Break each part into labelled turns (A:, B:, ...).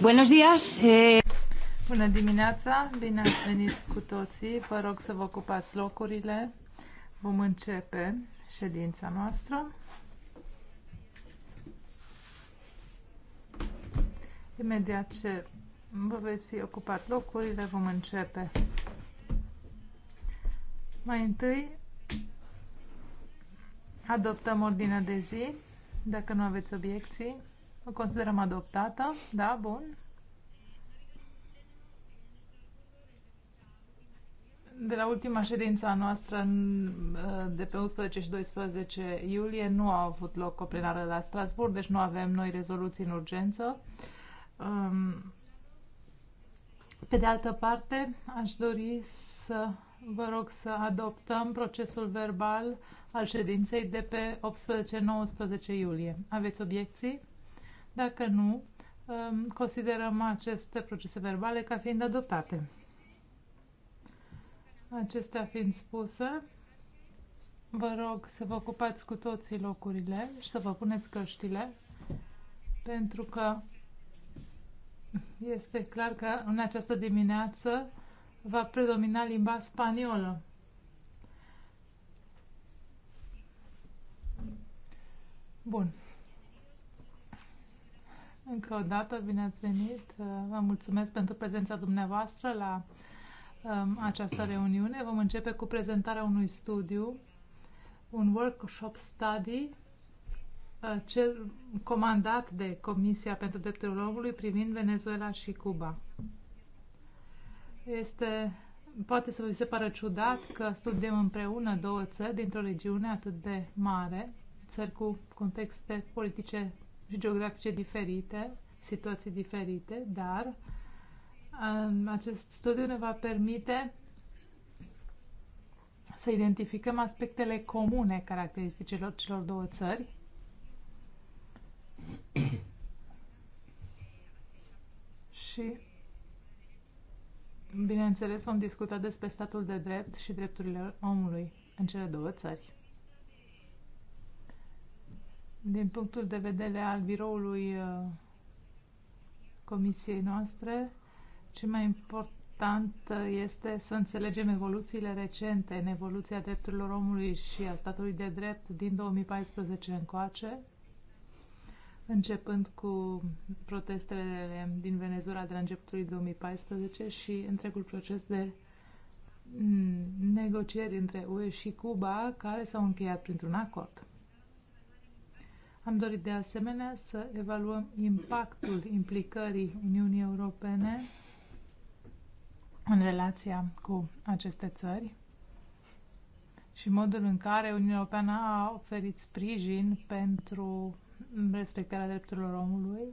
A: Buenos días! Eh.
B: Bună dimineața! Bine ați venit cu toții! Vă rog să vă ocupați locurile. Vom începe ședința noastră. Imediat ce vă veți fi ocupat locurile, vom începe. Mai întâi adoptăm ordinea de zi, dacă nu aveți obiecții. O considerăm adoptată? Da, bun. De la ultima ședință a noastră uh, de pe 11 și 12 iulie nu a avut loc o plenară la Strasburg, deci nu avem noi rezoluții în urgență. Um, pe de altă parte, aș dori să vă rog să adoptăm procesul verbal al ședinței de pe 18-19 iulie. Aveți obiecții? Dacă nu, um, considerăm aceste procese verbale ca fiind adoptate. Acestea fiind spuse, vă rog să vă ocupați cu toții locurile și să vă puneți căștile, pentru că este clar că în această dimineață va predomina limba spaniolă. Bun. Încă o dată, bine ați venit. Vă mulțumesc pentru prezența dumneavoastră la um, această reuniune. Vom începe cu prezentarea unui studiu, un workshop study uh, cel comandat de Comisia pentru Drepturile Omului privind Venezuela și Cuba. Este, poate să vi se pară ciudat că studiem împreună două țări dintr-o regiune atât de mare, țări cu contexte politice geografice diferite, situații diferite, dar um, acest studiu ne va permite să identificăm aspectele comune caracteristicilor celor două țări. și, bineînțeles, vom discuta despre statul de drept și drepturile omului în cele două țări din punctul de vedere al biroului uh, comisiei noastre, ce mai important uh, este să înțelegem evoluțiile recente în evoluția drepturilor omului și a statului de drept din 2014 încoace, începând cu protestele din Venezuela de la începutul 2014 și întregul proces de mm, negocieri între UE și Cuba, care s-au încheiat printr-un acord. Am dorit de asemenea să evaluăm impactul implicării Uniunii Europene în relația cu aceste țări și modul în care Uniunea Europeană a oferit sprijin pentru respectarea drepturilor omului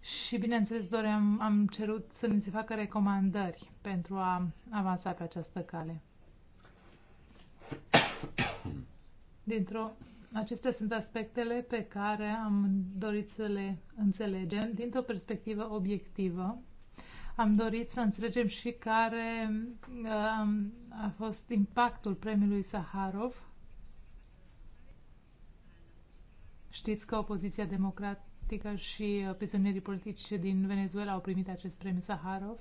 B: și, bineînțeles, doream, am cerut să ni se facă recomandări pentru a avansa pe această cale. Dintr-o Acestea sunt aspectele pe care am dorit să le înțelegem dintr-o perspectivă obiectivă. Am dorit să înțelegem și care um, a fost impactul premiului Saharov. Știți că opoziția democratică și uh, prizonierii politici din Venezuela au primit acest premiu Saharov,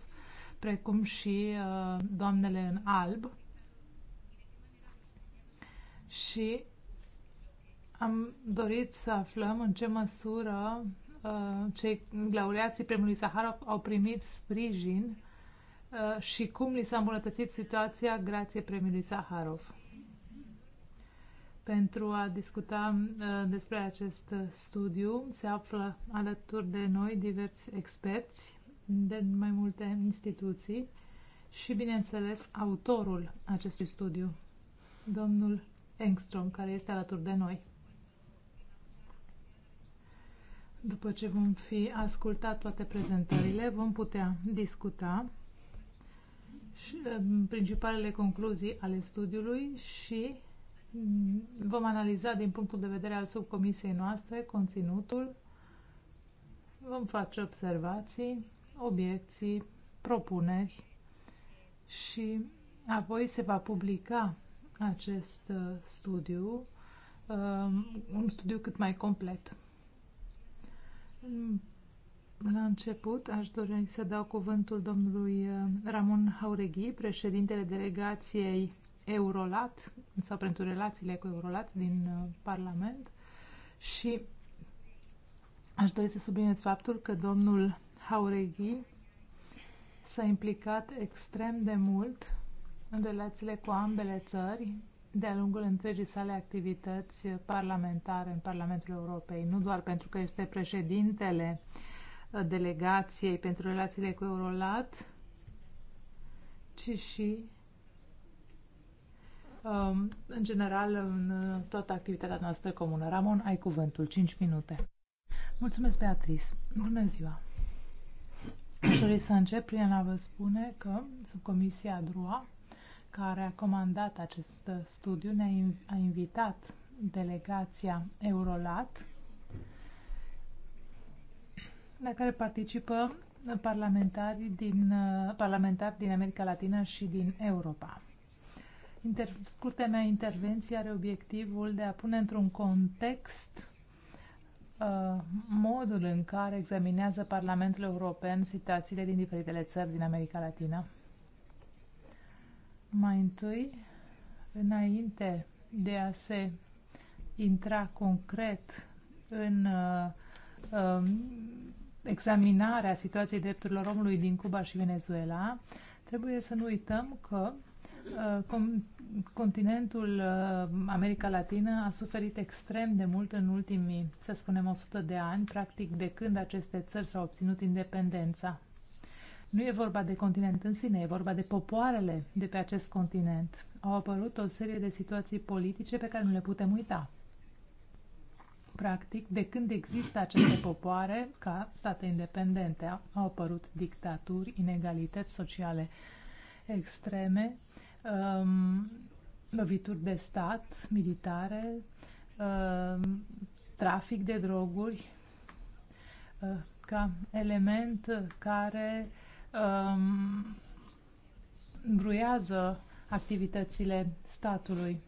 B: precum și uh, doamnele în alb. Și am dorit să aflăm în ce măsură uh, cei laureații premiului Saharov au primit sprijin uh, și cum li s-a îmbunătățit situația grație premiului Saharov. Pentru a discuta uh, despre acest studiu se află alături de noi diversi experți de mai multe instituții și, bineînțeles, autorul acestui studiu, domnul Engstrom, care este alături de noi. După ce vom fi ascultat toate prezentările, vom putea discuta um, principalele concluzii ale studiului și mm, vom analiza din punctul de vedere al subcomisiei noastre conținutul, vom face observații, obiecții, propuneri și apoi se va publica acest uh, studiu, um, un studiu cât mai complet. Mm. La început aș dori să dau cuvântul domnului eh, Ramon Haureghi, președintele delegației Eurolat sau pentru relațiile cu Eurolat din eh, Parlament și aș dori să subliniez faptul că domnul Haureghi s-a implicat extrem de mult în relațiile cu ambele țări de-a lungul întregii sale activități parlamentare în Parlamentul Europei, nu doar pentru că este președintele uh, delegației pentru relațiile cu Eurolat, ci și um, în general în uh, toată activitatea noastră comună. Ramon, ai cuvântul, 5 minute. Mulțumesc, Beatrice. Bună ziua! Aș dori să încep prin a vă spune că subcomisia DRUA care a comandat acest studiu ne-a inv a invitat delegația Eurolat, la care participă parlamentari din, parlamentari din America Latină și din Europa. Inter, scurte mea intervenție are obiectivul de a pune într-un context uh, modul în care examinează Parlamentul European situațiile din diferitele țări din America Latină. Mai întâi, înainte de a se intra concret în uh, uh, examinarea situației drepturilor omului din Cuba și Venezuela, trebuie să nu uităm că uh, continentul uh, America Latină a suferit extrem de mult în ultimii, să spunem, 100 de ani, practic de când aceste țări s au obținut independența. Nu e vorba de continent în sine, e vorba de popoarele de pe acest continent. Au apărut o serie de situații politice pe care nu le putem uita. Practic, de când există aceste popoare ca state independente, au apărut dictaturi, inegalități sociale extreme, um, lovituri de stat, militare, um, trafic de droguri, uh, ca element care um, activitățile statului.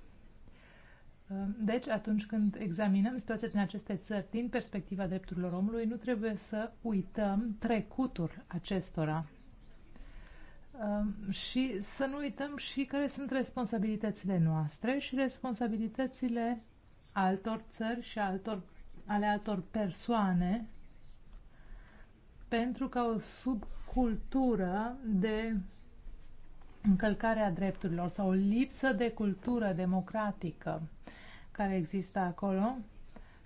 B: Um, deci, atunci când examinăm situația din aceste țări din perspectiva drepturilor omului, nu trebuie să uităm trecutul acestora um, și să nu uităm și care sunt responsabilitățile noastre și responsabilitățile altor țări și altor, ale altor persoane pentru că o sub cultură de încălcarea drepturilor sau o lipsă de cultură democratică care există acolo,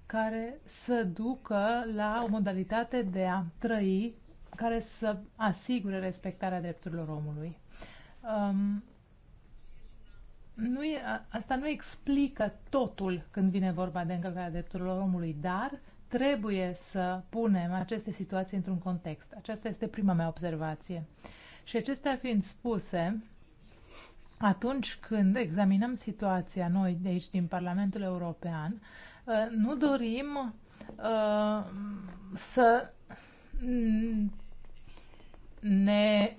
B: care să ducă la o modalitate de a trăi care să asigure respectarea drepturilor omului. Um, nu e, asta nu explică totul când vine vorba de încălcarea drepturilor omului, dar Trebuie să punem aceste situații într-un context. Aceasta este prima mea observație. Și acestea fiind spuse, atunci când examinăm situația noi de aici din Parlamentul European, ă, nu dorim ă, să ne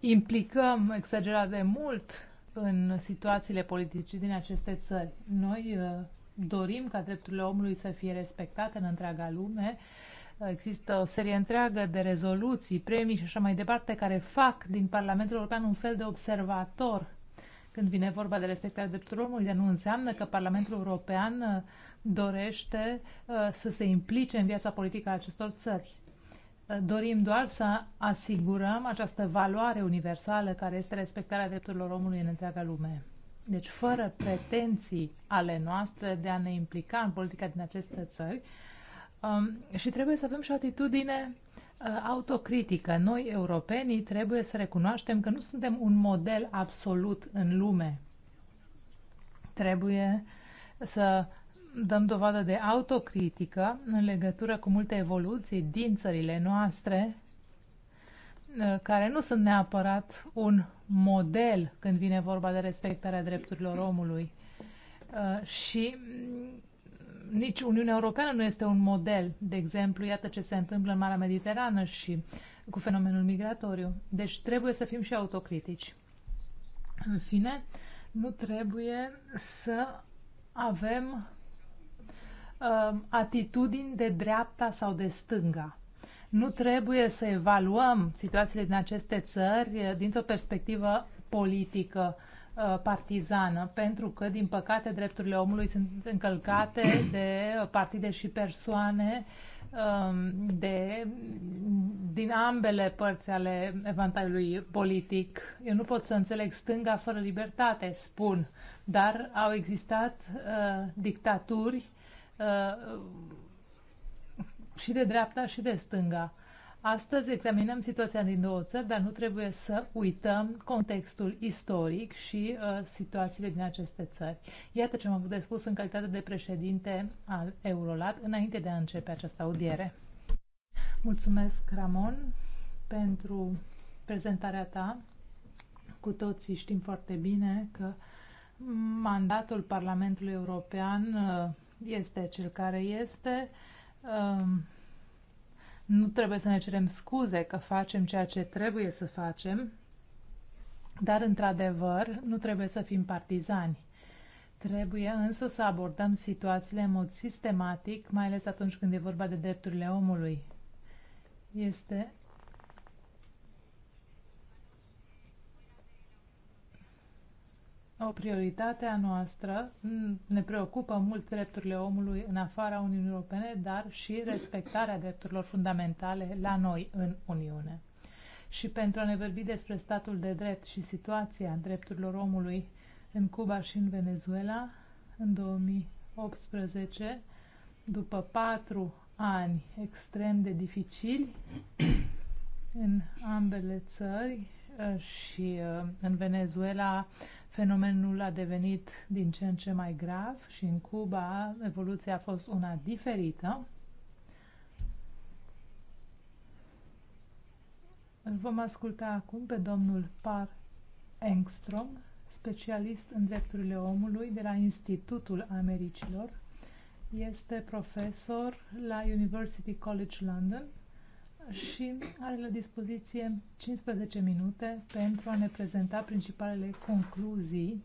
B: implicăm exagerat de mult în situațiile politice din aceste țări. Noi ă, dorim ca drepturile omului să fie respectate în întreaga lume. Există o serie întreagă de rezoluții, premii și așa mai departe, care fac din Parlamentul European un fel de observator când vine vorba de respectarea drepturilor omului, dar nu înseamnă că Parlamentul European uh, dorește uh, să se implice în viața politică a acestor țări. Uh, dorim doar să asigurăm această valoare universală care este respectarea drepturilor omului în întreaga lume. Deci, fără pretenții ale noastre de a ne implica în politica din aceste țări, um, și trebuie să avem și o atitudine uh, autocritică. Noi, europenii, trebuie să recunoaștem că nu suntem un model absolut în lume. Trebuie să dăm dovadă de autocritică în legătură cu multe evoluții din țările noastre, uh, care nu sunt neapărat un model când vine vorba de respectarea drepturilor omului. Uh, și mm, nici Uniunea Europeană nu este un model. De exemplu, iată ce se întâmplă în Marea Mediterană și cu fenomenul migratoriu. Deci trebuie să fim și autocritici. În fine, nu trebuie să avem uh, atitudini de dreapta sau de stânga. Nu trebuie să evaluăm situațiile din aceste țări eh, dintr-o perspectivă politică eh, partizană, pentru că, din păcate, drepturile omului sunt încălcate de partide și persoane ehm, de, din ambele părți ale evantaiului politic. Eu nu pot să înțeleg stânga fără libertate, spun, dar au existat uh, dictaturi uh, și de dreapta și de stânga. Astăzi examinăm situația din două țări, dar nu trebuie să uităm contextul istoric și uh, situațiile din aceste țări. Iată ce am avut de spus în calitate de președinte al Eurolat înainte de a începe această audiere. Mulțumesc, Ramon, pentru prezentarea ta. Cu toții știm foarte bine că mandatul Parlamentului European uh, este cel care este um, nu trebuie să ne cerem scuze că facem ceea ce trebuie să facem, dar, într-adevăr, nu trebuie să fim partizani. Trebuie însă să abordăm situațiile în mod sistematic, mai ales atunci când e vorba de drepturile omului. Este o prioritate a noastră. Ne preocupă mult drepturile omului în afara Uniunii Europene, dar și respectarea drepturilor fundamentale la noi în Uniune. Și pentru a ne vorbi despre statul de drept și situația drepturilor omului în Cuba și în Venezuela, în 2018, după patru ani extrem de dificili în ambele țări uh, și uh, în Venezuela Fenomenul a devenit din ce în ce mai grav și în Cuba evoluția a fost una diferită. Îl vom asculta acum pe domnul Par Engstrom, specialist în drepturile omului de la Institutul Americilor. Este profesor la University College London și are la dispoziție 15 minute pentru a ne prezenta principalele concluzii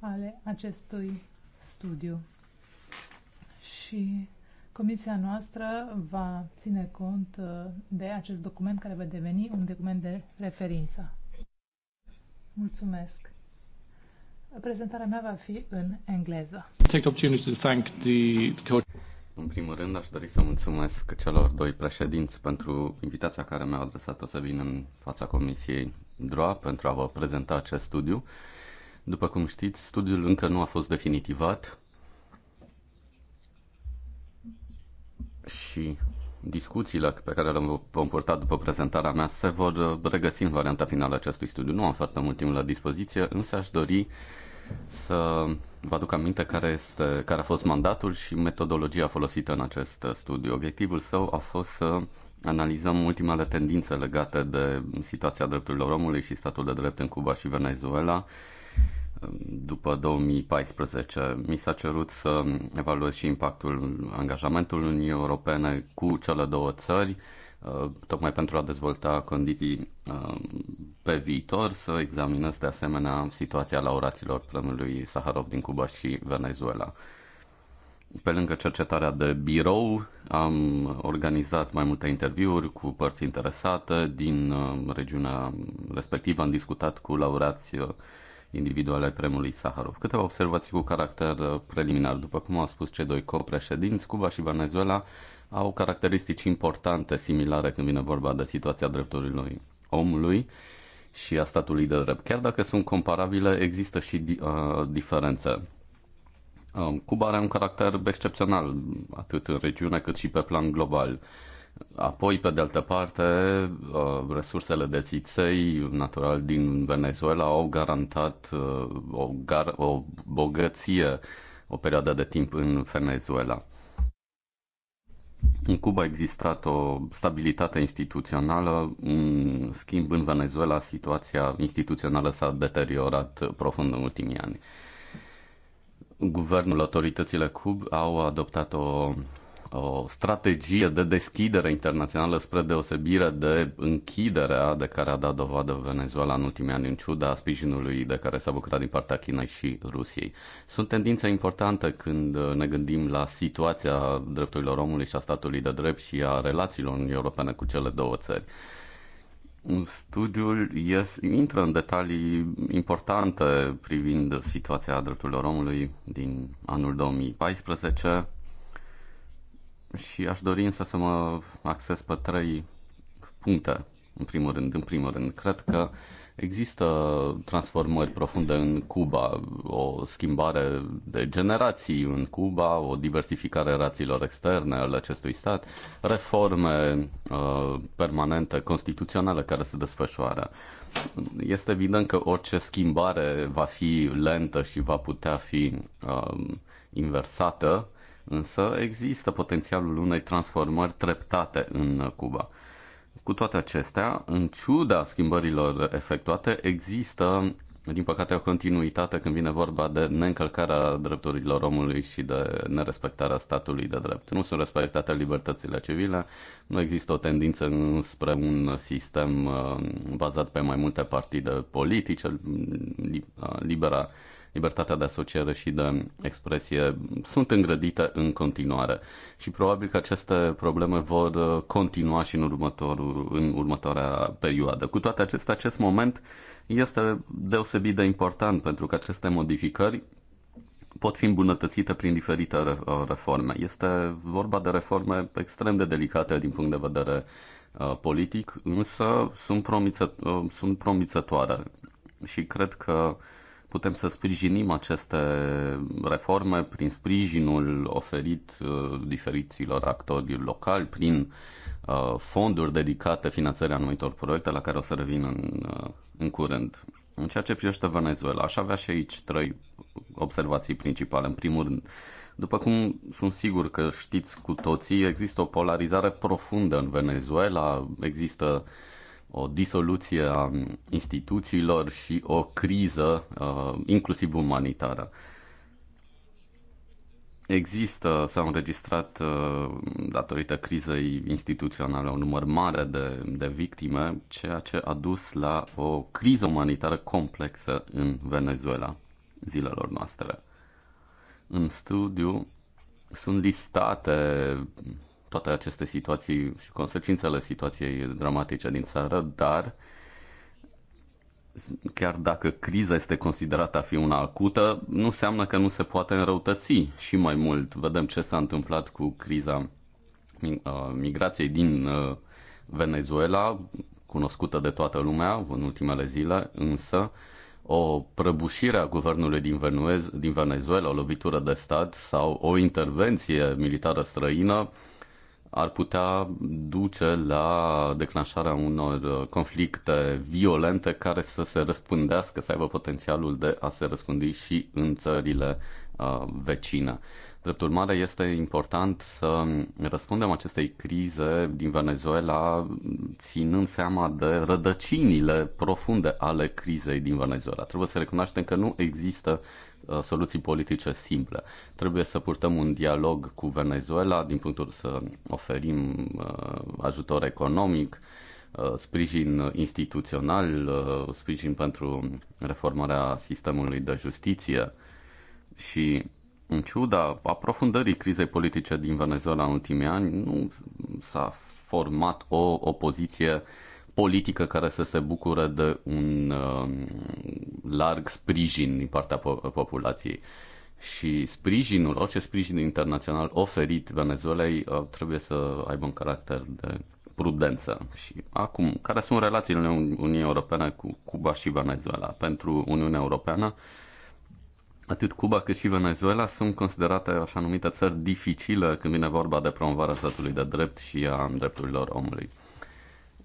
B: ale acestui studiu. Și comisia noastră va ține cont uh, de acest document care va deveni un document de referință. Mulțumesc! Prezentarea mea va fi în engleză.
C: Take the opportunity to thank the coach. În primul rând, aș dori să mulțumesc celor doi președinți pentru invitația care mi-au adresat-o să vin în fața Comisiei DROA pentru a vă prezenta acest studiu. După cum știți, studiul încă nu a fost definitivat și discuțiile pe care le vom purta după prezentarea mea se vor regăsi în varianta finală a acestui studiu. Nu am foarte mult timp la dispoziție, însă aș dori să vă aduc aminte care, este, care a fost mandatul și metodologia folosită în acest studiu. Obiectivul său a fost să analizăm ultimele tendințe legate de situația drepturilor omului și statul de drept în Cuba și Venezuela după 2014. Mi s-a cerut să evaluez și impactul angajamentului Uniunii Europene cu cele două țări, Uh, tocmai pentru a dezvolta condiții uh, pe viitor, să examinez de asemenea situația laureaților premiului Saharov din Cuba și Venezuela. Pe lângă cercetarea de birou, am organizat mai multe interviuri cu părți interesate din uh, regiunea respectivă. Am discutat cu laureați individuale ai premiului Saharov. Câteva observații cu caracter preliminar. După cum au spus cei doi copreședinți, Cuba și Venezuela au caracteristici importante similare când vine vorba de situația drepturilor omului și a statului de drept. Chiar dacă sunt comparabile, există și uh, diferențe. Uh, Cuba are un caracter excepțional, atât în regiune cât și pe plan global. Apoi, pe de altă parte, uh, resursele de țiței natural din Venezuela au garantat uh, o, gar- o bogăție o perioadă de timp în Venezuela. În Cuba a existat o stabilitate instituțională, în schimb în Venezuela situația instituțională s-a deteriorat profund în ultimii ani. Guvernul, autoritățile Cub au adoptat o o strategie de deschidere internațională spre deosebire de închiderea de care a dat dovadă Venezuela în ultimii ani în ciuda sprijinului de care s-a bucurat din partea Chinei și Rusiei. Sunt tendințe importante când ne gândim la situația drepturilor omului și a statului de drept și a relațiilor Uniunii Europene cu cele două țări. Studiul yes, intră în detalii importante privind situația drepturilor omului din anul 2014 și aș dori însă să mă acces pe trei puncte. În primul rând, în primul rând, cred că există transformări profunde în Cuba, o schimbare de generații în Cuba, o diversificare rațiilor externe ale acestui stat, reforme uh, permanente, constituționale care se desfășoară. Este evident că orice schimbare va fi lentă și va putea fi uh, inversată, Însă există potențialul unei transformări treptate în Cuba. Cu toate acestea, în ciuda schimbărilor efectuate, există, din păcate, o continuitate când vine vorba de neîncălcarea drepturilor omului și de nerespectarea statului de drept. Nu sunt respectate libertățile civile, nu există o tendință înspre un sistem uh, bazat pe mai multe partide politice, uh, libera libertatea de asociere și de expresie sunt îngrădite în continuare. Și probabil că aceste probleme vor uh, continua și în, următorul, în următoarea perioadă. Cu toate acestea, acest moment este deosebit de important pentru că aceste modificări pot fi îmbunătățite prin diferite uh, reforme. Este vorba de reforme extrem de delicate din punct de vedere uh, politic, însă sunt, promiță, sunt promițătoare și cred că putem să sprijinim aceste reforme prin sprijinul oferit uh, diferiților actori locali, prin uh, fonduri dedicate finanțării anumitor proiecte la care o să revin în, uh, în curând. În ceea ce privește Venezuela, aș avea și aici trei observații principale. În primul rând, după cum sunt sigur că știți cu toții, există o polarizare profundă în Venezuela, există uh, o disoluție a instituțiilor și o criză, uh, inclusiv umanitară. Există, s-au înregistrat, uh, datorită crizei instituționale, un număr mare de, de victime, ceea ce a dus la o criză umanitară complexă în Venezuela zilelor noastre. În studiu sunt listate toate aceste situații și consecințele situației dramatice din țară, dar chiar dacă criza este considerată a fi una acută, nu înseamnă că nu se poate înrăutăți și mai mult. Vedem ce s-a întâmplat cu criza uh, migrației din uh, Venezuela, cunoscută de toată lumea în ultimele zile, însă o prăbușire a guvernului din, Venuez, din Venezuela, o lovitură de stat sau o intervenție militară străină ar putea duce la declanșarea unor conflicte violente care să se răspândească, să aibă potențialul de a se răspândi și în țările vecine. Drept urmare, este important să răspundem acestei crize din Venezuela ținând seama de rădăcinile profunde ale crizei din Venezuela. Trebuie să recunoaștem că nu există Uh, soluții politice simple. Trebuie să purtăm un dialog cu Venezuela din punctul să oferim uh, ajutor economic, uh, sprijin instituțional, sprijin pentru reformarea sistemului de justiție și în ciuda aprofundării crizei politice din Venezuela în ultimii ani, nu s-a format o opoziție uh, politică care să se bucure de un um, larg sprijin din partea populației. Și sprijinul, orice sprijin internațional oferit Venezuelei uh, trebuie să aibă un caracter de prudență. Și acum, care sunt relațiile Uniunii Europene cu Cuba și Venezuela? Pentru Uniunea Europeană, atât Cuba cât și Venezuela sunt considerate așa numite țări dificile când vine vorba de promovarea statului de drept și a drepturilor omului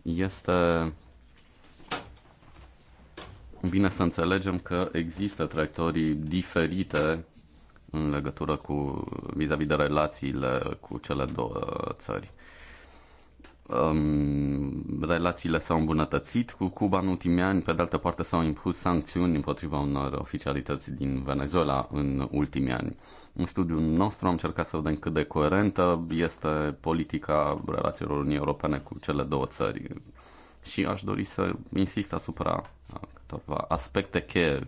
C: este bine să înțelegem că există traiectorii diferite în legătură cu vis-a-vis -vis de relațiile cu cele două țări um, relațiile s-au îmbunătățit cu Cuba în ultimii ani, pe de altă parte s-au impus sancțiuni împotriva unor oficialități din Venezuela în ultimii ani. În studiul nostru am încercat să vedem cât de coerentă este politica relațiilor Uniunii Europene cu cele două țări și aș dori să insist asupra câteva aspecte cheie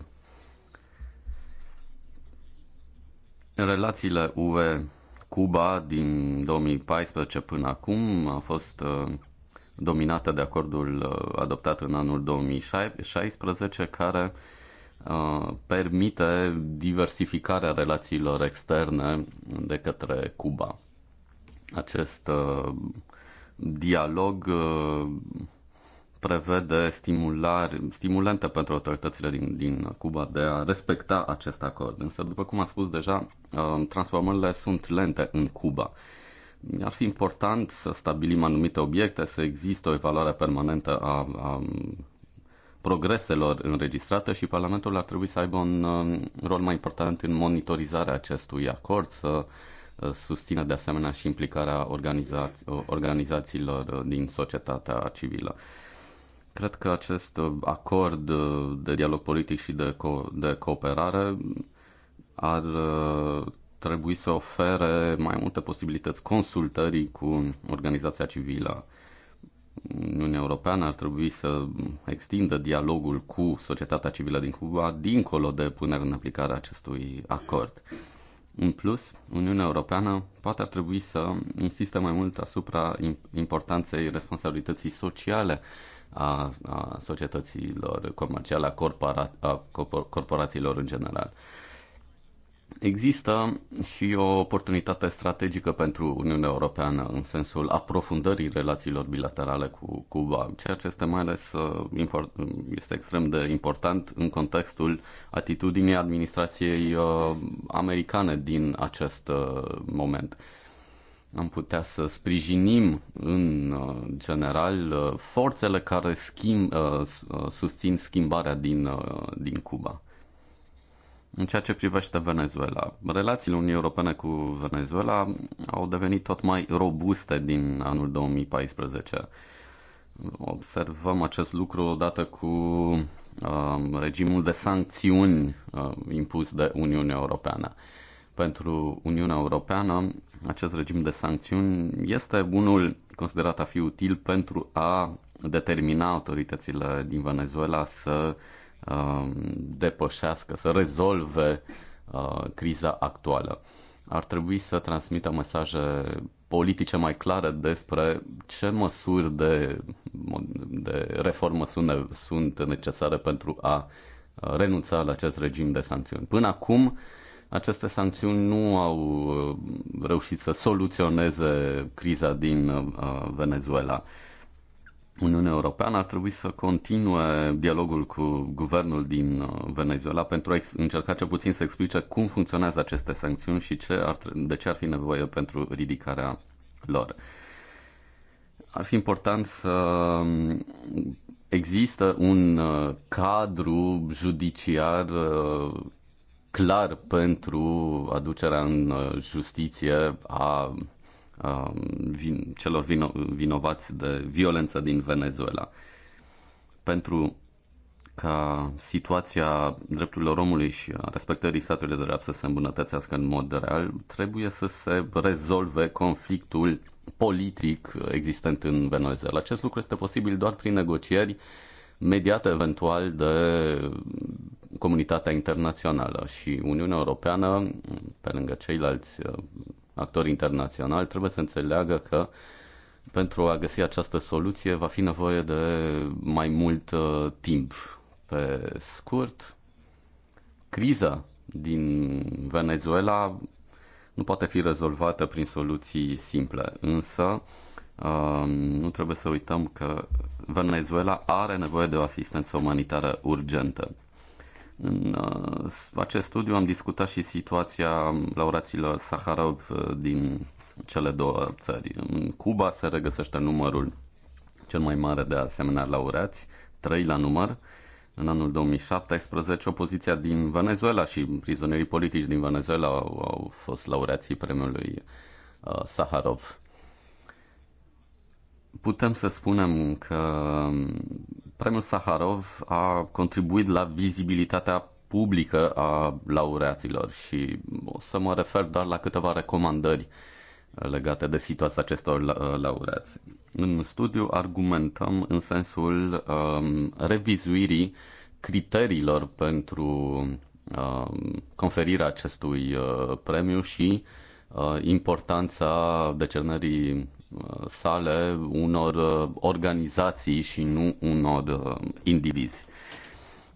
C: relațiile UE Cuba din 2014 până acum a fost uh, dominată de acordul uh, adoptat în anul 2016 care uh, permite diversificarea relațiilor externe de către Cuba. Acest dialog prevede stimulare, stimulente pentru autoritățile din, din Cuba de a respecta acest acord. Însă, după cum am spus deja, uh, transformările sunt lente în Cuba. Ar fi important să stabilim anumite obiecte, să există o evaluare permanentă a, a progreselor înregistrate și Parlamentul ar trebui să aibă un um, rol mai important în monitorizarea acestui acord, să uh, susțină de asemenea și implicarea organizați- organizațiilor uh, din societatea civilă. Cred că acest uh, acord uh, de dialog politic și de, co- de cooperare ar uh, trebui să ofere mai multe posibilități consultării cu organizația civilă. Uniunea Europeană ar trebui să extindă dialogul cu societatea civilă din Cuba dincolo de punerea în aplicare a acestui acord. În plus, Uniunea Europeană poate ar trebui să insiste mai mult asupra importanței responsabilității sociale a, a societăților comerciale, a, corpora, a corporațiilor în general. Există și o oportunitate strategică pentru Uniunea Europeană în sensul aprofundării relațiilor bilaterale cu Cuba, ceea ce este mai ales uh, este extrem de important în contextul atitudinii administrației uh, americane din acest uh, moment am putea să sprijinim în uh, general uh, forțele care schimb, uh, susțin schimbarea din, din Cuba. În ceea ce privește Venezuela, relațiile Uniunii Europene cu Venezuela au devenit tot mai robuste din anul 2014. Observăm acest lucru odată cu regimul de sancțiuni impus de Uniunea Europeană. Pentru Uniunea Europeană, acest regim de sancțiuni este unul considerat a fi util pentru a determina autoritățile din Venezuela să um, depășească, să rezolve uh, criza actuală. Ar trebui să transmită mesaje politice mai clare despre ce măsuri de, de reformă sunt, sunt necesare pentru a uh, renunța la acest regim de sancțiuni. Până acum, uh, aceste sancțiuni nu au uh, reușit să soluționeze criza din uh, Venezuela. Uniunea Europeană ar trebui să continue dialogul cu guvernul din uh, Venezuela pentru a încerca cel puțin să explice cum funcționează aceste sancțiuni și ce ar, de ce ar fi nevoie pentru ridicarea lor. Ar fi important să um, există un cadru judiciar clar pentru aducerea în uh, justiție a, a um, vin, celor vino, vinovați de violență din Venezuela. Pentru ca situația drepturilor omului și a respectării statului de drept să se îmbunătățească în mod real, trebuie să se rezolve conflictul politic existent în Venezuela. Acest lucru este posibil doar prin negocieri uh, mediată eventual de comunitatea internațională și Uniunea Europeană, pe lângă ceilalți uh, actori internaționali, trebuie să înțeleagă că pentru a găsi această soluție va fi nevoie de mai mult uh, timp. Pe scurt, criza din Venezuela nu poate fi rezolvată prin soluții simple, însă Um, nu trebuie să uităm că Venezuela are nevoie de o asistență umanitară urgentă. În uh, acest studiu am discutat și situația laureaților Saharov uh, din cele două țări. În Cuba se regăsește numărul cel mai mare de asemenea laureați, trei la număr. În anul 2017, opoziția din Venezuela și prizonierii politici din Venezuela au, au fost laureații premiului uh, Saharov putem să spunem că premiul Saharov a contribuit la vizibilitatea publică a laureaților și o să mă refer doar la câteva recomandări legate de situația acestor uh, laureați. În studiu argumentăm în sensul um, revizuirii criteriilor pentru um, conferirea acestui uh, premiu și uh, importanța decernării sale unor uh, organizații și nu unor uh, indivizi.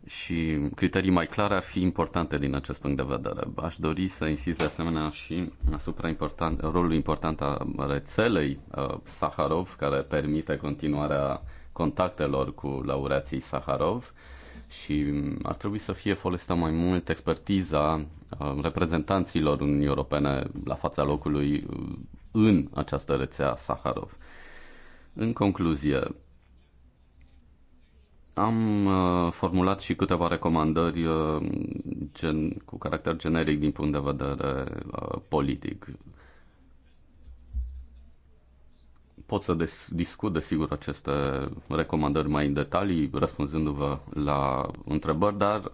C: Și criterii mai clare ar fi importante din acest punct de vedere. Aș dori să insist de asemenea și asupra important, rolului important a rețelei uh, Saharov, care permite continuarea contactelor cu laureații Saharov și ar trebui să fie folosită mai mult expertiza reprezentanților Uniunii Europene la fața locului în această rețea Saharov. În concluzie, am uh, formulat și câteva recomandări uh, gen, cu caracter generic din punct de vedere uh, politic. Pot să des- discut, desigur, aceste recomandări mai în detalii, răspunzându-vă la întrebări, dar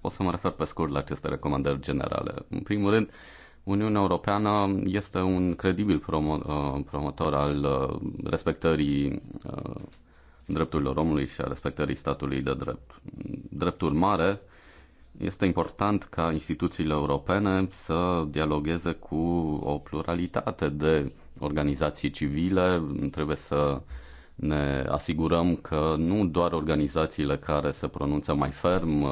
C: o să mă refer pe scurt la aceste recomandări generale. În primul rând, uh, Uniunea Europeană este un credibil promo- uh, promotor al uh, respectării uh, drepturilor omului și a respectării statului de drept. Drept urmare, este important ca instituțiile europene să dialogueze cu o pluralitate de organizații civile. Trebuie să ne asigurăm că nu doar organizațiile care se pronunță mai ferm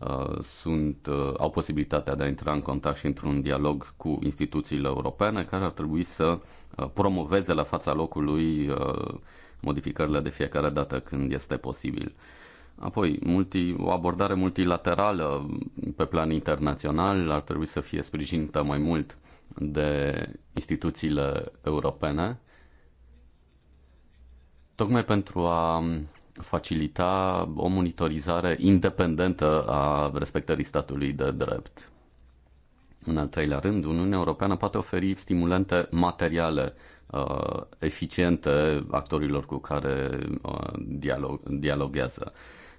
C: Uh, sunt, uh, au posibilitatea de a intra în contact și într-un dialog cu instituțiile europene care ar trebui să uh, promoveze la fața locului modificările de fiecare dată când este posibil. Apoi, multi, o abordare multilaterală pe plan internațional ar trebui să fie sprijinită mai mult de instituțiile europene, tocmai pentru a facilita o monitorizare independentă a respectării statului de drept. În al treilea rând, Uniunea Europeană poate oferi stimulente materiale uh, eficiente actorilor cu care uh, dialog, dialoguează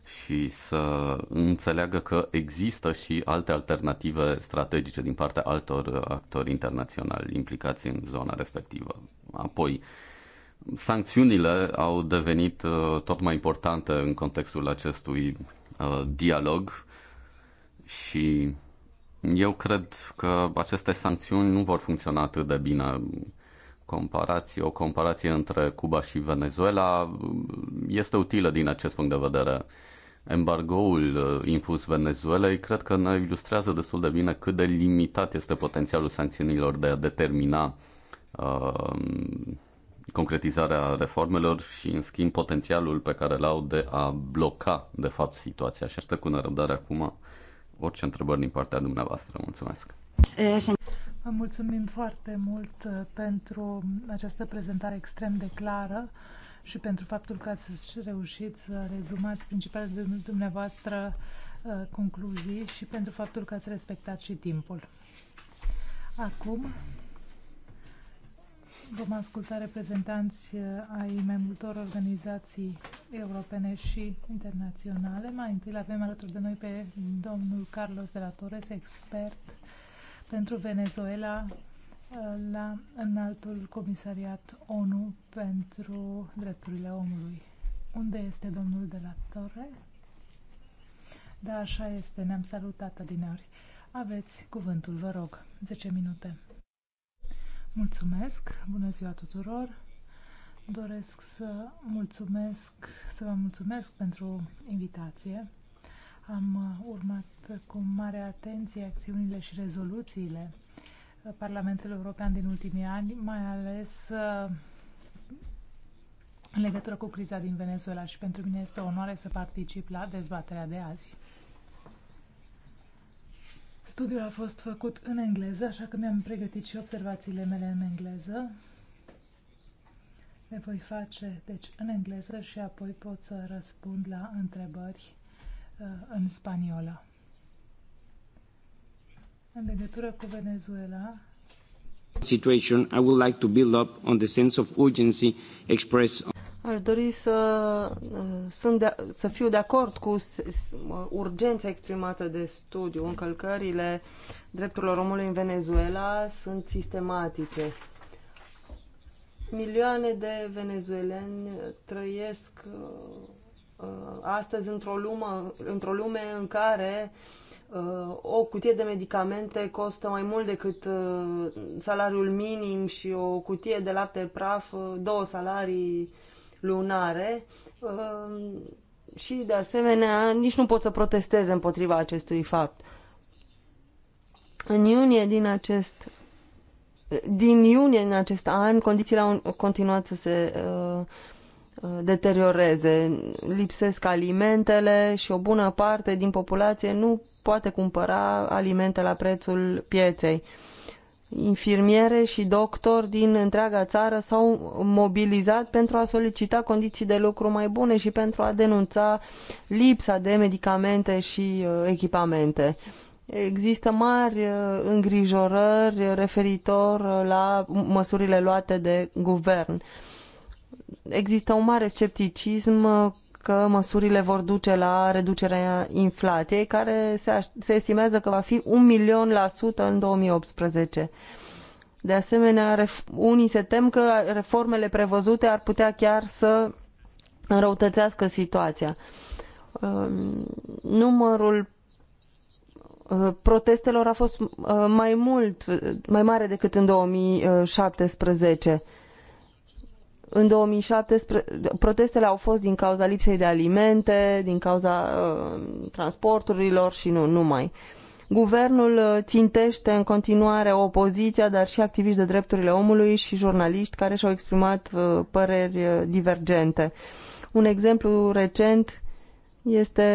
C: și să înțeleagă că există și alte alternative strategice din partea altor actori internaționali implicați în zona respectivă. Apoi, uh, Sancțiunile au devenit uh, tot mai importante în contextul acestui uh, dialog și eu cred că aceste sancțiuni nu vor funcționa atât de bine. Comparație, o comparație între Cuba și Venezuela este utilă din acest punct de vedere. Embargoul uh, impus Venezuelei cred că ne ilustrează destul de bine cât de limitat este potențialul sancțiunilor de a determina uh, concretizarea reformelor și, în schimb, potențialul pe care l au de a bloca, de fapt, situația. Și aștept cu nerăbdare acum orice întrebări din partea dumneavoastră. Mulțumesc!
B: Vă mulțumim foarte mult uh, pentru această prezentare extrem de clară și pentru faptul că ați reușit să rezumați principalele dumneavoastră uh, concluzii și pentru faptul că ați respectat și timpul. Acum Vom asculta reprezentanți eh, ai mai multor organizații europene și internaționale. Mai întâi avem alături de noi pe domnul Carlos de la Torres, expert pentru Venezuela eh, la Înaltul Comisariat ONU pentru Drepturile Omului. Unde este domnul de la Torre? Da, așa este, ne-am salutat adineori. Aveți cuvântul, vă rog, 10 minute. Mulțumesc, bună ziua tuturor! Doresc să mulțumesc, să vă mulțumesc pentru invitație. Am uh, urmat cu mare atenție acțiunile și rezoluțiile uh, Parlamentului European din ultimii ani, mai ales uh, în legătură cu criza din Venezuela și pentru mine este o onoare să particip la dezbaterea de azi. Studiul a fost făcut în engleză, așa că mi-am pregătit și observațiile mele în engleză. Le voi face, deci, în engleză și apoi pot să răspund la întrebări uh, în spaniolă. În legătură cu Venezuela,
D: situation, I would like to build up on the sense of urgency expressed
B: Aș
A: dori să, sunt de, să fiu de acord cu urgența exprimată de studiu. Încălcările drepturilor omului în Venezuela sunt sistematice. Milioane de venezueleni trăiesc uh, astăzi într-o lume, într lume în care uh, o cutie de medicamente costă mai mult decât uh, salariul minim și o cutie de lapte praf, două salarii lunare um, și, de asemenea, nici nu pot să protestez împotriva acestui fapt. În iunie din acest din iunie în acest an, condițiile au continuat să se uh, uh, deterioreze. Lipsesc alimentele și o bună parte din populație nu poate cumpăra alimente la prețul pieței. Uh, infirmiere și doctori din întreaga țară s-au mobilizat pentru a solicita condiții de lucru mai bune și pentru a denunța lipsa de medicamente și uh, echipamente. Există mari uh, îngrijorări referitor uh, la măsurile luate de guvern. Există un mare scepticism că măsurile vor duce la reducerea inflației, care se, se estimează că va fi un milion la sută în 2018. De asemenea, unii se tem că reformele prevăzute ar putea chiar să înrăutățească situația. Um, numărul uh, protestelor a fost uh, mai mult, mai mare decât în 2017 în 2017 protestele au fost din cauza lipsei de alimente, din cauza uh, transporturilor și nu numai. Guvernul uh, țintește în continuare opoziția, dar și activiști de drepturile omului și jurnaliști care și-au exprimat uh, păreri uh, divergente. Un exemplu recent este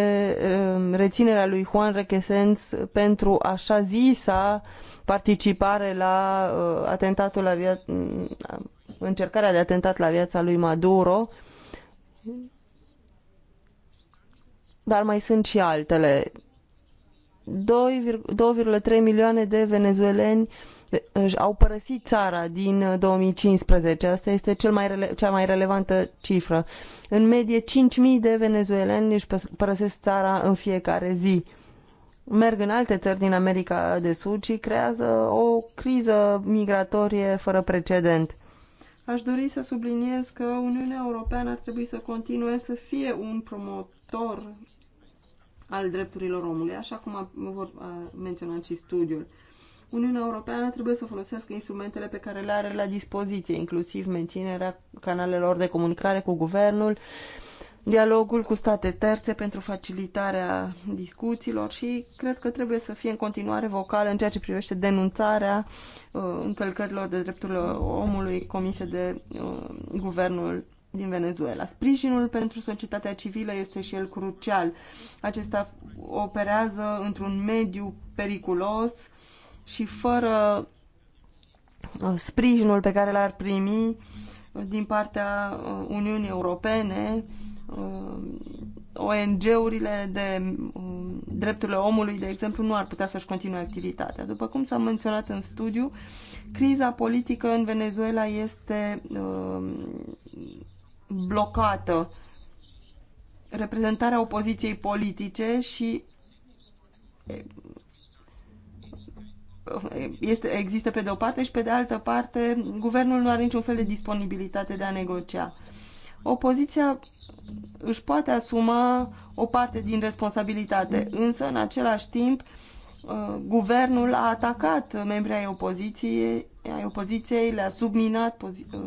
A: um, reținerea lui Juan Requesens pentru așa zisa participare la uh, atentatul aviat încercarea de atentat la viața lui Maduro, dar mai sunt și altele. 2,3 milioane de venezueleni eh, au părăsit țara din 2015. Eh, Asta este cel mai cea mai relevantă cifră. În medie, 5.000 de venezueleni își părăsesc țara în fiecare zi. Merg în alte țări din America de Sud și creează o criză migratorie fără precedent. Aș dori să subliniez că Uniunea Europeană ar trebui să continue să fie un promotor al drepturilor omului, așa cum a, vor, a menționat și studiul. Uniunea Europeană trebuie să folosească instrumentele pe care le are la dispoziție, inclusiv menținerea canalelor de comunicare cu guvernul, uh, dialogul cu state terțe pentru facilitarea discuțiilor și cred că trebuie să fie în continuare vocală în ceea ce privește denunțarea uh, încălcărilor de drepturile omului comise de uh, guvernul din Venezuela. Sprijinul pentru societatea civilă este și el crucial. Acesta operează într-un mediu periculos și fără uh, sprijinul pe care l-ar primi din partea uh, Uniunii Europene, Uh, ONG-urile de uh, drepturile omului, de exemplu, nu ar putea să-și continue activitatea. După cum s-a menționat în studiu, criza politică în Venezuela este uh, blocată. Reprezentarea opoziției politice și este, există pe de o parte și pe de altă parte guvernul nu are niciun fel de disponibilitate de a negocia. Opoziția își poate asuma o parte din responsabilitate, însă în același timp uh, guvernul a atacat membrii ai opoziției, ai opoziției le-a subminat pozi, uh,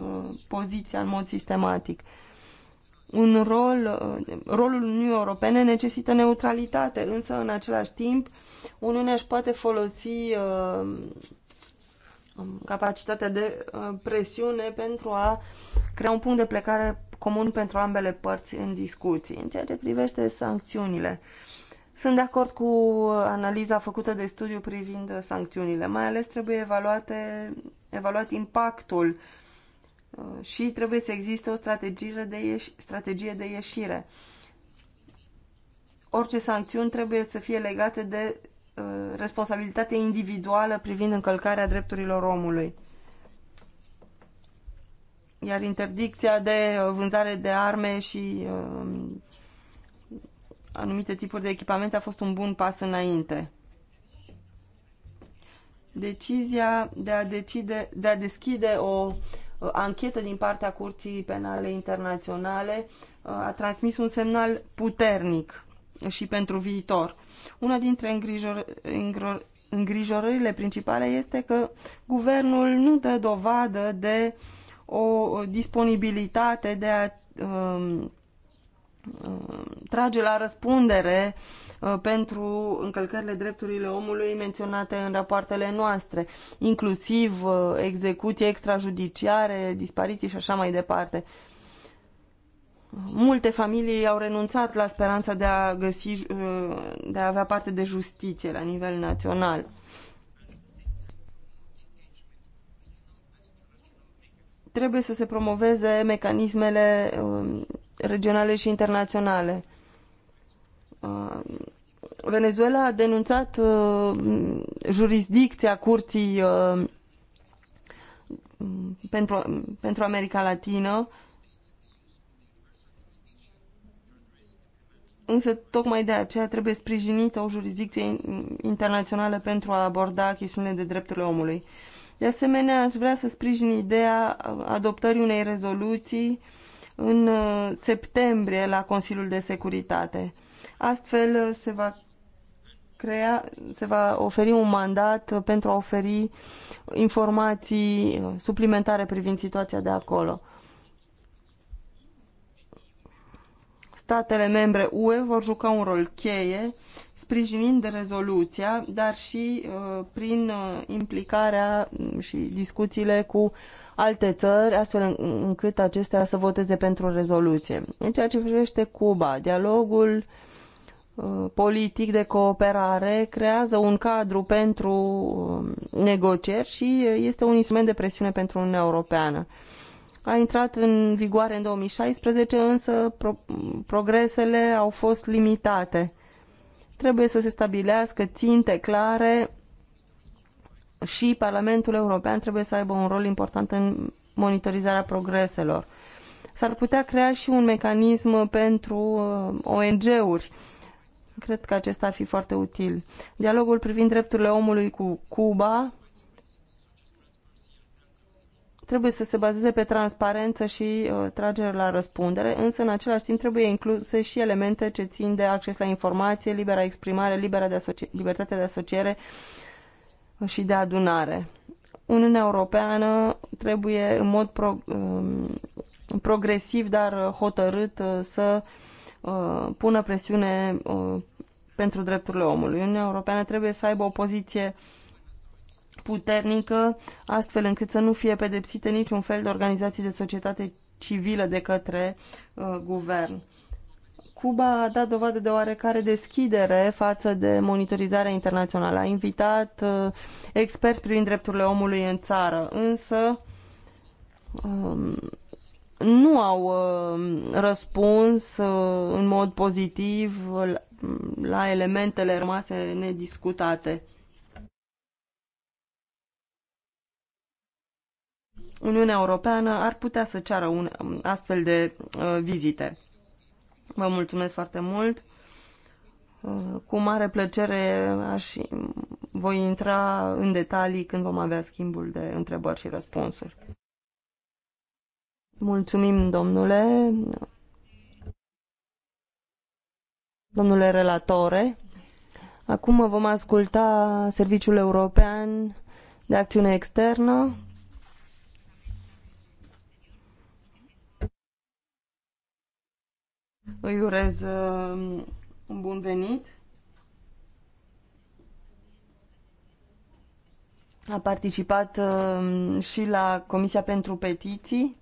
A: poziția în mod sistematic. Un rol, uh, rolul Uniunii Europene necesită neutralitate, însă în același timp Uniunea își poate folosi capacitatea de presiune pentru a crea un punct de plecare comun pentru ambele părți în discuții. În ceea ce privește sancțiunile, sunt de acord cu analiza făcută de studiu privind sancțiunile. Mai ales trebuie evaluate, evaluat impactul uh, și trebuie să existe o strategie de, ieș- strategie de ieșire. Orice sancțiuni trebuie să fie legate de uh, responsabilitate individuală privind încălcarea drepturilor omului iar interdicția de vânzare de arme și um, anumite tipuri de echipamente a fost un bun pas înainte. Decizia de a, decide, de a deschide o uh, anchetă din partea Curții Penale Internaționale uh, a transmis un semnal puternic și pentru viitor. Una dintre îngrijor, îngrijorările principale este că guvernul nu dă dovadă de uh, o disponibilitate de a um, um, trage la răspundere uh, pentru încălcările drepturilor omului menționate în rapoartele noastre, inclusiv uh, execuții extrajudiciare, dispariții și așa mai departe. Multe familii au renunțat la speranța de a, găsi, uh, de a avea parte de justiție la nivel național. trebuie să se promoveze mecanismele um, regionale și internaționale. Um, Venezuela a denunțat um, jurisdicția curții pentru, pentru America Latină, însă tocmai de aceea trebuie sprijinită o jurisdicție internațională pentru a aborda chestiunile de drepturile omului. De asemenea, aș vrea să sprijin ideea adoptării unei rezoluții în uh, septembrie la Consiliul de Securitate. Astfel uh, se va crea, se va oferi un mandat uh, pentru a oferi informații suplimentare privind situația de acolo. statele membre UE vor juca un rol cheie, sprijinind rezoluția, dar și uh, prin uh, implicarea mm, și discuțiile cu alte țări, astfel încât acestea să voteze pentru rezoluție. În ceea ce privește Cuba, dialogul uh, politic de cooperare creează un cadru pentru uh, negocieri și uh, este un instrument de presiune pentru Uniunea Europeană a intrat în vigoare în 2016, însă pro progresele au fost limitate. Trebuie să se stabilească ținte clare și Parlamentul European trebuie să aibă un rol important în monitorizarea progreselor. S-ar putea crea și un mecanism pentru uh, ONG-uri. Cred că acesta ar fi foarte util. Dialogul privind drepturile omului cu Cuba trebuie să se bazeze pe transparență și uh, tragere la răspundere, însă în același timp trebuie incluse și elemente ce țin de acces la informație, libera exprimare, libera de libertatea de asociere uh, și de adunare. Uniunea Europeană trebuie în mod pro, um, progresiv, dar uh, hotărât uh, să uh, pună presiune uh, pentru drepturile omului. Uniunea Europeană trebuie să aibă o poziție uh, puternică, astfel încât să nu fie pedepsite niciun fel de organizații de societate civilă de către uh, guvern. Cuba a dat dovadă de oarecare deschidere față de monitorizarea internațională. A invitat uh, experți privind drepturile omului în țară, însă um, nu au uh, răspuns uh, în mod pozitiv la elementele rămase nediscutate. Uniunea Europeană ar putea să ceară un astfel de uh, vizite. Vă mulțumesc foarte mult. Uh, cu mare plăcere aș, voi intra în detalii când vom avea schimbul de întrebări și răspunsuri. Mulțumim, domnule. Domnule relatore, acum vom asculta Serviciul European de Acțiune Externă. Îi urez um, un bun venit. A participat um, și la Comisia pentru Petiții.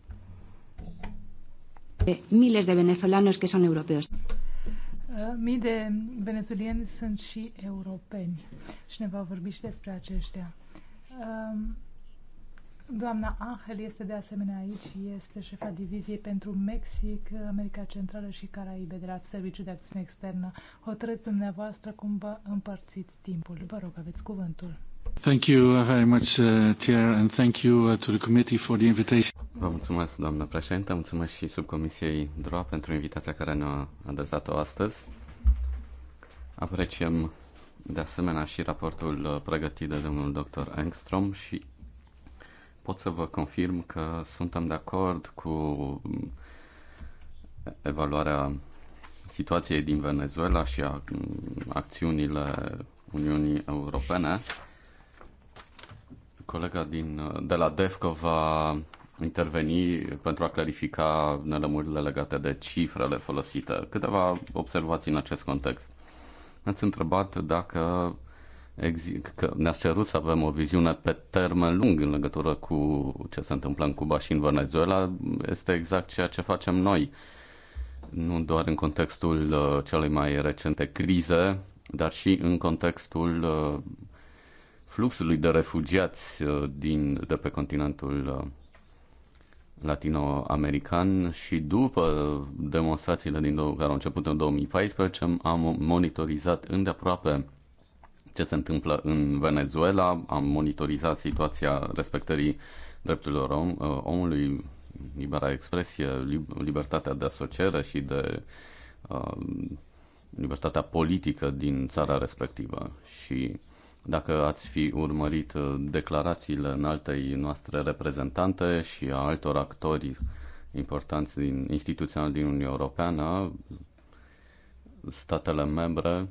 A: Miles de venezolanos que son europeos.
B: Uh, mii de venezuelieni sunt și europeni și ne va vorbi și despre aceștia. Um, Doamna Angel este de asemenea aici, este șefa diviziei pentru Mexic, America Centrală și Caraibe de la Serviciul de Acțiune Externă. Hotărâți dumneavoastră cum vă împărțiți timpul. Vă rog, aveți cuvântul.
C: Thank you very much, uh, Tier, and thank you uh, to the committee for the invitation. Vă mulțumesc, doamnă președinte, mulțumesc și subcomisiei DROA pentru invitația care ne-a adresat-o astăzi. Apreciem de asemenea și raportul uh, pregătit de domnul dr. Engstrom și pot să vă confirm că suntem de acord cu evaluarea situației din Venezuela și a acțiunile Uniunii Europene. Colega din, de la DEFCO va interveni pentru a clarifica nelămurile legate de cifrele folosite. Câteva observații în acest context. Ați întrebat dacă că ne-ați cerut să avem o viziune pe termen lung în legătură cu ce se întâmplă în Cuba și în Venezuela, este exact ceea ce facem noi, nu doar în contextul uh, celei mai recente crize, dar și în contextul uh, fluxului de refugiați uh, din, de pe continentul latinoamerican și după demonstrațiile din, care au început în 2014 am monitorizat îndeaproape ce se întâmplă în Venezuela, am monitorizat situația respectării drepturilor om, uh, omului, libera expresie, libertatea de asociere și de uh, libertatea politică din țara respectivă. Și dacă ați fi urmărit uh, declarațiile în altei noastre reprezentante și a altor actori importanți din instituțional din Uniunea Europeană, statele membre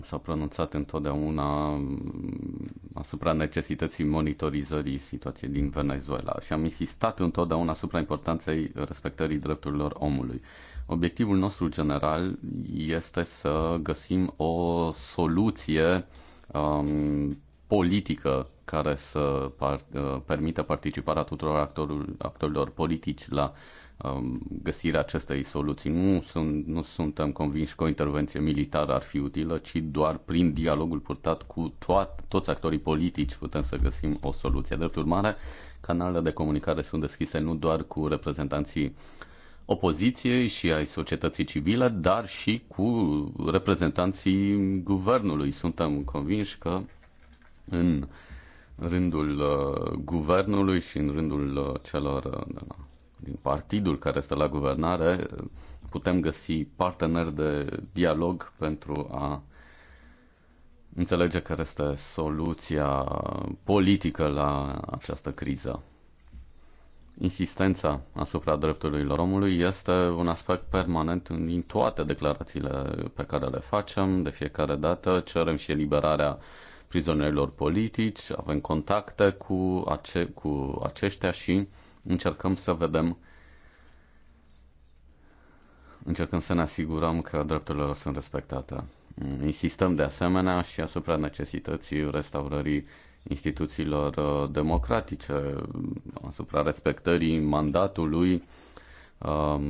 C: s-a pronunțat întotdeauna mm, asupra necesității monitorizării situației din Venezuela și am insistat întotdeauna asupra importanței respectării drepturilor omului. Obiectivul nostru general este să găsim o soluție um, politică care să par, uh, permită participarea tuturor actorul, actorilor politici la Um, găsirea acestei soluții. Nu, sunt, nu suntem convinși că o intervenție militară ar fi utilă, ci doar prin dialogul purtat cu toat, toți actorii politici putem să găsim o soluție. Drept urmare, canalele de comunicare sunt deschise nu doar cu reprezentanții opoziției și ai societății civile, dar și cu reprezentanții guvernului. Suntem convinși că în rândul uh, guvernului și în rândul uh, celor uh, din partidul care este la guvernare, putem găsi parteneri de dialog pentru a înțelege care este soluția politică la această criză. Insistența asupra drepturilor omului este un aspect permanent în toate declarațiile pe care le facem. De fiecare dată cerem și eliberarea prizonierilor politici, avem contacte cu, ace- cu aceștia și încercăm să vedem încercăm să ne asigurăm că drepturile lor sunt respectate. Insistăm de asemenea și asupra necesității restaurării instituțiilor uh, democratice, asupra respectării mandatului um,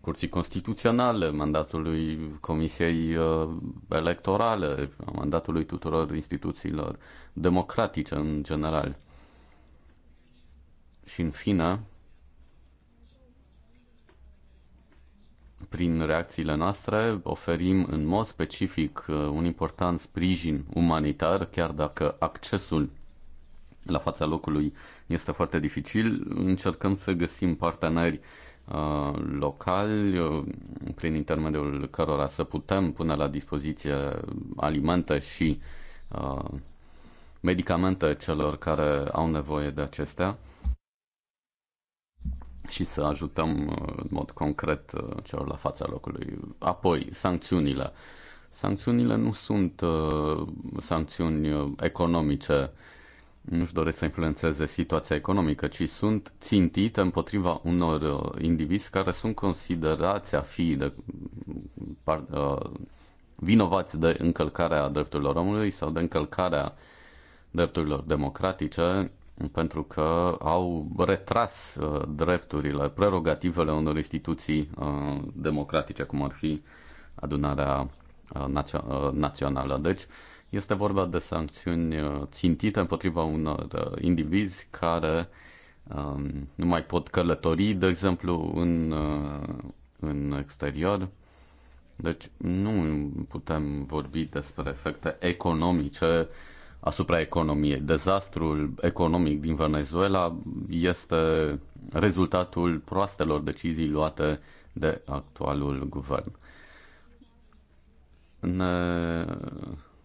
C: Curții Constituționale, mandatului Comisiei uh, Electorale, mandatului tuturor instituțiilor democratice în general. Și în fine, prin reacțiile noastre oferim în mod specific uh, un important sprijin umanitar, chiar dacă accesul la fața locului este foarte dificil. Încercăm să găsim parteneri uh, locali uh, prin intermediul cărora să putem pune la dispoziție alimente și medicamente celor care au nevoie de acestea și să ajutăm uh, în mod concret uh, celor la fața locului. Apoi, sancțiunile. Sancțiunile nu sunt uh, sancțiuni economice, nu-și doresc să influențeze situația economică, ci sunt țintite împotriva unor indivizi care sunt considerați a fi de, par, uh, vinovați de încălcarea drepturilor omului sau de încălcarea drepturilor democratice pentru că au retras uh, drepturile, prerogativele unor instituții uh, democratice, cum ar fi adunarea uh, națională. Deci, este vorba de sancțiuni țintite împotriva unor indivizi care um, nu mai pot călători, de exemplu, în, în exterior. Deci nu putem vorbi despre efecte economice uh, asupra economiei. Dezastrul economic din Venezuela este rezultatul proastelor decizii luate de actualul guvern. Ne...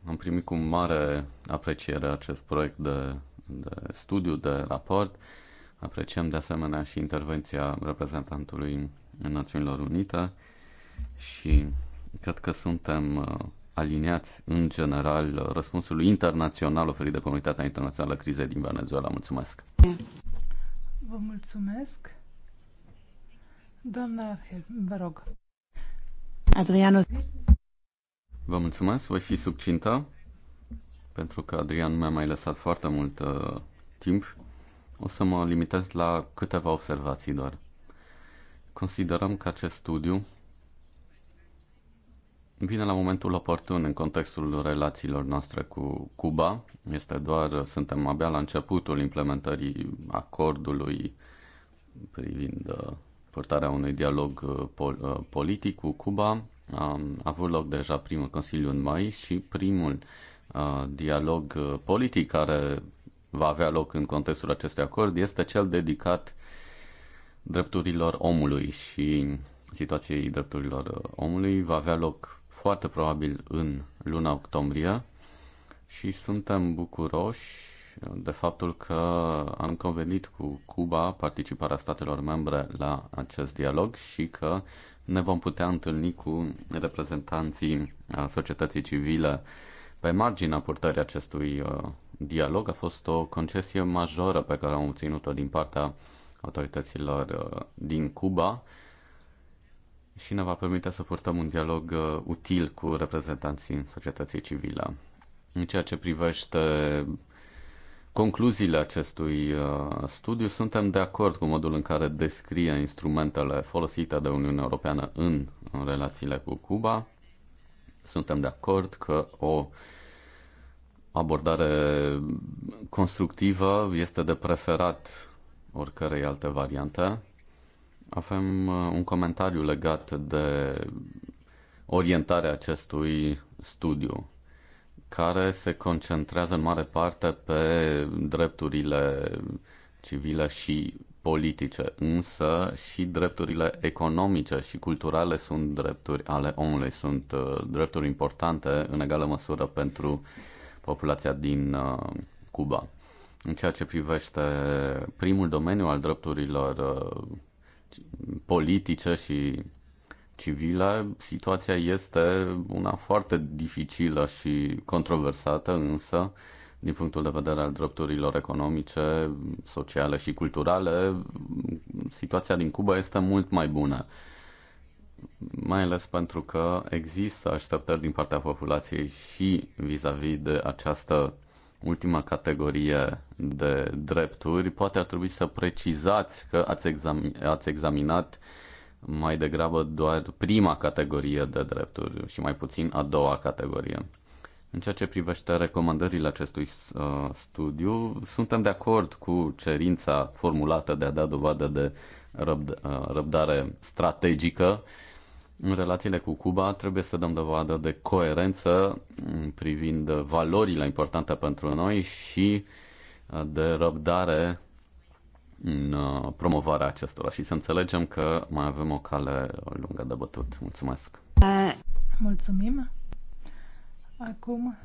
C: Am primit cu mare apreciere acest proiect de, de studiu, de raport. Apreciem de asemenea și intervenția reprezentantului Națiunilor Unite și cred că suntem uh, aliniați în general răspunsului internațional oferit de comunitatea internațională crizei din Venezuela. Mulțumesc!
B: Vă mulțumesc! Doamna Arhel, vă rog.
E: Adriano.
C: Vă mulțumesc, voi fi subcintă, pentru că Adrian nu mi-a mai lăsat foarte mult uh, timp. O să mă limitez la câteva observații doar. Considerăm că acest studiu vine la momentul oportun în contextul relațiilor noastre cu Cuba. Este doar, suntem abia la începutul implementării acordului privind uh, portarea unui dialog uh, pol- uh, politic cu Cuba. A avut loc deja primul Consiliu în mai și primul dialog politic care va avea loc în contextul acestui acord este cel dedicat drepturilor omului și situației drepturilor omului va avea loc foarte probabil în luna octombrie și suntem bucuroși de faptul că am convenit cu Cuba participarea statelor membre la acest dialog și că ne vom putea întâlni cu reprezentanții uh, societății civile pe marginea purtării acestui uh, dialog. A fost o concesie majoră pe care am obținut-o din partea autorităților uh, din Cuba și ne va permite să purtăm un dialog uh, util cu reprezentanții societății civile. În ceea ce privește concluziile acestui uh, studiu, suntem de acord cu modul în care descrie instrumentele folosite de Uniunea Europeană în, în relațiile cu Cuba. Suntem de acord că o abordare constructivă este de preferat oricărei alte variante avem uh, un comentariu legat de orientarea acestui studiu, care se concentrează în mare parte pe drepturile civile și politice, însă și drepturile economice și culturale sunt drepturi ale omului, sunt uh, drepturi importante în egală măsură pentru populația din uh, Cuba. În ceea ce privește primul domeniu al drepturilor politice și civile, situația este una foarte dificilă și controversată, însă, din punctul de vedere al drepturilor economice, sociale și culturale, situația din Cuba este mult mai bună. Mai ales pentru că există așteptări din partea populației și vis-a-vis -vis de această ultima categorie de drepturi, poate ar trebui să precizați că ați, examin, ați examinat mai degrabă doar prima categorie de drepturi și mai puțin a doua categorie. În ceea ce privește recomandările acestui uh, studiu, suntem de acord cu cerința formulată de a da dovadă de răbd- uh, răbdare strategică uh, în relațiile cu Cuba trebuie să dăm dovadă de coerență privind valorile importante pentru noi și uh, de răbdare în uh, promovarea acestora și să înțelegem că mai avem o cale lungă de bătut. Mulțumesc!
B: Mulțumim! Acum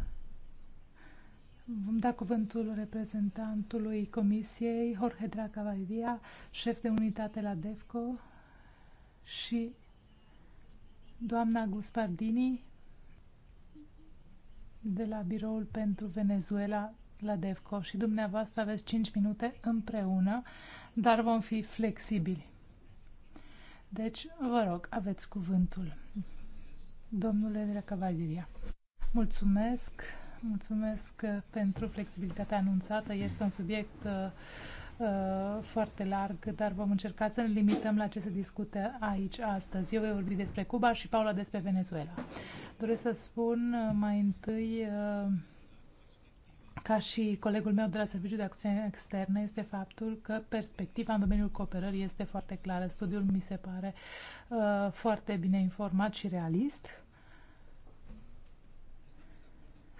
B: vom da cuvântul reprezentantului Comisiei, Jorge Dracavadia, șef de unitate la DEFCO și Doamna Guspardini de la Biroul pentru Venezuela la Devco. și dumneavoastră aveți 5 minute împreună, dar vom fi flexibili. Deci, vă rog, aveți cuvântul. Domnule de la Cavalieria, mulțumesc, mulțumesc uh, pentru flexibilitatea anunțată. Este un subiect uh, Uh, foarte larg, dar vom încerca să ne limităm la ce se discută aici astăzi. Eu voi vorbi despre Cuba și Paula despre Venezuela. Doresc să spun uh, mai întâi, uh, ca și colegul meu de la Serviciul de Acțiune Externe, este faptul că perspectiva în domeniul cooperării este foarte clară. Studiul mi se pare foarte bine informat și realist.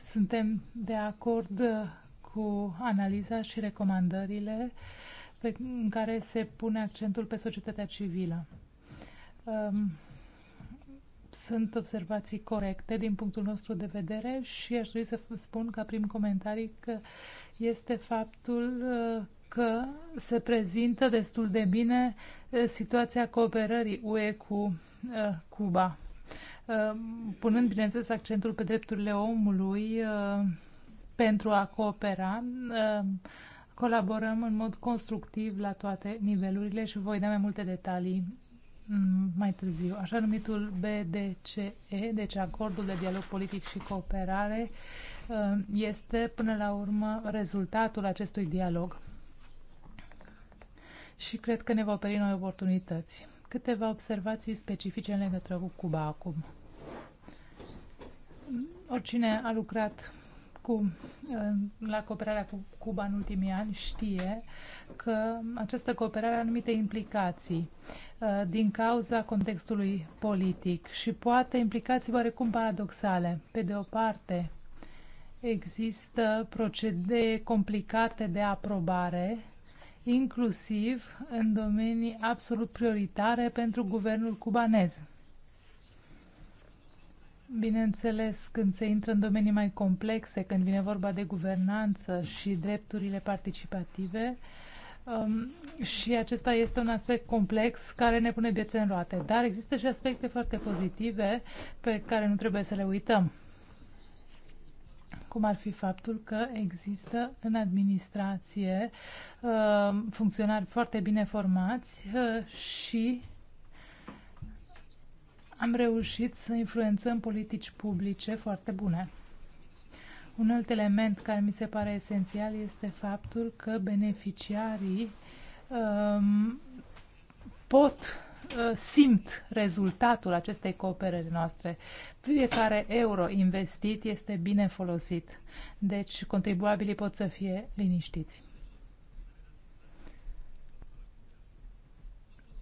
B: Suntem de acord cu analiza și recomandările pe, în care se pune accentul pe societatea civilă. Um, sunt observații corecte din punctul nostru de vedere și aș dori să spun ca prim comentarii că este faptul uh, că se prezintă destul de bine uh, situația cooperării UE cu uh, Cuba punând, bineînțeles, accentul pe drepturile omului, pentru a coopera. Uh, colaborăm în mod constructiv la toate nivelurile și voi da mai multe detalii mm, mai târziu. Așa numitul BDCE, deci Acordul de Dialog Politic și Cooperare, uh, este până la urmă rezultatul acestui dialog și cred că ne va oferi noi oportunități. Câteva observații specifice în legătură cu Cuba acum. Oricine a lucrat cu, la cooperarea cu Cuba în ultimii ani știe că această cooperare are anumite implicații uh, din cauza contextului politic și poate implicații oarecum paradoxale. Pe de o parte, există procedee complicate de aprobare inclusiv în domenii absolut prioritare pentru guvernul cubanez. Bineînțeles, când se intră în domenii mai complexe, când vine vorba de guvernanță și drepturile participative, um, și acesta este un aspect complex care ne pune biețe în roate. Dar există și aspecte foarte pozitive pe care nu trebuie să le uităm. Cum ar fi faptul că există în administrație uh, funcționari foarte bine formați uh, și am reușit să influențăm politici publice foarte bune. Un alt element care mi se pare esențial este faptul că beneficiarii um, pot uh, simt rezultatul acestei cooperări noastre. Fiecare euro investit este bine folosit, deci contribuabilii pot să fie liniștiți.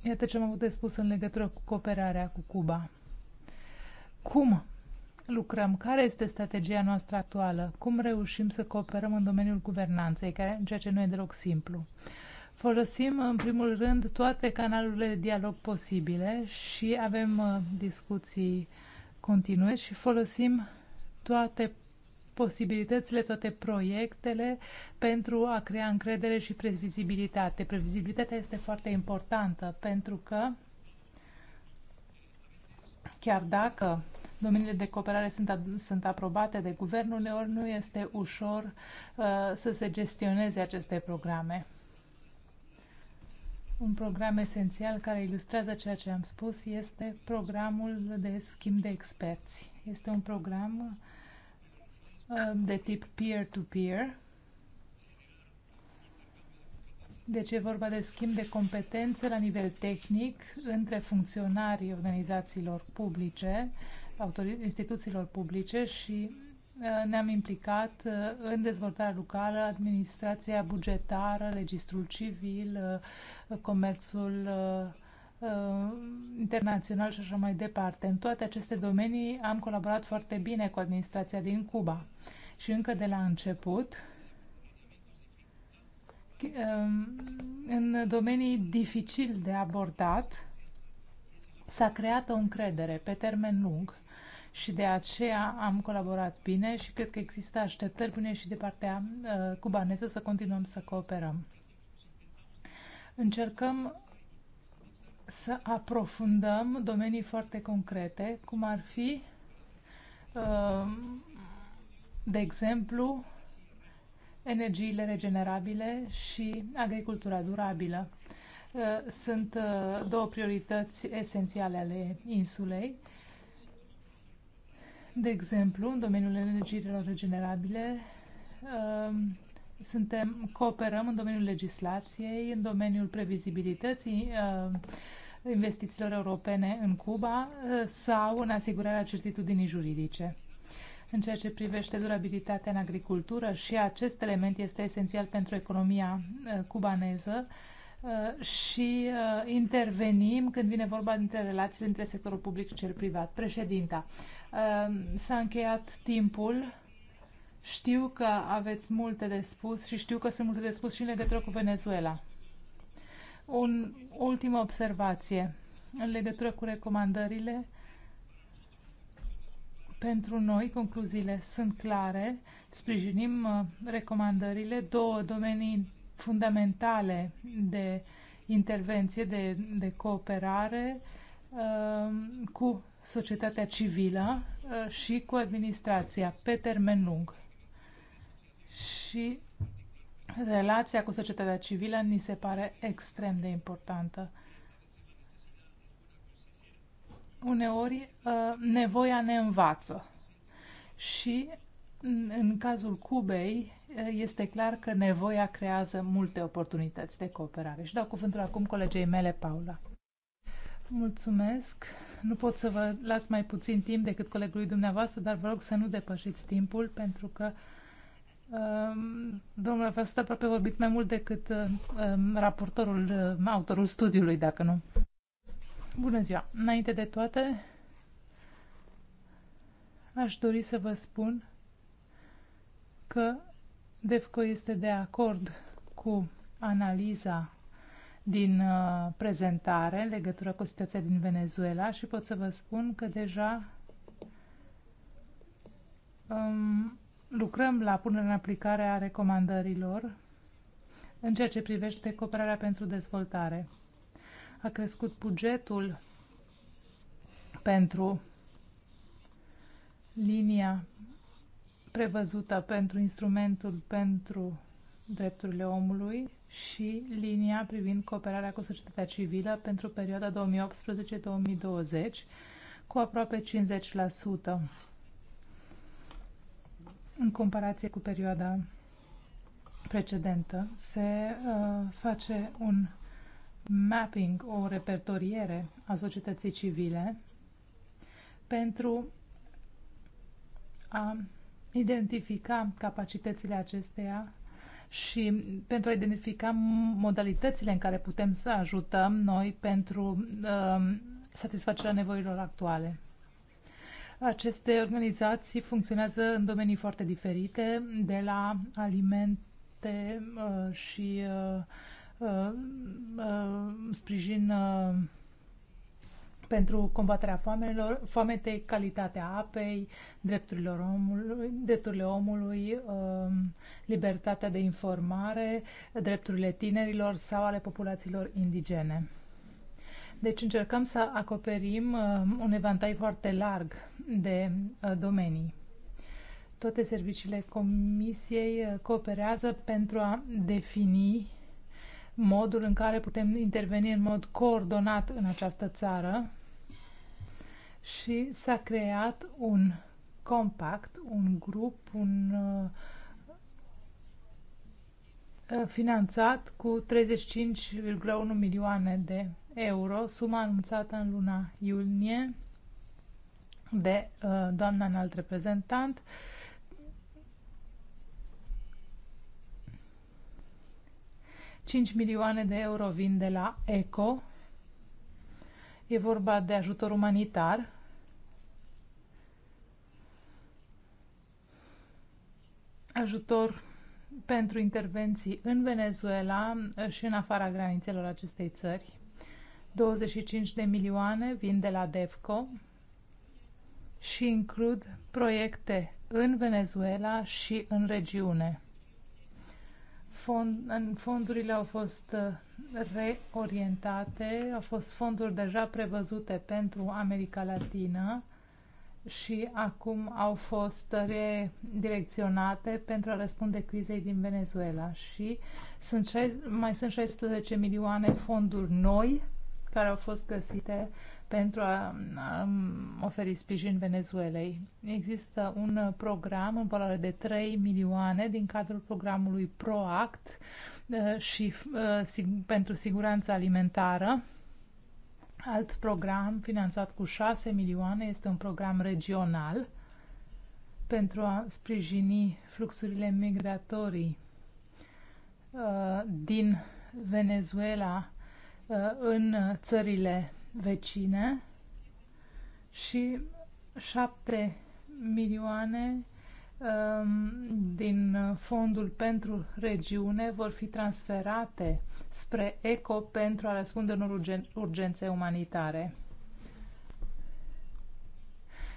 B: Iată ce am avut de spus în legătură cu cooperarea cu Cuba. Cum lucrăm? Care este strategia noastră actuală? Cum reușim să cooperăm în domeniul guvernanței, care, în ceea ce nu e deloc simplu? Folosim, în primul rând, toate canalurile de dialog posibile și avem uh, discuții continue și folosim toate posibilitățile, toate proiectele pentru a crea încredere și previzibilitate. Previzibilitatea este foarte importantă pentru că chiar dacă domeniile de cooperare sunt, sunt aprobate de guvern, uneori nu este ușor uh, să se gestioneze aceste programe. Un program esențial care ilustrează ceea ce am spus este programul de schimb de experți. Este un program de tip peer-to-peer. -peer. Deci e vorba de schimb de competențe la nivel tehnic între funcționarii organizațiilor publice, instituțiilor publice și uh, ne-am implicat uh, în dezvoltarea locală, administrația bugetară, registrul civil, uh, comerțul Uh, internațional și așa mai departe. În toate aceste domenii am colaborat foarte bine cu administrația din Cuba și încă de la început uh, în domenii dificil de abordat s-a creat o încredere pe termen lung și de aceea am colaborat bine și cred că există așteptări bune și de partea uh, cubaneză să continuăm să cooperăm. Încercăm să aprofundăm domenii foarte concrete, cum ar fi, uh, de exemplu, energiile regenerabile și agricultura durabilă. Uh, sunt uh, două priorități esențiale ale insulei. De exemplu, în domeniul energiilor regenerabile, suntem, cooperăm în domeniul legislației, în domeniul previzibilității investițiilor europene în Cuba eh, sau în asigurarea certitudinii juridice. În ceea ce privește durabilitatea în agricultură și acest element este esențial pentru economia eh, cubaneză, eh, și intervenim când vine vorba dintre relațiile între sectorul public și cel privat. Președinta, s-a încheiat timpul. Știu că aveți multe de spus și știu că sunt multe de spus și în legătură cu Venezuela. O ultimă observație în legătură cu recomandările. Pentru noi, concluziile sunt clare. Sprijinim uh, recomandările, două domenii fundamentale de intervenție, de, de cooperare uh, cu societatea civilă uh, și cu administrația pe termen lung. Și relația cu societatea civilă ni se pare extrem de importantă. Uneori, uh, nevoia ne învață și în cazul Cubei, uh, este clar că nevoia creează multe oportunități de cooperare. Și dau cuvântul acum colegei mele, Paula. Mulțumesc. Nu pot să vă las mai puțin timp decât colegului dumneavoastră, dar vă rog să nu depășiți timpul, pentru că uh, Ehm, domnule Vestă, aproape vorbit mai mult decât ehm, raportorul, ehm, autorul studiului, dacă nu. Bună ziua! Înainte de toate, aș dori să vă spun că DEFCO este de acord cu analiza din uh, prezentare în legătură cu situația din Venezuela și pot să vă spun că deja um, lucrăm la punerea în aplicare a recomandărilor în ceea ce privește cooperarea pentru dezvoltare. A crescut bugetul pentru linia prevăzută pentru instrumentul pentru drepturile omului și linia privind cooperarea cu societatea civilă pentru perioada 2018-2020 cu aproape 50% în comparație cu perioada precedentă, se uh, face un mapping, o repertoriere a societății civile pentru a identifica capacitățile acesteia și pentru a identifica modalitățile în care putem să ajutăm noi pentru uh, satisfacerea nevoilor actuale. Aceste organizații funcționează în domenii foarte diferite, de la alimente uh, și uh, uh, uh sprijin uh, pentru combaterea foamelor, foamete, calitatea apei, drepturile omului, drepturile omului, uh, libertatea de informare, drepturile tinerilor sau ale populațiilor indigene. Deci încercăm să acoperim uh, un evantai foarte larg de uh, domenii. Toate serviciile Comisiei uh, cooperează pentru a defini modul în care putem interveni în mod coordonat în această țară și s-a creat un compact, un grup, un finanțat cu 35,1 milioane de euro, suma anunțată în luna iunie de uh, doamna înalt reprezentant. Cinci milioane de euro vin de la ECO. E vorba de ajutor umanitar. Ajutor pentru intervenții în Venezuela uh, și în afara granițelor acestei țări. 25 de milioane vin de la DEFCO și includ proiecte în Venezuela și în regiune. Fond, în fondurile au fost uh, reorientate, au fost fonduri deja prevăzute pentru America Latină și acum au fost redirecționate pentru a răspunde crizei din Venezuela și sunt, mai sunt 16 milioane fonduri noi care au fost găsite pentru a, oferi sprijin Venezuelei. Există un program în valoare de 3 milioane din cadrul programului PROACT și pentru siguranța alimentară. Alt program finanțat cu 6 milioane este un program regional pentru a sprijini fluxurile migratorii din Venezuela Uh, în țările vecine și 7 milioane um, din fondul pentru regiune vor fi transferate spre ECO pentru a răspunde unor urgențe umanitare.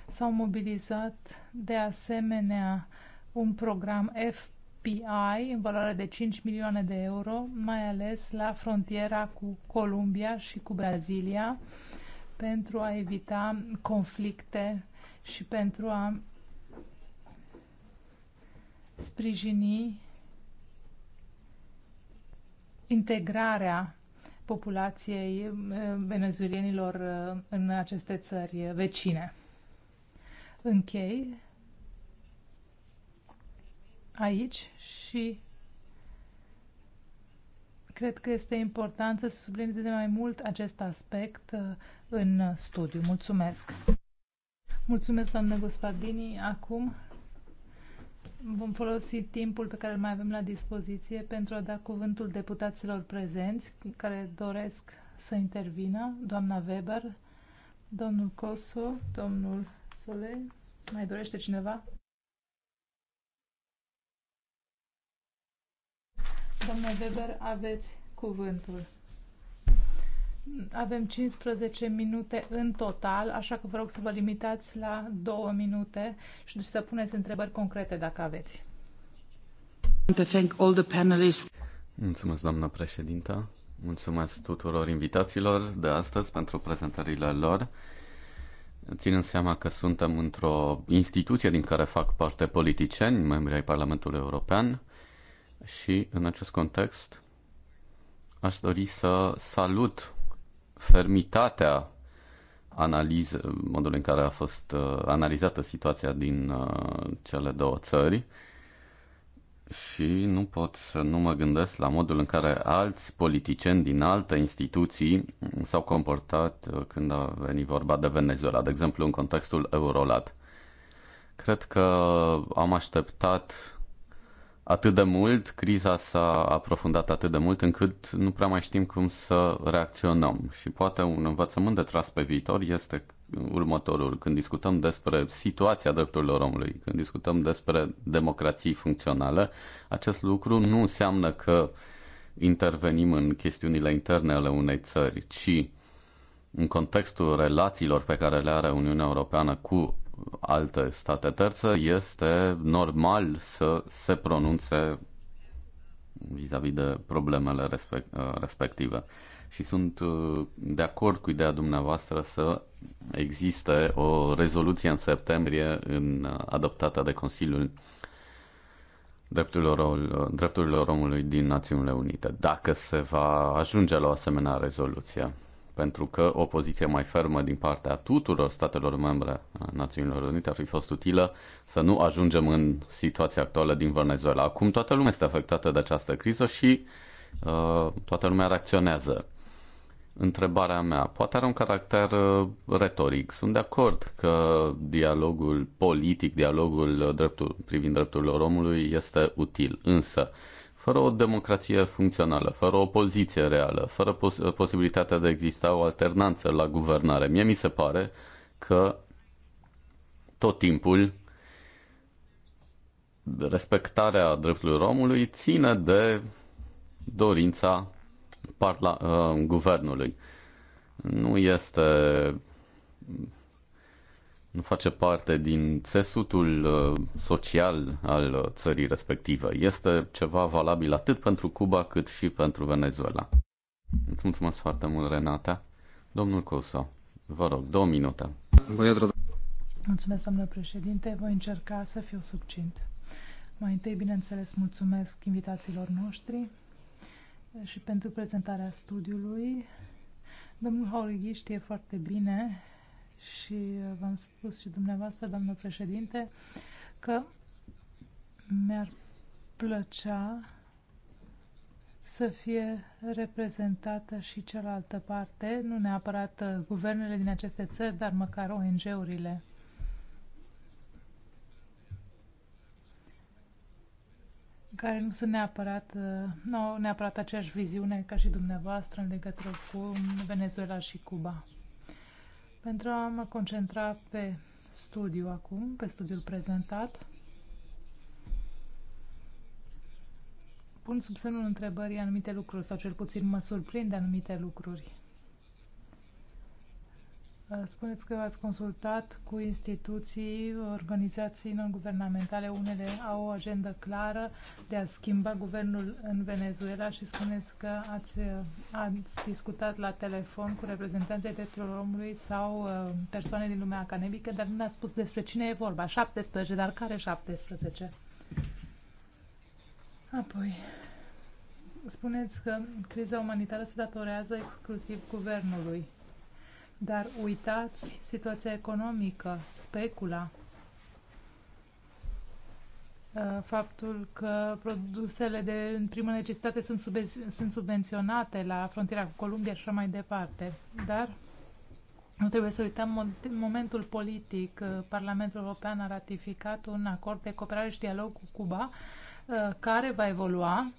B: S-au mobilizat de asemenea un program F PI în valoare de 5 milioane de euro, mai ales la frontiera cu Columbia și cu Brazilia, pentru a evita conflicte și pentru a sprijini integrarea populației eh, venezuelienilor eh, în aceste țări vecine. Închei aici și cred că este important să sublinieze mai mult acest aspect uh, în studiu. Mulțumesc! Mulțumesc, doamnă Gospardini. Acum vom folosi timpul pe care îl mai avem la dispoziție pentru a da cuvântul deputaților prezenți care doresc să intervină. Doamna Weber, domnul Coso, domnul Sole. Mai dorește cineva? Doamna Weber, aveți cuvântul. Avem 15 minute în total, așa că vă rog să vă limitați la două minute și deci să puneți întrebări concrete dacă
E: aveți.
C: Mulțumesc, doamna președintă. Mulțumesc tuturor invitațiilor de astăzi pentru prezentările lor. Ținând seama că suntem într-o instituție din care fac parte politicieni, membri ai Parlamentului European, și în acest context aș dori să salut fermitatea analize, modul în care a fost uh, analizată situația din uh, cele două țări și nu pot să nu mă gândesc la modul în care alți politicieni din alte instituții s-au comportat uh, când a venit vorba de Venezuela, de exemplu în contextul Eurolat. Cred că am așteptat atât de mult, criza s-a aprofundat atât de mult încât nu prea mai știm cum să reacționăm. Și poate un învățământ de tras pe viitor este următorul. Când discutăm despre situația drepturilor omului, când discutăm despre democrații funcționale, acest lucru nu înseamnă că intervenim în chestiunile interne ale unei țări, ci în contextul relațiilor pe care le are Uniunea Europeană cu alte state terțe, este normal să se pronunțe vis-a-vis -vis de problemele respect, uh, respective. Și sunt uh, de acord cu ideea dumneavoastră să existe o rezoluție în septembrie în, uh, adoptată de Consiliul drepturilor, drepturilor omului din Națiunile Unite, dacă se va ajunge la o asemenea rezoluție pentru că o poziție mai fermă din partea tuturor statelor membre a Națiunilor Unite ar fi fost utilă să nu ajungem în situația actuală din Venezuela. Acum toată lumea este afectată de această criză și uh, toată lumea reacționează. Întrebarea mea poate are un caracter uh, retoric. Sunt de acord că dialogul politic, dialogul dreptul, privind drepturile omului este util, însă uh, fără o democrație funcțională, fără o opoziție reală, fără pos- posibilitatea de a exista o alternanță la guvernare, mie mi se pare că tot timpul respectarea drepturilor omului ține de dorința parla- uh, guvernului. Nu este nu face parte din țesutul uh, social al uh, țării respective. Este ceva valabil atât pentru Cuba cât și pentru Venezuela. Îți mulțumesc foarte mult, Renata. Domnul Coso, vă rog, două minute.
B: Mulțumesc, domnule președinte. Voi încerca să fiu succint. Mai întâi, bineînțeles, mulțumesc invitațiilor noștri și pentru prezentarea studiului. Domnul Horighi știe foarte bine și v-am spus și dumneavoastră, doamnă președinte, că mi-ar plăcea să fie reprezentată și cealaltă parte, nu neapărat guvernele din aceste țări, dar măcar ONG-urile. care nu sunt neapărat, nu au neapărat aceeași viziune ca și dumneavoastră în legătură cu Venezuela și Cuba. Pentru a mă concentra pe studiu acum, pe studiul prezentat, pun sub semnul întrebării anumite lucruri sau cel puțin mă surprind de anumite lucruri. Spuneți că ați consultat cu instituții, organizații non-guvernamentale. Unele au o agendă clară de a schimba guvernul în Venezuela și spuneți că ați, ați discutat la telefon cu reprezentanții drepturilor omului sau uh, persoane din lumea academică, dar nu ne-ați spus despre cine e vorba. 17, dar care 17? Apoi, spuneți că criza umanitară se datorează exclusiv guvernului. Dar uitați situația economică, specula, uh, faptul că produsele de în primă necesitate sunt, sub, sunt subvenționate la frontiera cu Columbia și așa mai departe. Dar nu trebuie să uităm momentul politic. Uh, Parlamentul European a ratificat un acord de cooperare și dialog cu Cuba uh, care va evolua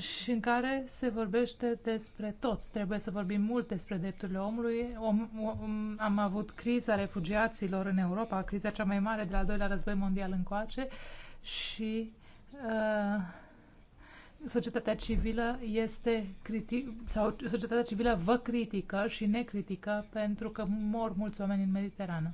B: și în care se vorbește despre tot. Trebuie să vorbim mult despre drepturile omului. Om, om, am avut criza refugiaților în Europa, criza cea mai mare de la al doilea război mondial încoace și uh, societatea civilă este critic, sau societatea civilă vă critică și ne critică pentru că mor mulți oameni în Mediterană.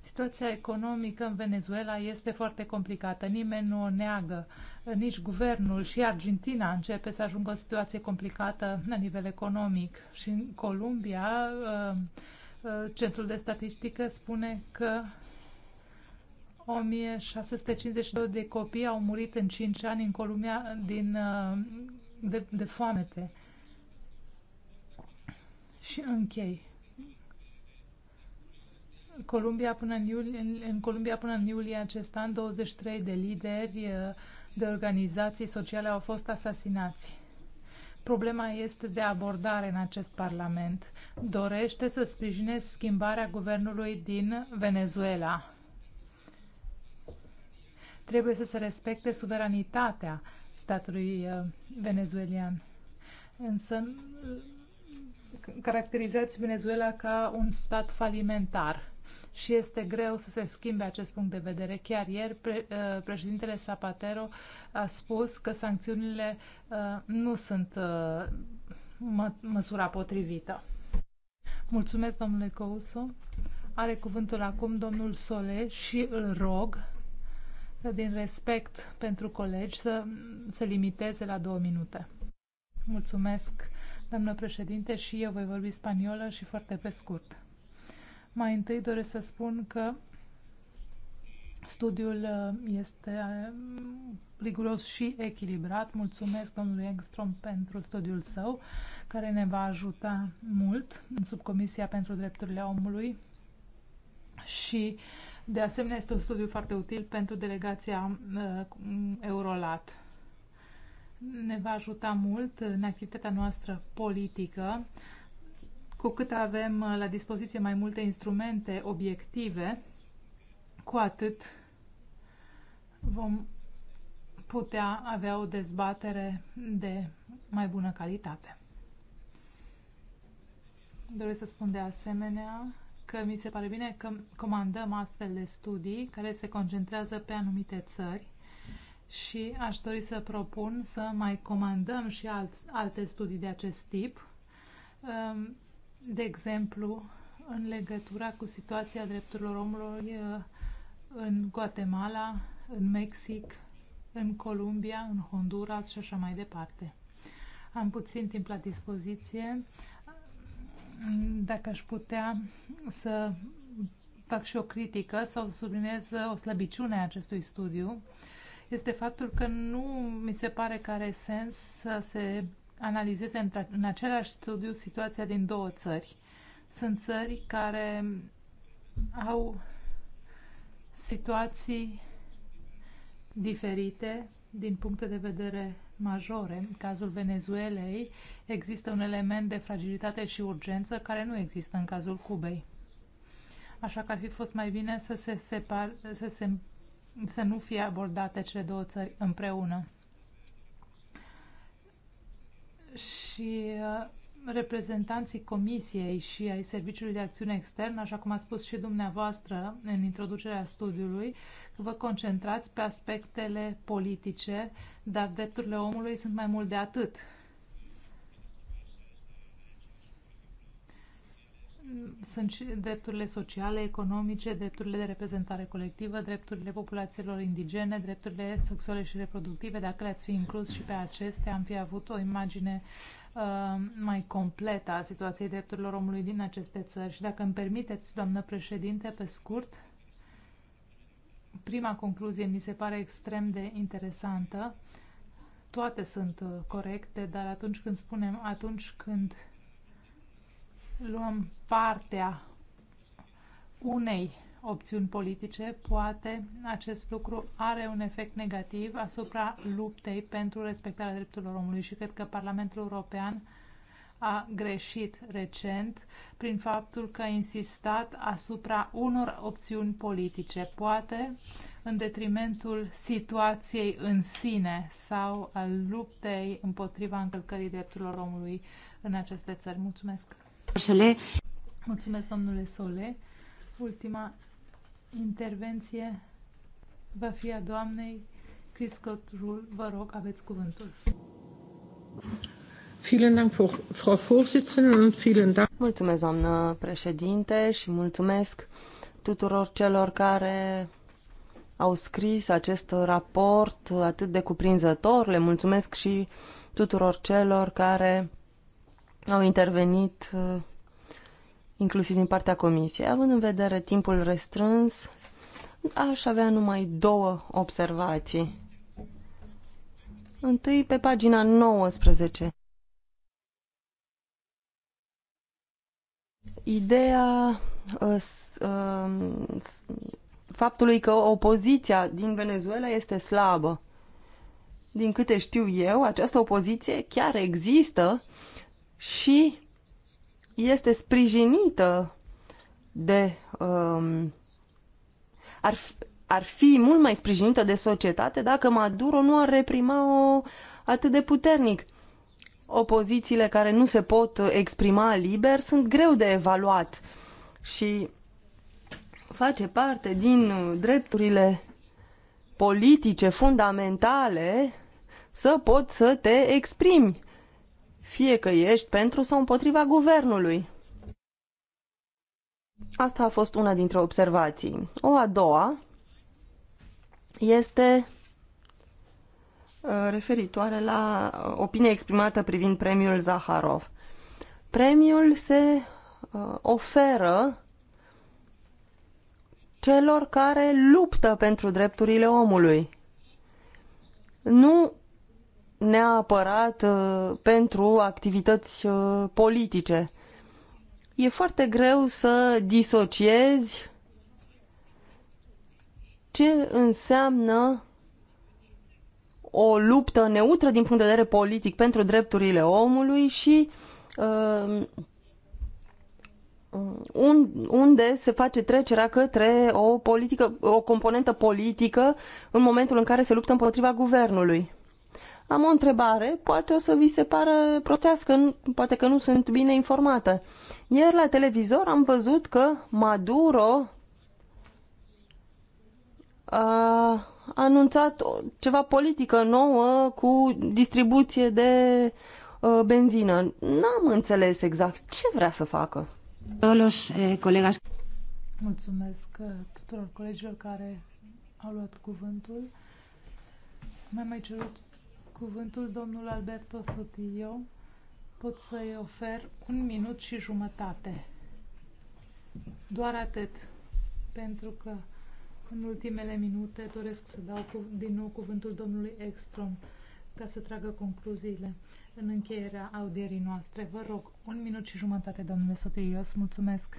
B: Situația economică în Venezuela este foarte complicată, nimeni nu o neagă. Uh, nici guvernul și Argentina începe să ajungă o situație complicată la nivel economic. Și în Columbia, uh, uh, Centrul de Statistică spune că 1652 de copii au murit în 5 ani în Columbia din, uh, de, de foamete. Și închei. Columbia până în, iulie, în, în Columbia până în iulie acest an, 23 de lideri uh, de organizații sociale au fost asasinați. Problema este de abordare în acest Parlament. Dorește să sprijine schimbarea guvernului din Venezuela. Trebuie să se respecte suveranitatea statului uh, venezuelian. Însă uh, caracterizați Venezuela ca un stat falimentar și este greu să se schimbe acest punct de vedere. Chiar ieri pre, uh, președintele Zapatero a spus că sancțiunile uh, nu sunt uh, mă, măsura potrivită. Mulțumesc, domnule Couso. Are cuvântul acum domnul Sole și îl rog din respect pentru colegi să se limiteze la două minute. Mulțumesc, doamnă președinte, și eu voi vorbi spaniolă și foarte pe scurt. Mai întâi doresc să spun că studiul uh, este uh, riguros și echilibrat. Mulțumesc domnului Engstrom pentru studiul său, care ne va ajuta mult în subcomisia pentru drepturile omului și de asemenea este un studiu foarte util pentru delegația uh, Eurolat. Ne va ajuta mult în activitatea noastră politică cu cât avem uh, la dispoziție mai multe instrumente obiective, cu atât vom putea avea o dezbatere de mai bună calitate. Doresc să spun de asemenea că mi se pare bine că comandăm astfel de studii care se concentrează pe anumite țări și aș dori să propun să mai comandăm și alt, alte studii de acest tip um, de exemplu, în legătura cu situația drepturilor omului uh, în Guatemala, în Mexic, în Columbia, în Honduras și așa mai departe. Am puțin timp la dispoziție. Dacă aș putea să fac și o critică sau subliniez uh, o slăbiciune a acestui studiu, este faptul că nu mi se pare că are sens să se analizeze în, același studiu situația din două țări. Sunt țări care au situații diferite din puncte de vedere majore. În cazul Venezuelei există un element de fragilitate și urgență care nu există în cazul Cubei. Așa că ar fi fost mai bine să se separ, să, se, să nu fie abordate cele două țări împreună și uh, reprezentanții Comisiei și ai Serviciului de Acțiune Externă, așa cum a spus și dumneavoastră în introducerea studiului, că vă concentrați pe aspectele politice, dar drepturile omului sunt mai mult de atât. sunt și drepturile sociale, economice, drepturile de reprezentare colectivă, drepturile populațiilor indigene, drepturile sexuale și reproductive. Dacă le-ați fi inclus și pe acestea, am fi avut o imagine uh, mai completă a situației drepturilor omului din aceste țări. Și dacă îmi permiteți, doamnă președinte, pe scurt, prima concluzie mi se pare extrem de interesantă. Toate sunt uh, corecte, dar atunci când spunem, atunci când luăm partea unei opțiuni politice, poate acest lucru are un efect negativ asupra luptei pentru respectarea drepturilor omului și cred că Parlamentul European a greșit recent prin faptul că a insistat asupra unor opțiuni politice, poate în detrimentul situației în sine sau al luptei împotriva încălcării drepturilor omului în aceste țări. Mulțumesc! Mulțumesc, domnule Sole. Ultima intervenție va fi a doamnei Criscot Rul. Vă rog, aveți cuvântul.
A: Mulțumesc, doamnă președinte, și mulțumesc tuturor celor care au scris acest raport atât de cuprinzător. Le mulțumesc și tuturor celor care au intervenit uh, inclusiv din partea comisiei. Având în vedere timpul restrâns, aș avea numai două observații. Întâi pe pagina 19. Ideea uh, uh, faptului că opoziția din Venezuela este slabă. Din câte știu eu, această opoziție chiar există și este sprijinită de. Um, ar, ar fi mult mai sprijinită de societate dacă Maduro nu ar reprima-o atât de puternic. Opozițiile care nu se pot exprima liber sunt greu de evaluat și face parte din drepturile politice fundamentale să poți să te exprimi fie că ești pentru sau împotriva guvernului. Asta a fost una dintre observații. O a doua este uh, referitoare la uh, opinia exprimată privind premiul Zaharov. Premiul se uh, oferă celor care luptă pentru drepturile omului. Nu neapărat uh, pentru activități uh, politice. E foarte greu să disociezi ce înseamnă o luptă neutră din punct de vedere politic pentru drepturile omului și uh, unde se face trecerea către o politică, o componentă politică în momentul în care se luptă împotriva guvernului. Am o întrebare, poate o să vi se pară prostească, poate că nu sunt bine informată. Ieri la televizor am văzut că Maduro a anunțat ceva politică nouă cu distribuție de benzină. N-am înțeles exact ce vrea să facă. Eh,
B: Mulțumesc eh, tuturor colegilor care au luat cuvântul. Mi-am mai cerut cuvântul domnul Alberto Sotillo. Pot să-i ofer un minut și jumătate. Doar atât, pentru că în ultimele minute doresc să dau cu, din nou cuvântul domnului Ekstrom ca să tragă concluziile în încheierea audierii noastre. Vă rog, un minut și jumătate, domnule Sotirios, mulțumesc.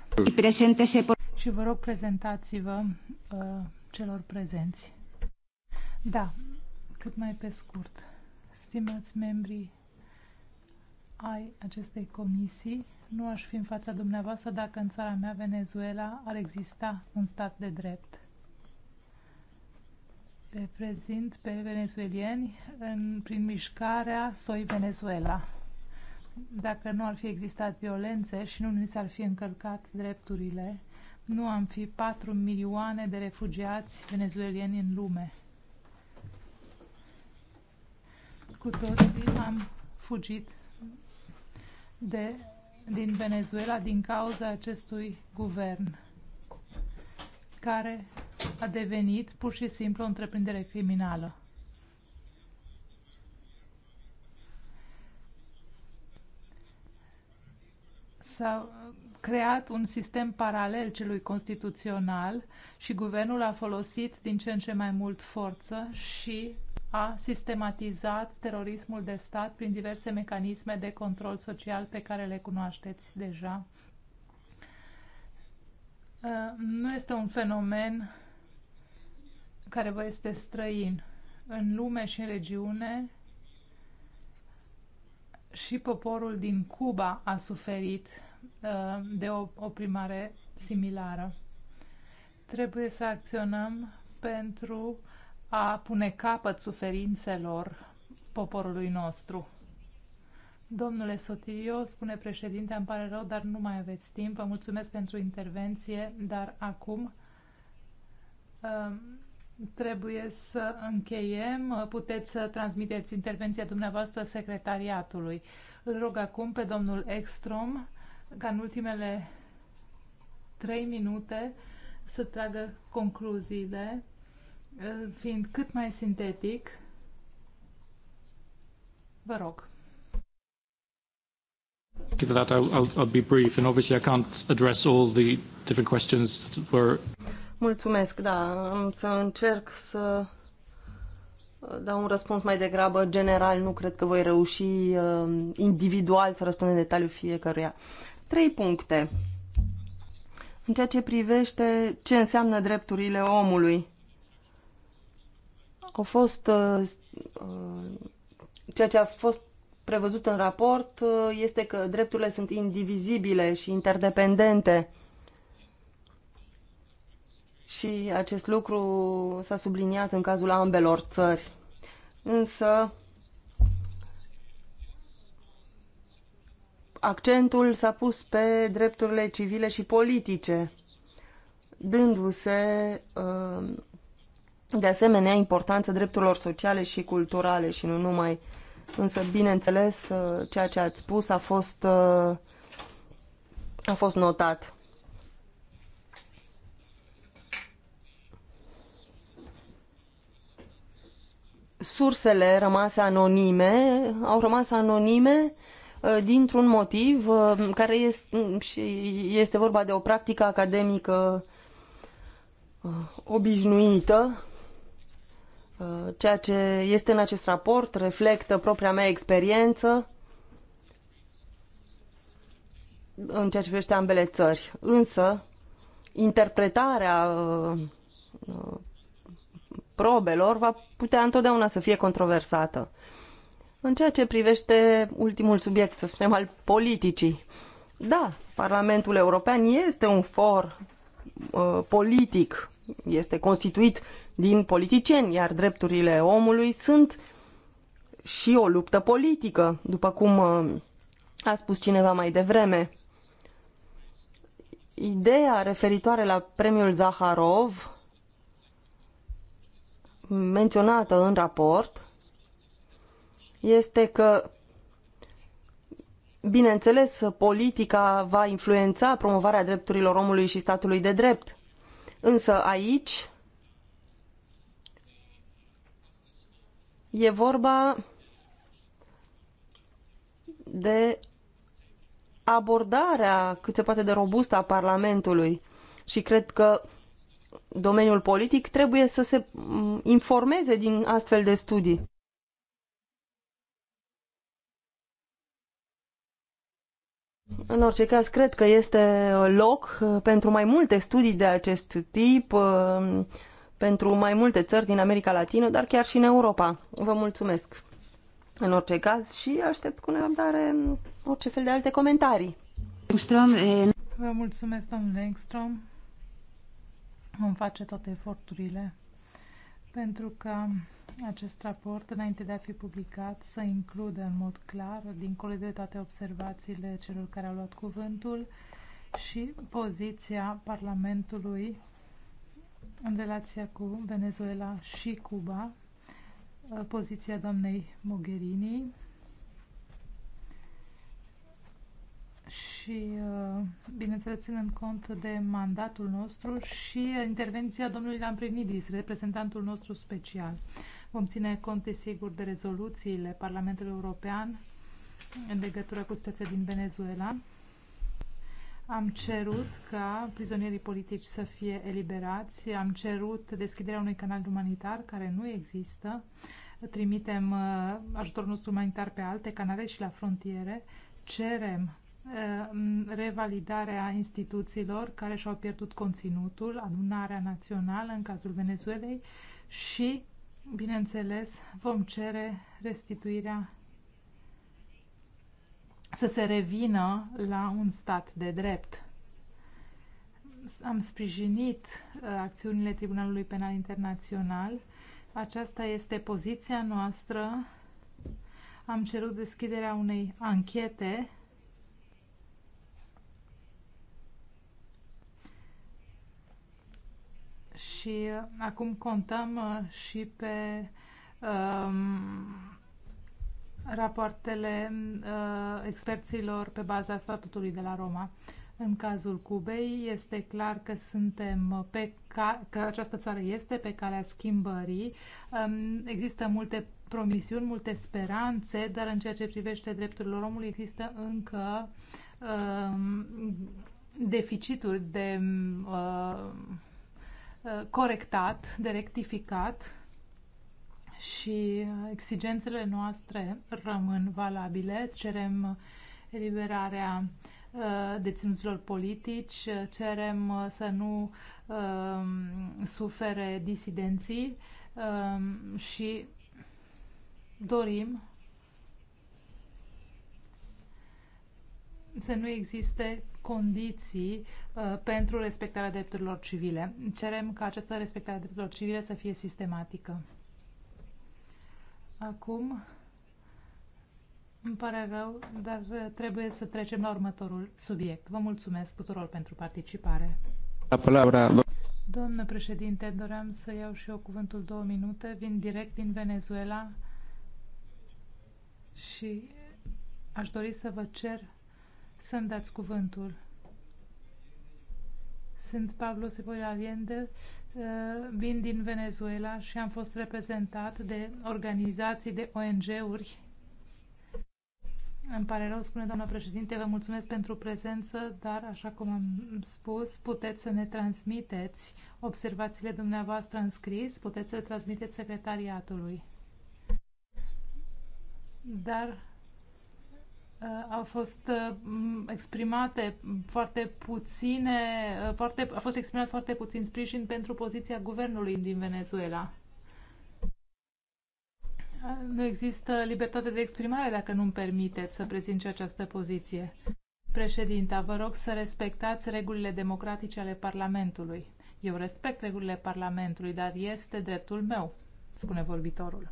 B: Și vă rog, prezentați-vă uh, celor prezenți. Da, cât mai pe scurt stimați membrii ai acestei comisii, nu aș fi în fața dumneavoastră dacă în țara mea, Venezuela, ar exista un stat de drept. Reprezint pe venezuelieni în, prin mișcarea Soi Venezuela. Dacă nu ar fi existat violențe și nu ni s-ar fi încălcat drepturile, nu am fi 4 milioane de refugiați venezuelieni în lume. cu toții am fugit de, din Venezuela din cauza acestui guvern care a devenit pur și simplu o întreprindere criminală. S-a creat un sistem paralel celui constituțional și guvernul a folosit din ce în ce mai mult forță și a sistematizat terorismul de stat prin diverse mecanisme de control social pe care le cunoașteți deja. Uh, nu este un fenomen care vă este străin. În lume și în regiune, și poporul din Cuba a suferit uh, de o oprimare similară. Trebuie să acționăm pentru a pune capăt suferințelor poporului nostru. Domnule Sotirio, spune președinte, îmi pare rău, dar nu mai aveți timp. Vă mulțumesc pentru intervenție, dar acum um, trebuie să încheiem. Puteți să transmiteți intervenția dumneavoastră secretariatului. Îl rog acum pe domnul Ekstrom ca în ultimele trei minute să tragă concluziile Ă, fiind cât mai sintetic, vă rog.
C: Given that, I'll, I'll, be brief, and obviously I can't address all the different questions that were...
A: Mulțumesc, da, am să încerc să uh, dau un răspuns mai degrabă general, nu cred că voi reuși uh, individual să răspund în detaliu fiecăruia. Trei puncte. În ceea ce privește ce înseamnă drepturile omului. Au fost uh, uh, ceea ce a fost prevăzut în raport uh, este că drepturile sunt indivizibile și interdependente. Și acest lucru s-a subliniat în cazul ambelor țări. Însă, accentul s-a pus pe drepturile civile și politice, dându-se uh, de asemenea importanța drepturilor sociale și culturale și nu numai. Însă, bineînțeles, uh, ceea ce ați spus a fost, uh, a fost notat. Sursele rămase anonime au rămas anonime uh, dintr-un motiv care este, mm, este vorba de o practică academică obișnuită Uh, ceea ce este în acest raport reflectă propria mea experiență în ceea ce privește ambele țări. Însă, interpretarea uh, uh, probelor va putea întotdeauna să fie controversată. În ceea ce privește ultimul subiect, să spunem, al politicii, da, Parlamentul European este un for uh, politic, este constituit din politicieni, iar drepturile omului sunt și o luptă politică, după cum uh, a spus cineva mai devreme. Ideea referitoare la premiul Zaharov, menționată în raport, este că Bineînțeles, politica va influența promovarea drepturilor omului și statului de drept. Însă aici E vorba de abordarea cât se poate de robustă a Parlamentului și cred că domeniul politic trebuie să se mm, informeze din astfel de studii. În orice caz, cred că este loc uh, pentru mai multe studii de acest tip uh, pentru mai multe țări din America Latină, dar chiar și în Europa. Vă mulțumesc în orice caz și aștept cu nerăbdare orice fel de alte comentarii.
B: Vă mulțumesc, domnule Engstrom. Vom face toate eforturile pentru că acest raport, înainte de a fi publicat, să includă în mod clar, dincolo de toate observațiile celor care au luat cuvântul, și poziția Parlamentului în relația cu Venezuela și Cuba, uh, poziția doamnei Mogherini și, uh, bineînțeles, ținând cont de mandatul nostru și intervenția domnului Lamprinidis, reprezentantul nostru special. Vom ține cont, sigur, de rezoluțiile Parlamentului European în legătură cu situația din Venezuela am cerut ca prizonierii politici să fie eliberați, am cerut deschiderea unui canal umanitar care nu există, trimitem uh, ajutorul nostru umanitar pe alte canale și la frontiere, cerem uh, revalidarea instituțiilor care și-au pierdut conținutul, adunarea națională în cazul Venezuelei și, bineînțeles, vom cere restituirea să se revină la un stat de drept. Am sprijinit uh, acțiunile Tribunalului Penal Internațional. Aceasta este poziția noastră. Am cerut deschiderea unei anchete și uh, acum contăm uh, și pe um, rapoartele uh, experților pe baza statutului de la Roma. În cazul Cubei este clar că suntem pe ca, că această țară este pe calea schimbării. Um, există multe promisiuni, multe speranțe, dar în ceea ce privește drepturile omului există încă um, deficituri de um, uh, corectat, de rectificat și exigențele noastre rămân valabile. Cerem eliberarea uh, deținuților politici, cerem uh, să nu um, sufere disidenții um, și dorim să nu existe condiții uh, pentru respectarea drepturilor civile. Cerem ca această respectare a drepturilor civile să fie sistematică. Acum, îmi pare rău, dar uh, trebuie să trecem la următorul subiect. Vă mulțumesc tuturor pentru participare. La palabra. Doamnă președinte, doream să iau și eu cuvântul două minute. Vin direct din Venezuela și aș dori să vă cer să-mi dați cuvântul. Sunt Pablo Sepoia Allende, uh, vin din Venezuela și am fost reprezentat de organizații, de ONG-uri. Îmi pare rău, spune doamna președinte, vă mulțumesc pentru prezență, dar, așa cum am spus, puteți să ne transmiteți observațiile dumneavoastră în scris, puteți să le transmiteți secretariatului. Dar Uh, au fost uh, exprimate foarte puține, uh, foarte, a fost exprimat foarte puțin sprijin pentru poziția guvernului din Venezuela. Nu există libertate de exprimare dacă nu-mi permiteți să prezint această poziție. Președinta, vă rog să respectați regulile democratice ale Parlamentului. Eu respect regulile Parlamentului, dar este dreptul meu, spune vorbitorul.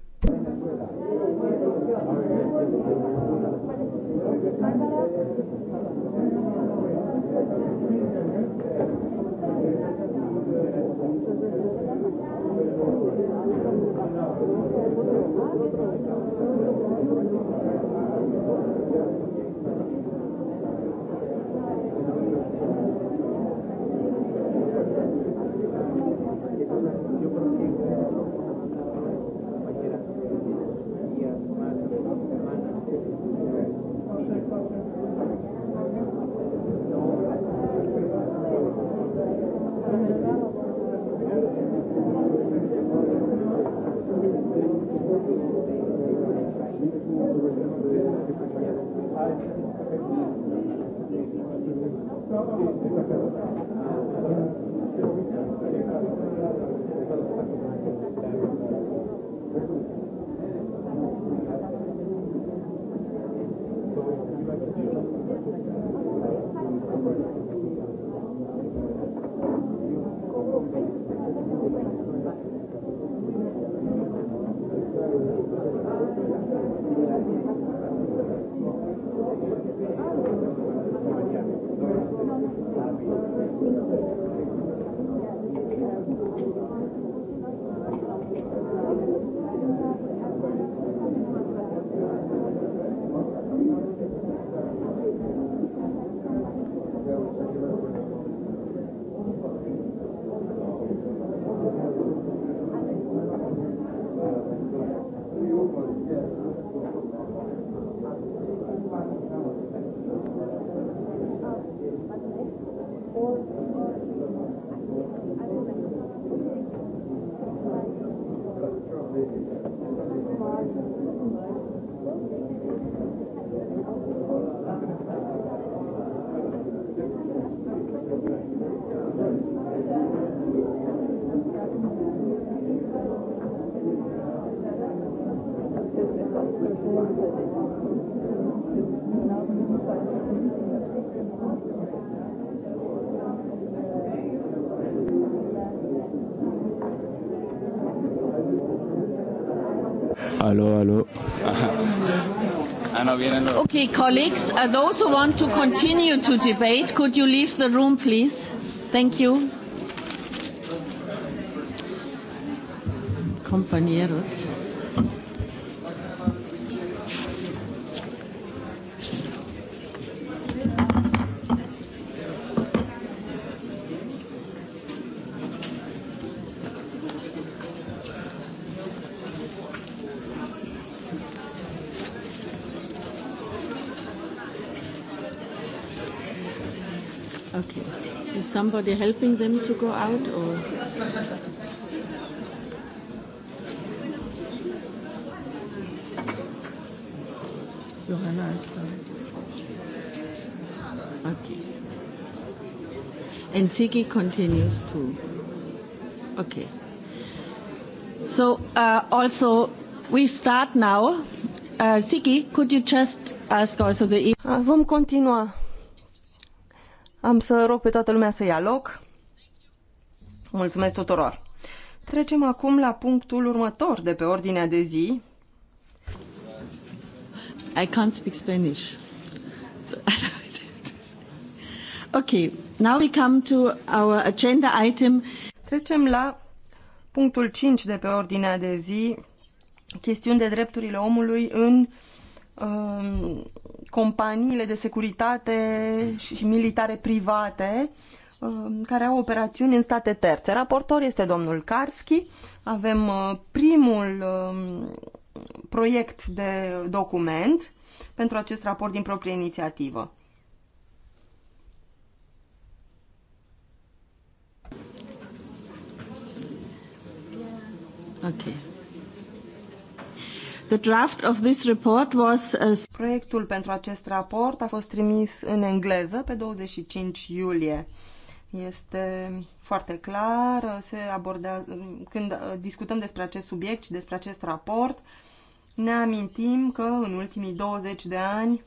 E: colleagues, uh, those who want to continue to debate, could you leave the room, please? Thank you. Compañeros. somebody helping them to go out or? Johanna is done. Okay. And Ziggy continues to. Okay. So uh, also we start now. Uh, Ziggy, could you just ask also the... Ah, vom
A: continua. Am să rog pe toată lumea să ia loc. Mulțumesc tuturor! Trecem acum la punctul următor de pe ordinea de zi.
E: I can't speak Spanish. ok, now we come to our agenda item.
A: Trecem la punctul 5 de pe ordinea de zi, chestiuni de drepturile omului în Um, companiile de securitate și militare private um, care au operațiuni în state terțe. Raportor este domnul Karski. Avem uh, primul um, proiect de document pentru acest raport din proprie inițiativă. Okay. The draft of this report was uh, Proiectul pentru acest raport a fost trimis în engleză pe 25 iulie. Este foarte clar, uh, se abordează, când uh, discutăm despre acest subiect și despre acest raport, ne amintim că în ultimii 20 de ani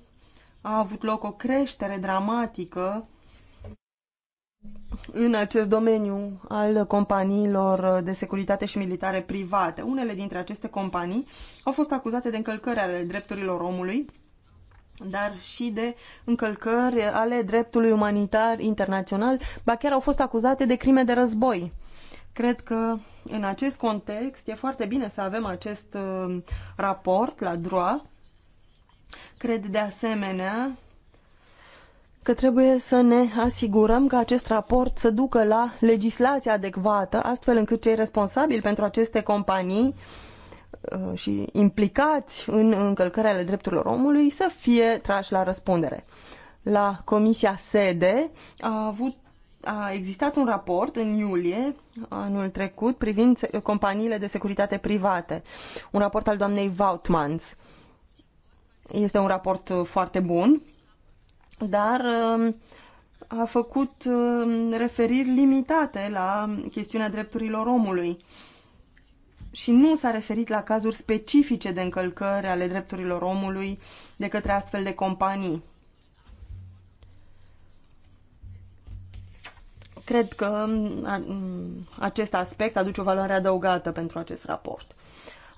A: a avut loc o creștere dramatică în acest domeniu al companiilor de securitate și militare private. Unele dintre aceste companii au fost acuzate de încălcări ale drepturilor omului, dar și de încălcări ale dreptului umanitar internațional, ba chiar au fost acuzate de crime de război. Cred că în acest context e foarte bine să avem acest uh, raport la DROA. Cred de asemenea că trebuie să ne asigurăm că acest raport să ducă la legislația adecvată, astfel încât cei responsabili pentru aceste companii uh, și implicați în încălcarea ale drepturilor omului să fie trași la răspundere. La Comisia Sede a avut a existat un raport în iulie anul trecut privind companiile de securitate private, un raport al doamnei Vautmans. Este un raport foarte bun dar um, a făcut um, referiri limitate la chestiunea drepturilor omului și nu s-a referit la cazuri specifice de încălcări ale drepturilor omului de către astfel de companii. Cred că um, acest aspect aduce o valoare adăugată pentru acest raport.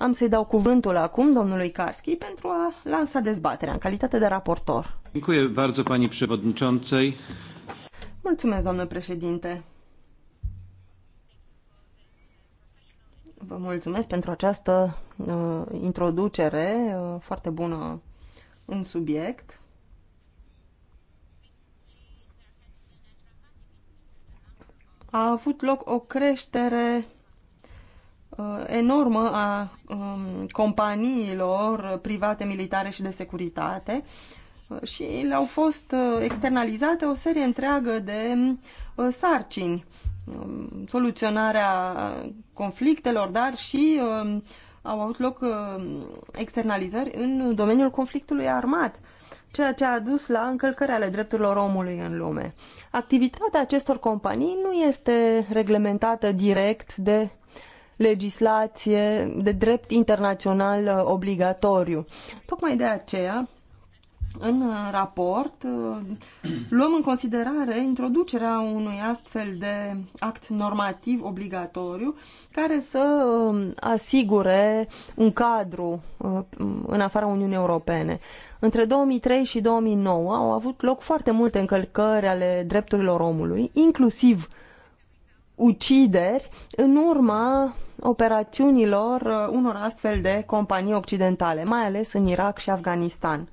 A: Am să-i dau cuvântul acum domnului Karski pentru a lansa dezbaterea în calitate de raportor.
B: Dziękuję bardzo pani przewodniczącej.
A: Mulțumesc, doamnă președinte. Vă mulțumesc pentru această uh, introducere uh, foarte bună în subiect. A avut loc o creștere Uh, enormă a um, companiilor private militare și de securitate uh, și le-au fost uh, externalizate o serie întreagă de sarcini, um, soluționarea conflictelor, dar și um, au avut loc externalizări în domeniul conflictului armat, ceea ce a dus la încălcări ale drepturilor omului în lume. Activitatea acestor companii nu este reglementată direct de legislație de drept internațional uh, obligatoriu. Tocmai de aceea, în uh, raport uh, luăm în considerare introducerea unui astfel de act normativ obligatoriu care să um, asigure un cadru în afara Uniunii Europene. Între 2003 și 2009 au avut loc foarte multe încălcări ale drepturilor omului, inclusiv ucideri, în urma operațiunilor uh, unor astfel de companii occidentale, mai ales în Irak și Afganistan.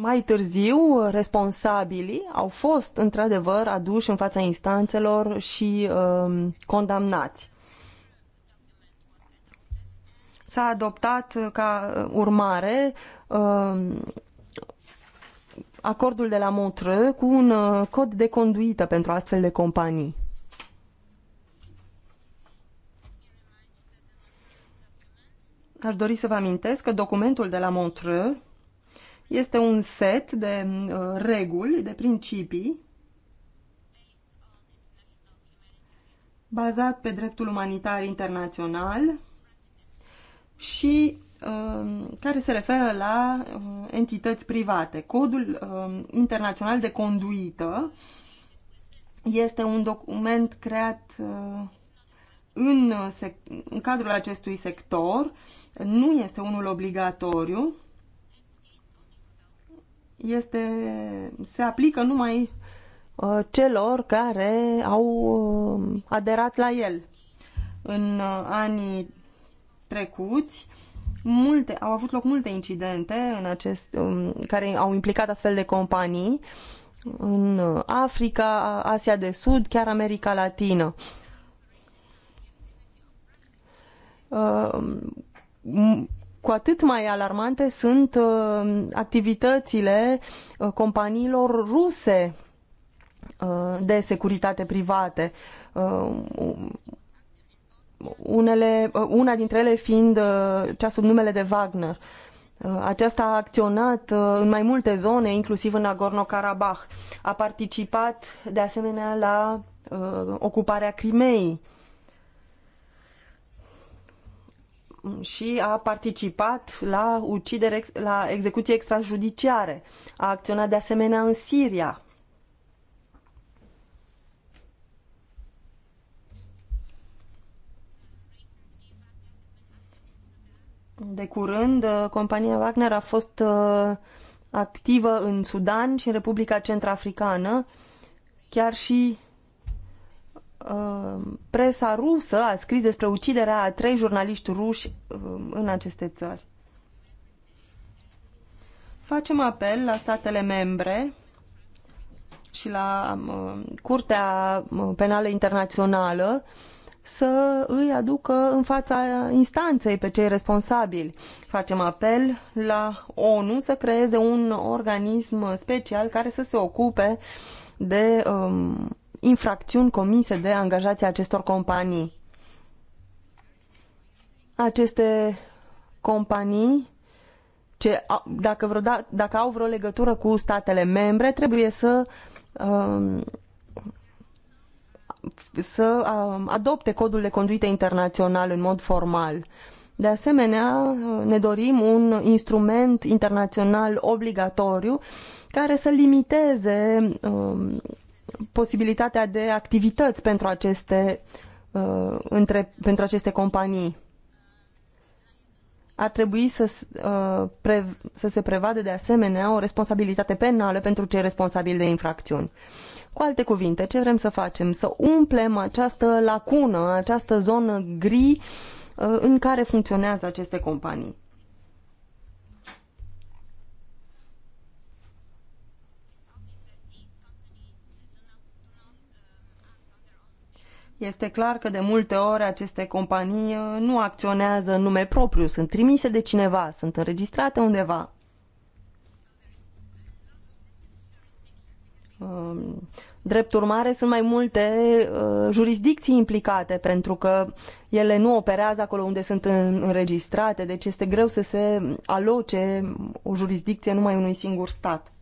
A: Mai târziu, responsabilii au fost într-adevăr aduși în fața instanțelor și uh, condamnați. S-a adoptat ca urmare uh, acordul de la Montreux cu un uh, cod de conduită pentru astfel de companii. Aș dori să vă amintesc că documentul de la Montreux este un set de uh, reguli, de principii bazat pe dreptul umanitar internațional și Um, care se referă la um, entități private. Codul um, internațional de conduită este un document creat uh, în, în cadrul acestui sector, nu este unul obligatoriu, este, se aplică numai uh, celor care au aderat la el. În uh, anii trecuți, multe, au avut loc multe incidente în acest, um, care au implicat astfel de companii în Africa, Asia de Sud, chiar America Latină. Uh, cu atât mai alarmante sunt uh, activitățile uh, companiilor ruse de securitate private unele, uh, una dintre ele fiind uh, cea sub numele de Wagner. Uh, aceasta a acționat în mai multe zone, inclusiv în Nagorno-Karabakh. A participat de asemenea la ocuparea Crimeei și a participat la ucidere, la execuții extrajudiciare. A acționat de asemenea în Siria De curând, uh, compania Wagner a fost uh, activă în Sudan și în Republica Centrafricană. Chiar și uh, presa rusă a scris despre uciderea a trei jurnaliști ruși în aceste țări. Facem apel la statele membre și la Curtea Penală Internațională să îi aducă în fața instanței pe cei responsabili. Facem apel la ONU să creeze un organism special care să se ocupe de um, infracțiuni comise de angajații acestor companii. Aceste companii ce, dacă, vreo, da, dacă au vreo legătură cu statele membre, trebuie să um, să um, adopte codul de conduită internațional în mod formal. De asemenea, uh, ne dorim un instrument internațional obligatoriu care să limiteze um, posibilitatea de activități pentru aceste, uh, între, pentru aceste companii. Ar trebui să, uh, să se prevadă de asemenea o responsabilitate penală pentru cei responsabili de infracțiuni. Cu alte cuvinte, ce vrem să facem? Să umplem această lacună, această zonă gri uh, în care funcționează aceste companii. Este clar că de multe ori aceste companii uh, nu acționează în nume propriu, sunt trimise de cineva, sunt înregistrate undeva. Um, drept urmare, sunt mai multe uh, jurisdicții implicate pentru că ele nu operează acolo unde sunt înregistrate, deci este greu să se aloce o jurisdicție numai unui singur stat.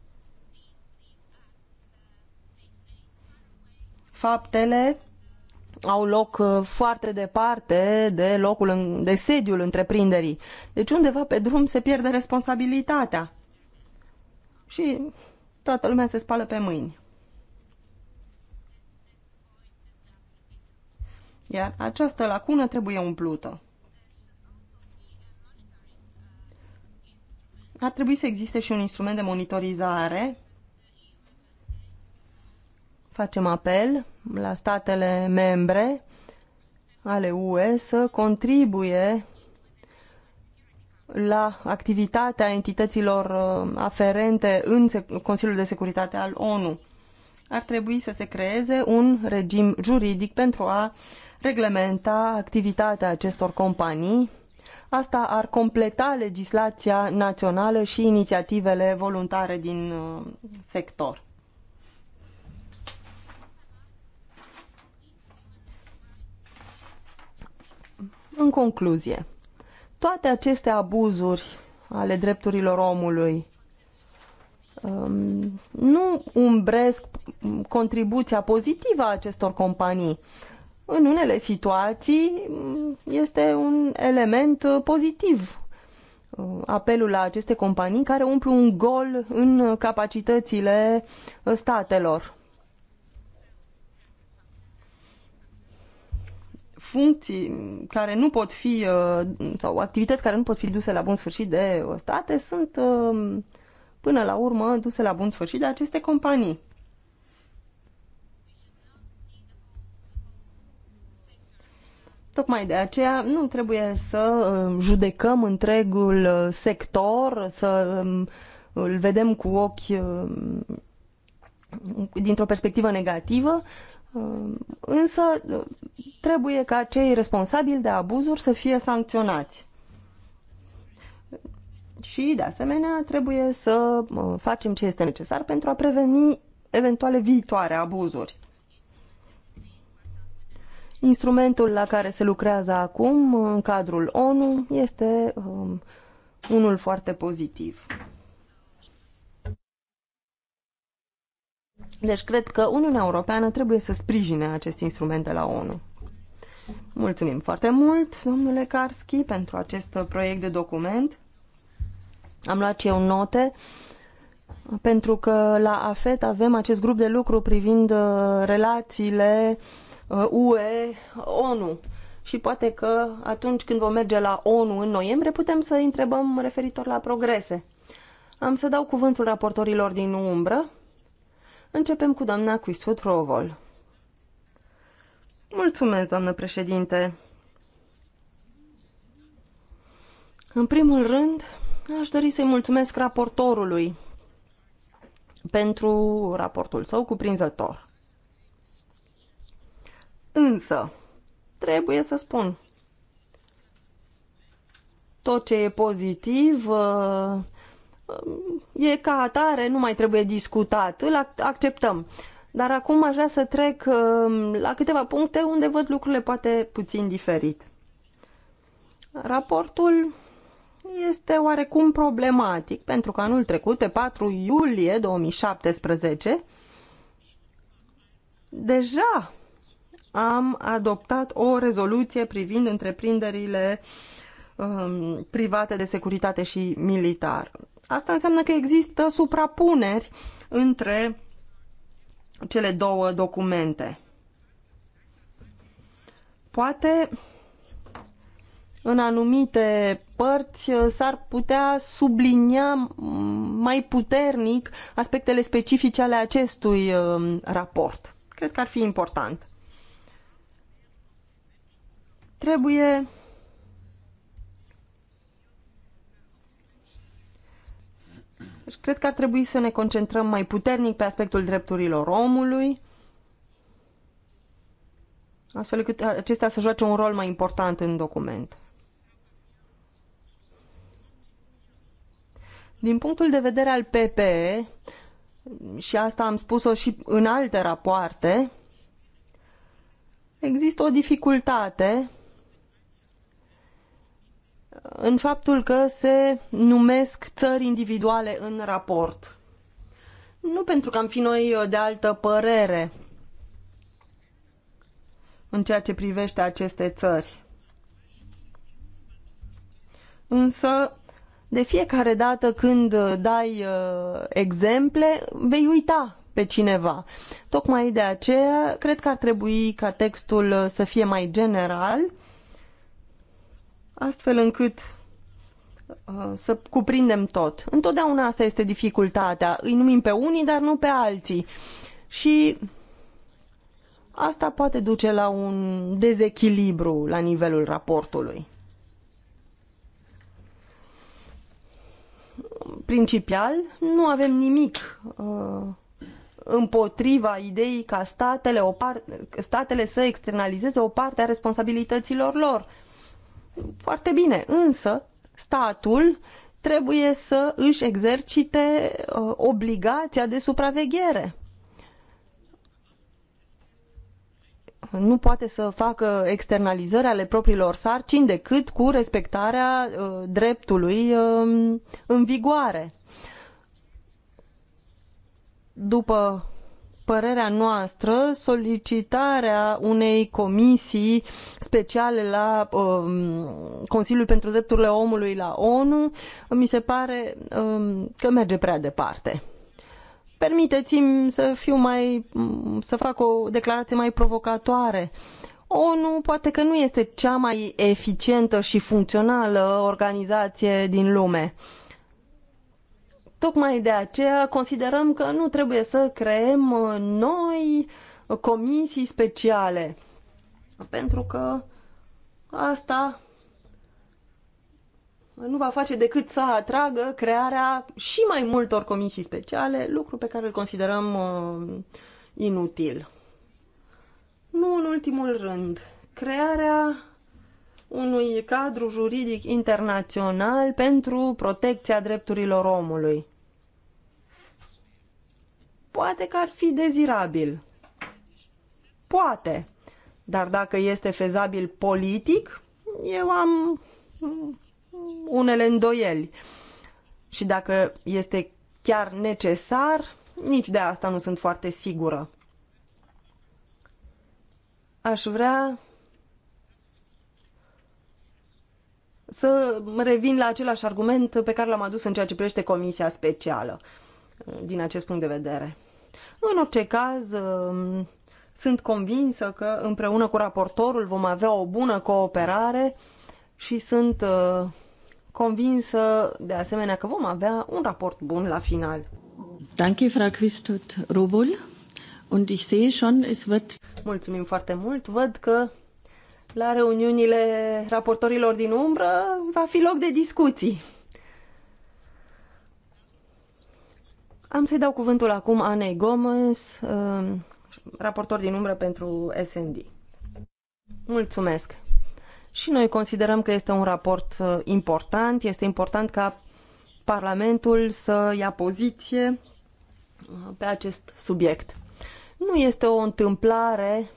A: Faptele au loc uh, foarte departe de locul în, de sediul întreprinderii. Deci undeva pe drum se pierde responsabilitatea. Și toată lumea se spală pe mâini. Iar această lacună trebuie umplută. Ar trebui să existe și un instrument de monitorizare. Facem apel la statele membre ale UE să contribuie la activitatea entităților uh, aferente în Consiliul de Securitate al ONU. Ar trebui să se creeze un regim juridic pentru a reglementa activitatea acestor companii. Asta ar completa legislația națională și inițiativele voluntare din uh, sector. În concluzie, toate aceste abuzuri ale drepturilor omului um, nu umbresc contribuția pozitivă a acestor companii. În unele situații mm, este un element uh, pozitiv uh, apelul la aceste companii care umplu un gol în capacitățile uh, statelor. funcții care nu pot fi uh, sau activități care nu pot fi duse la bun sfârșit de uh, state sunt uh, până la urmă duse la bun sfârșit de aceste companii. Tocmai de aceea nu trebuie să judecăm întregul sector, să um, îl vedem cu ochi dintr-o perspectivă negativă, Um, însă uh, trebuie ca cei responsabili de abuzuri să fie sancționați. Și, de asemenea, trebuie să uh, facem ce este necesar pentru a preveni eventuale viitoare abuzuri. Instrumentul la care se lucrează acum în cadrul ONU este um, unul foarte pozitiv. Deci cred că Uniunea Europeană trebuie să sprijine aceste instrumente la ONU. Mulțumim foarte mult, domnule Karski, pentru acest proiect de document. Am luat și eu note, pentru că la AFET avem acest grup de lucru privind uh, relațiile uh, UE-ONU. Și poate că atunci când vom merge la ONU în noiembrie, putem să întrebăm referitor la progrese. Am să dau cuvântul raportorilor din umbră, Începem cu doamna Quistwood Rovol. Mulțumesc, doamnă președinte. În primul rând, aș dori să-i mulțumesc raportorului pentru raportul său cuprinzător. Însă, trebuie să spun, tot ce e pozitiv e ca atare, nu mai trebuie discutat, îl acceptăm. Dar acum aș vrea să trec um, la câteva puncte unde văd lucrurile poate puțin diferit. Raportul este oarecum problematic, pentru că anul trecut, pe 4 iulie 2017, deja am adoptat o rezoluție privind întreprinderile um, private de securitate și militar. Asta înseamnă că există suprapuneri între cele două documente. Poate în anumite părți s-ar putea sublinia mai puternic aspectele specifice ale acestui um, raport. Cred că ar fi important. Trebuie Deci cred că ar trebui să ne concentrăm mai puternic pe aspectul drepturilor omului, astfel încât acestea să joace un rol mai important în document. Din punctul de vedere al PPE, și asta am spus-o și în alte rapoarte, există o dificultate în faptul că se numesc țări individuale în raport. Nu pentru că am fi noi de altă părere în ceea ce privește aceste țări. Însă, de fiecare dată când dai uh, exemple, vei uita pe cineva. Tocmai de aceea, cred că ar trebui ca textul să fie mai general astfel încât uh, să cuprindem tot. Întotdeauna asta este dificultatea. Îi numim pe unii, dar nu pe alții. Și asta poate duce la un dezechilibru la nivelul raportului. Principial, nu avem nimic uh, împotriva ideii ca statele, o par- statele să externalizeze o parte a responsabilităților lor foarte bine, însă statul trebuie să își exercite uh, obligația de supraveghere. nu poate să facă externalizări ale propriilor sarcini decât cu respectarea uh, dreptului uh, în vigoare. După părerea noastră, solicitarea unei comisii speciale la um, Consiliul pentru Drepturile Omului la ONU mi se pare um, că merge prea departe. Permiteți-mi să fiu mai, mm, să fac o declarație mai provocatoare. ONU poate că nu este cea mai eficientă și funcțională organizație din lume. Tocmai de aceea considerăm că nu trebuie să creăm uh, noi comisii speciale, pentru că asta nu va face decât să atragă crearea și mai multor comisii speciale, lucru pe care îl considerăm uh, inutil. Nu în ultimul rând, crearea unui cadru juridic internațional pentru protecția drepturilor omului. Poate că ar fi dezirabil. Poate. Dar dacă este fezabil politic, eu am unele îndoieli. Și dacă este chiar necesar, nici de asta nu sunt foarte sigură. Aș vrea să revin la același argument pe care l-am adus în ceea ce privește Comisia Specială. Uh, din acest punct de vedere. În orice caz, um, sunt convinsă că împreună cu raportorul vom avea o bună cooperare și sunt uh, convinsă de asemenea că vom avea
E: un raport bun la final. Danke, Frau Und ich sehe schon, es wird...
A: Mulțumim foarte mult. Văd că la reuniunile raportorilor din umbră va fi loc de discuții. Am să-i dau cuvântul acum Anei Gomes, um, raportor din umbră pentru SND. Mulțumesc! Și noi considerăm că este un raport uh, important. Este important ca Parlamentul să ia poziție uh, pe acest subiect. Nu este o întâmplare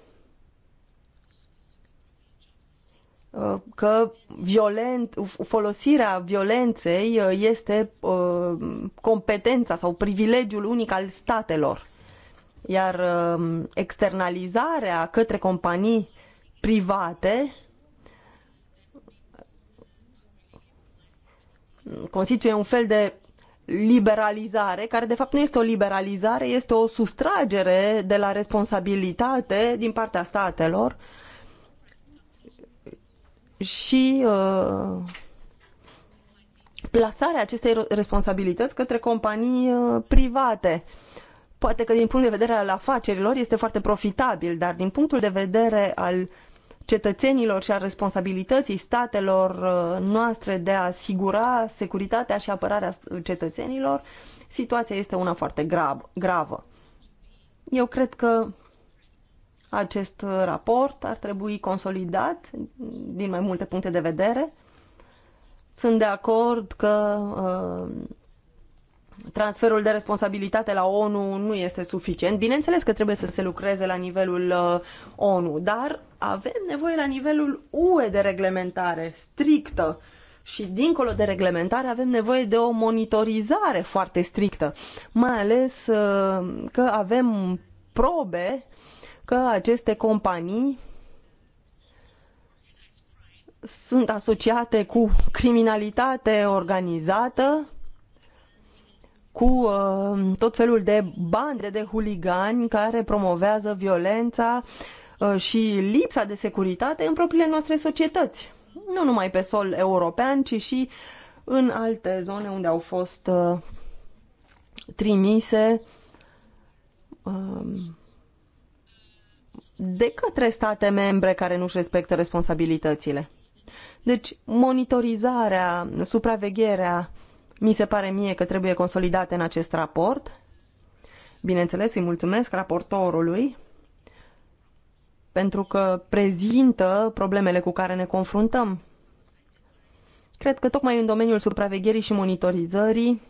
A: că violent, folosirea violenței uh, este uh, competența sau privilegiul unic al statelor. Iar um, externalizarea către companii private constituie un fel de liberalizare, care de fapt nu este o liberalizare, este o sustragere de la responsabilitate din partea statelor și uh, plasarea acestei responsabilități către companii uh, private. Poate că din punct de vedere al afacerilor este foarte profitabil, dar din punctul de vedere al cetățenilor și a responsabilității statelor uh, noastre de a asigura securitatea și apărarea cetățenilor, situația este una foarte grav, gravă. Eu cred că acest raport ar trebui consolidat din mai multe puncte de vedere. Sunt de acord că uh, transferul de responsabilitate la ONU nu este suficient. Bineînțeles că trebuie să se lucreze la nivelul uh, ONU, dar avem nevoie la nivelul UE de reglementare strictă și dincolo de reglementare avem nevoie de o monitorizare foarte strictă, mai ales uh, că avem probe că aceste companii sunt asociate cu criminalitate organizată, cu uh, tot felul de bande de huligani care promovează violența uh, și lipsa de securitate în propriile noastre societăți. Nu numai pe sol european, ci și în alte zone unde au fost uh, trimise um, de către state membre care nu-și respectă responsabilitățile. Deci, monitorizarea, supravegherea, mi se pare mie că trebuie consolidate în acest raport. Bineînțeles, îi mulțumesc raportorului pentru că prezintă problemele cu care ne confruntăm. Cred că tocmai în domeniul supravegherii și monitorizării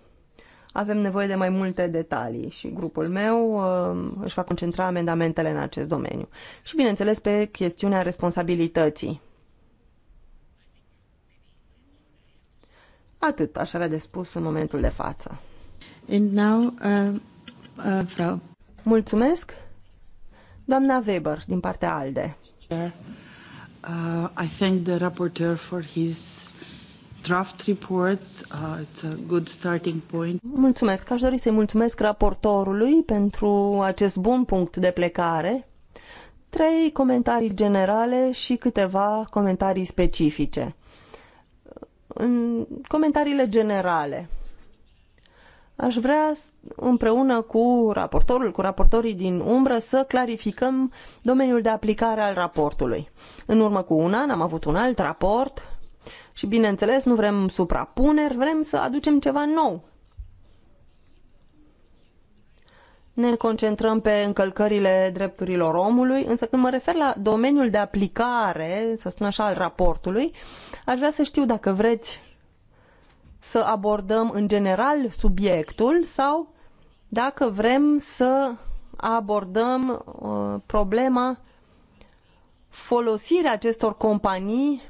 A: avem nevoie de mai multe detalii și grupul meu um, își va concentra amendamentele în acest domeniu. Și, bineînțeles, pe chestiunea responsabilității. Atât aș avea de spus în momentul de față. And now, uh, uh, Frau. Mulțumesc. Doamna Weber, din partea ALDE. Uh, I thank the
E: rapporteur for his draft reports. Uh, it's a good starting point.
A: Mulțumesc. Aș dori să-i mulțumesc raportorului pentru acest bun punct de plecare. Trei comentarii generale și câteva comentarii specifice. În comentariile generale, aș vrea împreună cu raportorul, cu raportorii din umbră, să clarificăm domeniul de aplicare al raportului. În urmă cu un an am avut un alt raport și bineînțeles, nu vrem suprapuneri, vrem să aducem ceva nou. Ne concentrăm pe încălcările drepturilor omului, însă când mă refer la domeniul de aplicare, să spun așa, al raportului, aș vrea să știu dacă vreți să abordăm în general subiectul sau dacă vrem să abordăm uh, problema folosirea acestor companii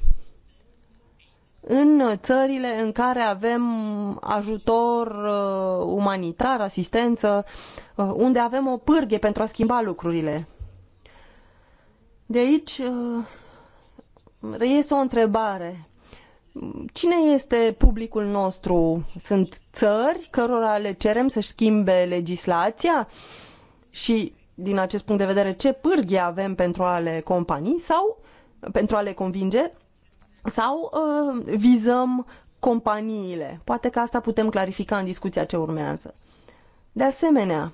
A: în țările în care avem ajutor uh, umanitar, asistență, uh, unde avem o pârghie pentru a schimba lucrurile. De aici uh, reiese o întrebare. Cine este publicul nostru? Sunt țări cărora le cerem să-și schimbe legislația? Și din acest punct de vedere, ce pârghie avem pentru a le companii sau pentru a le convinge sau uh, vizăm companiile? Poate că asta putem clarifica în discuția ce urmează. De asemenea,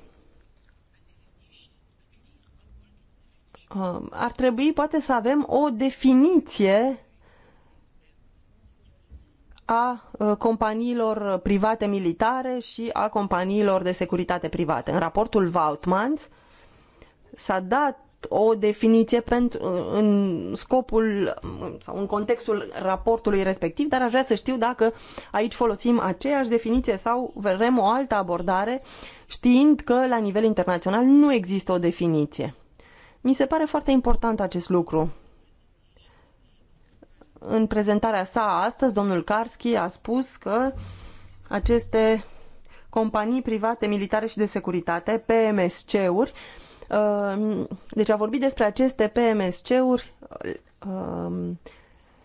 A: uh, ar trebui poate să avem o definiție a uh, companiilor private militare și a companiilor de securitate private. În raportul Vautmans s-a dat o definiție pentru, în scopul sau în contextul raportului respectiv, dar aș vrea să știu dacă aici folosim aceeași definiție sau vrem o altă abordare, știind că la nivel internațional nu există o definiție. Mi se pare foarte important acest lucru. În prezentarea sa astăzi, domnul Karski a spus că aceste companii private militare și de securitate, PMSC-uri, uh, Uh, deci a vorbit despre aceste PMSC-uri uh,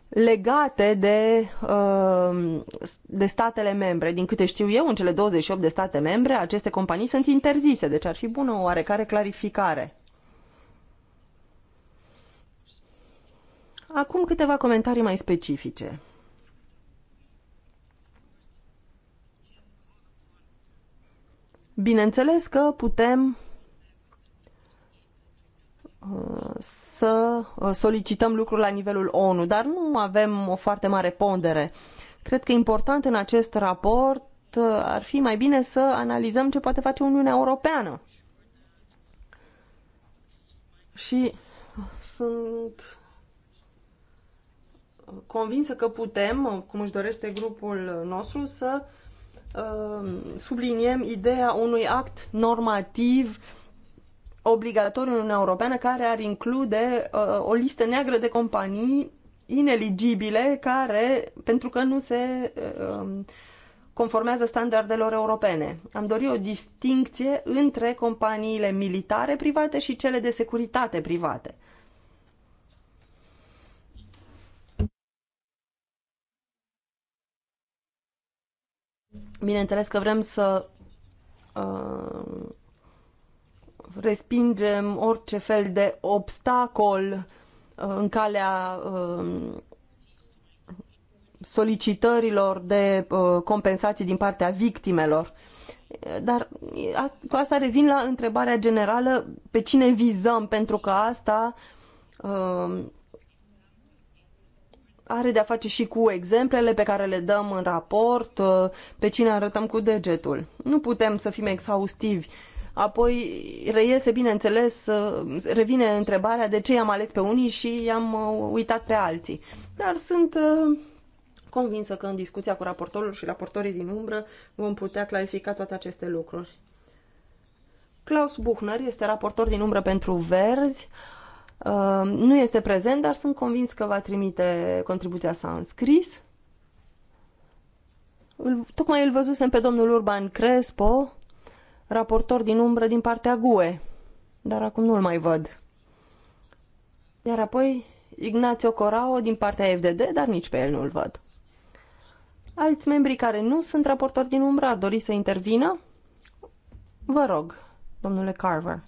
A: legate de, uh, de statele membre. Din câte știu eu, în cele 28 de state membre, aceste companii sunt interzise, deci ar fi bună o oarecare clarificare. Acum câteva comentarii mai specifice. Bineînțeles că putem să uh, solicităm lucruri la nivelul ONU, dar nu avem o foarte mare pondere. Cred că important în acest raport uh, ar fi mai bine să analizăm ce poate face Uniunea Europeană. Și
B: sunt
A: convinsă că putem, uh, cum își dorește grupul nostru, să subliniem ideea unui act normativ obligatoriu în Uniunea Europeană care ar include uh, o listă neagră de companii ineligibile care, pentru că nu se uh, um, conformează standardelor europene. Am dorit o distincție între companiile militare private și cele de securitate private. Bineînțeles că vrem să uh, respingem orice fel de obstacol uh, în calea um, solicitărilor de uh, compensații din partea victimelor. Dar cu asta revin la întrebarea generală pe cine vizăm, pentru că asta um, are de-a face și cu exemplele pe care le dăm în raport, uh, pe cine arătăm cu degetul. Nu putem să fim exhaustivi Apoi reiese, bineînțeles, revine întrebarea de ce i-am ales pe unii și i-am uh, uitat pe alții. Dar sunt uh, convinsă că în discuția cu raportorul și raportorii din umbră vom putea clarifica toate aceste lucruri. Klaus Buchner este raportor din umbră pentru Verzi. Uh, nu este prezent, dar sunt convins că va trimite contribuția sa în scris. Tocmai îl văzusem pe domnul Urban Crespo, raportor din umbră din partea GUE, dar acum nu-l mai văd. Iar apoi Ignațio Corao din partea FDD, dar nici pe el nu-l văd. Alți membri care nu sunt raportori din umbră ar dori să intervină? Vă rog, domnule Carver.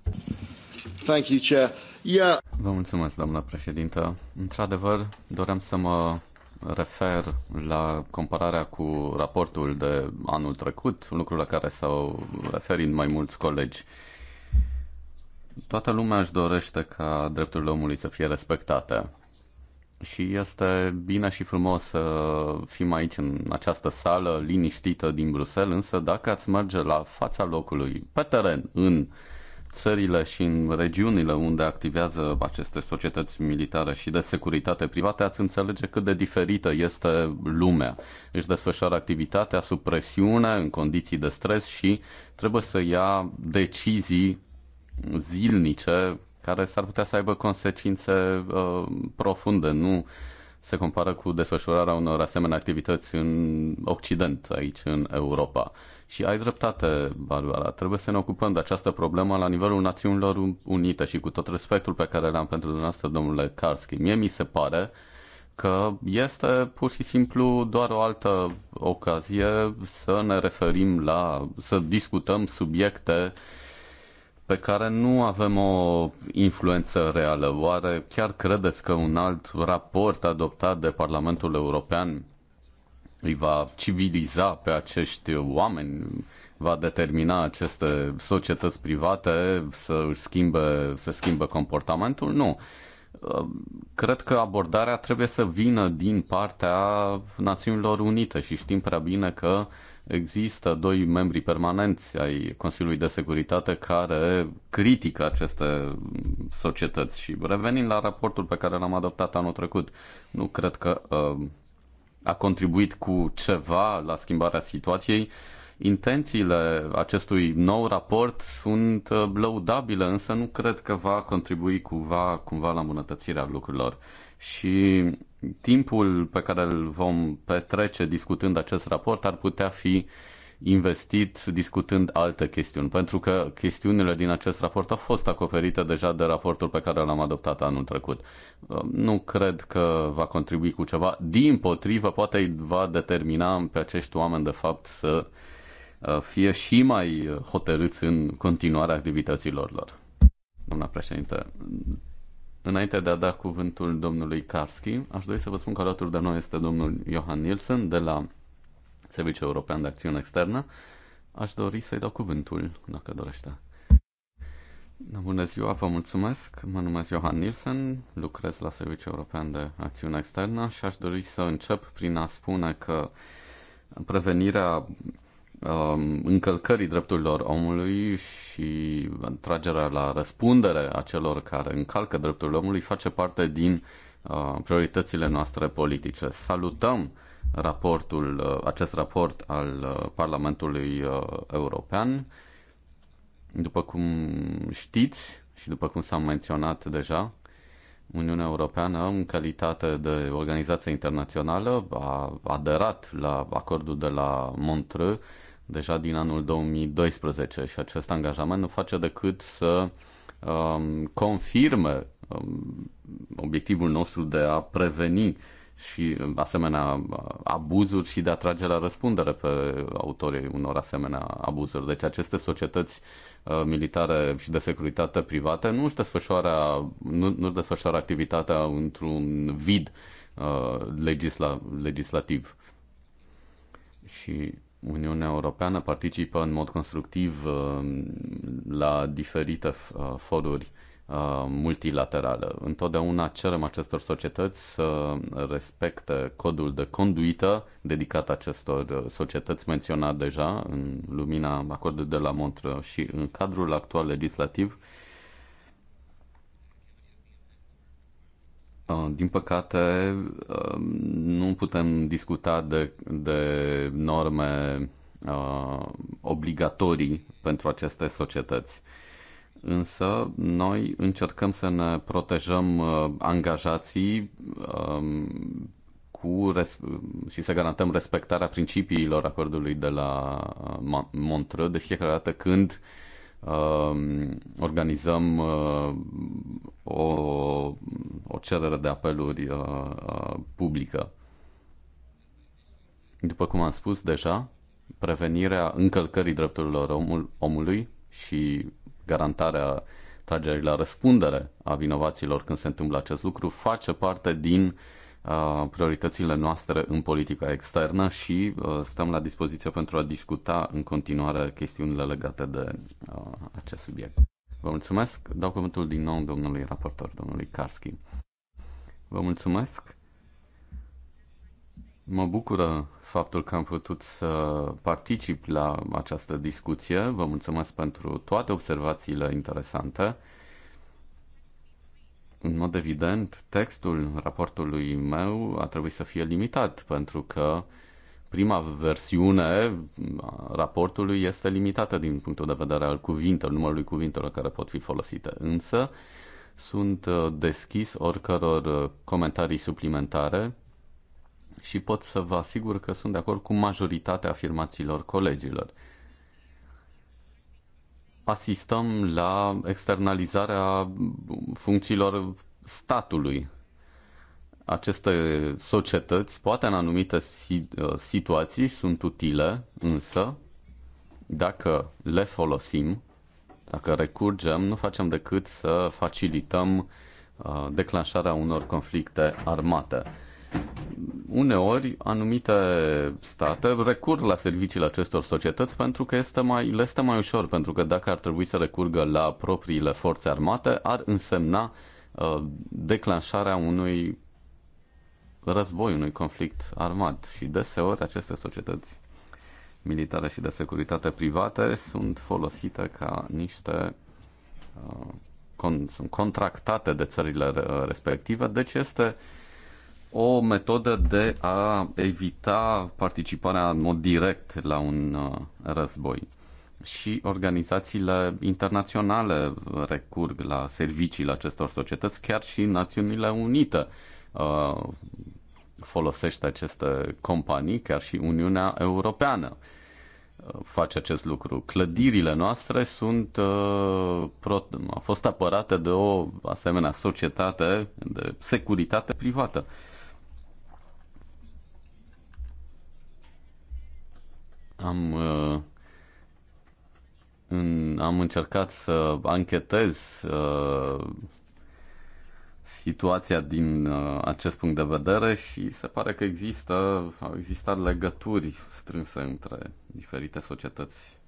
C: Thank you, Chair. Yeah. Vă mulțumesc, doamnă președintă. Într-adevăr, doream să mă refer la compararea cu raportul de anul trecut, un lucru la care s-au referit mai mulți colegi. Toată lumea își dorește ca drepturile omului să fie respectate. Și este bine și frumos să fim aici în această sală liniștită din Bruxelles, însă dacă ați merge la fața locului, pe teren, în uh, țările și în regiunile unde activează aceste societăți militare și de securitate private, ați înțelege cât de diferită este lumea. Își desfășoară activitatea sub presiune, în condiții de stres și trebuie să ia decizii zilnice care s-ar putea să aibă consecințe uh, profunde. Nu se compară cu desfășurarea unor asemenea activități în Occident, aici în Europa. Și ai dreptate, Barbara, trebuie să ne ocupăm de această problemă la nivelul Națiunilor Unite și cu tot respectul pe care l-am pentru dumneavoastră, domnule Karski. Mie mi se pare că este pur și simplu doar o altă ocazie să ne referim la, să discutăm subiecte pe care nu avem o influență reală. Oare chiar credeți că un alt raport adoptat de Parlamentul European îi va civiliza pe acești oameni, va determina aceste societăți private să își schimbe, să schimbe comportamentul? Nu. Uh, cred că abordarea trebuie să vină din partea Națiunilor Unite și știm prea bine că există doi membri permanenți ai Consiliului de Securitate care critică aceste societăți. Și revenind la raportul pe care l-am adoptat anul trecut, nu cred că uh, a contribuit cu ceva la schimbarea situației. Intențiile acestui nou raport sunt lăudabile, însă nu cred că va contribui cumva, cumva la îmbunătățirea lucrurilor. Și timpul pe care îl vom petrece discutând acest raport ar putea fi uh, investit discutând alte chestiuni, pentru că chestiunile din acest raport au fost acoperite deja de raportul pe care l-am adoptat anul trecut. Uh, nu cred că va contribui cu ceva, din potrivă, poate îi va determina pe acești oameni, de fapt, să uh, fie și mai hotărâți în continuarea activităților lor. Doamna președinte, Înainte de a da cuvântul domnului Karski, aș dori să vă spun că alături de noi este domnul Johan Nielsen de la Serviciul European de Acțiune Externă. Aș dori să-i dau cuvântul, dacă dorește. Bună ziua, vă mulțumesc. Mă numesc Johan Nielsen, lucrez la Serviciul European de Acțiune Externă și aș dori să încep prin a spune că prevenirea um, încălcării drepturilor omului și tragerea la răspundere a celor care încalcă drepturile omului face parte din uh, prioritățile noastre politice. Salutăm uh, raportul, uh, acest raport al uh, Parlamentului uh, European. După cum știți și după cum s-a menționat deja, Uniunea Europeană, în calitate de organizație internațională, a aderat la acordul de la Montreux deja din anul 2012 și acest angajament nu face decât să um, confirme um, obiectivul nostru de a preveni uh, și asemenea abuzuri și de a trage la răspundere pe autorii unor asemenea abuzuri. Deci aceste societăți uh, militare și de securitate private nu își desfășoară, nu, nu desfășoară activitatea într-un vid uh, legisla, legislativ. Și Uniunea Europeană participă în mod constructiv uh, la diferite uh, foruri Uh, multilaterală. Întotdeauna cerem acestor societăți să respecte codul de conduită dedicat acestor uh, societăți menționat deja în lumina acordului de la Montreux și în cadrul actual legislativ. Uh, din păcate, nu putem discuta de, de norme obligatorii pentru aceste societăți Însă noi încercăm să ne protejăm uh, angajații um, cu și să garantăm respectarea principiilor acordului de la uh, Montreux de deci, fiecare dată când um, organizăm uh, o, o cerere de apeluri publică. După cum am spus deja, prevenirea încălcării drepturilor omul, omului și garantarea tragerii la răspundere a vinovaților când se întâmplă acest lucru face parte din prioritățile noastre în politica externă și stăm la dispoziție pentru a discuta în continuare chestiunile legate de acest subiect. Vă mulțumesc. Dau cuvântul din nou domnului raportor, domnului Karski. Vă mulțumesc. Mă bucură faptul că am putut să particip la această discuție. Vă mulțumesc pentru toate observațiile interesante. În mod evident, textul raportului meu a trebuit să fie limitat, pentru că prima versiune a raportului este limitată din punctul de vedere al cuvintelor, numărului cuvintelor care pot fi folosite. Însă, sunt deschis oricăror comentarii suplimentare și pot să vă asigur că sunt de acord cu majoritatea afirmațiilor colegilor. Asistăm la externalizarea funcțiilor statului. Aceste societăți, poate în anumite ă, situații, sunt utile, însă dacă le folosim, dacă recurgem, nu facem decât să facilităm ă, declanșarea unor conflicte armate uneori anumite state recurg la serviciile acestor societăți pentru că este mai, le este mai ușor, pentru că dacă ar trebui să recurgă la propriile forțe armate, ar însemna uh, declanșarea unui război, unui conflict armat. Și deseori aceste societăți militare și de securitate private sunt folosite ca niște uh, con- sunt contractate de țările uh, respective, deci este uh, o metodă de a evita participarea în mod direct la un uh, război. Și organizațiile internaționale recurg la serviciile acestor societăți, chiar și Națiunile Unite uh, folosește aceste companii, chiar și Uniunea Europeană uh, face acest lucru. Clădirile noastre sunt au a fost apărate de o asemenea societate de securitate privată. Am, uh, în, am încercat să anchetez uh, situația din uh, acest punct de vedere și se pare că există, au existat legături strânse între diferite societăți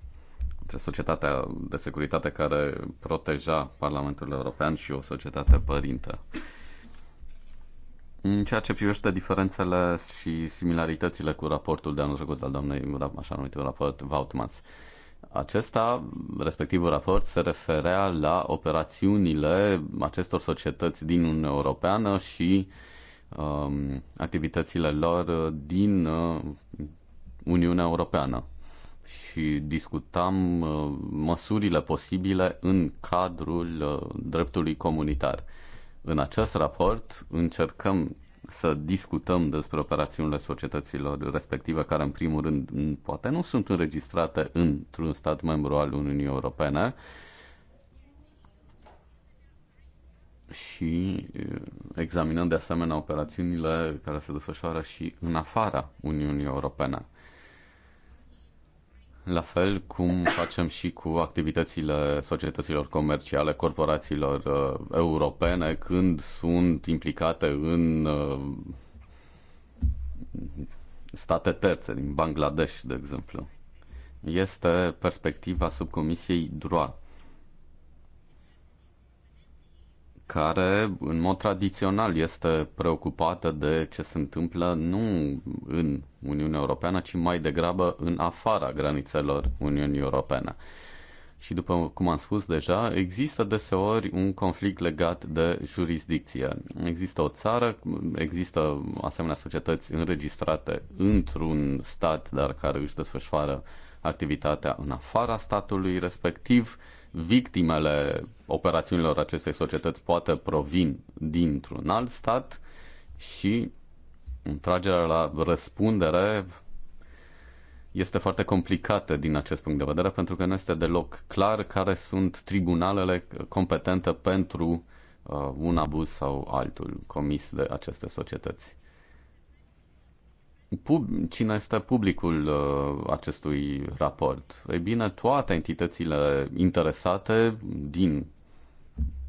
C: între societatea de securitate care proteja Parlamentul European și o societate părintă. În ceea ce privește diferențele și similaritățile cu raportul de anul trecut al doamnei, așa numit raport Vautmans, acesta, respectivul raport, se referea la operațiunile acestor societăți din Uniunea Europeană și um, activitățile lor din uh, Uniunea Europeană. Și discutam uh, măsurile posibile în cadrul uh, dreptului comunitar. Uh, în acest raport încercăm să discutăm despre operațiunile societăților respective, care în primul rând poate nu sunt înregistrate într-un stat membru al Uniunii Europene și examinăm de asemenea operațiunile care se desfășoară și în afara Uniunii Europene la fel cum facem și cu activitățile societăților comerciale, corporațiilor uh, europene, când sunt implicate în uh, state terțe, din Bangladesh, de exemplu. Este perspectiva subcomisiei DROAT. care în mod tradițional este preocupată de ce se întâmplă nu în Uniunea Europeană, ci mai degrabă în afara granițelor Uniunii Europene. Și după cum am spus deja, există deseori un conflict legat de jurisdicție. Există o țară, există asemenea societăți înregistrate într-un stat, dar care își desfășoară activitatea în afara statului respectiv, victimele operațiunilor acestei societăți poate provin dintr-un alt stat și tragerea la răspundere este foarte complicată din acest punct de vedere pentru că nu este deloc clar care sunt tribunalele competente pentru uh, un abuz sau altul comis de aceste societăți pub- cine este publicul uh, acestui raport? Ei bine, toate entitățile interesate din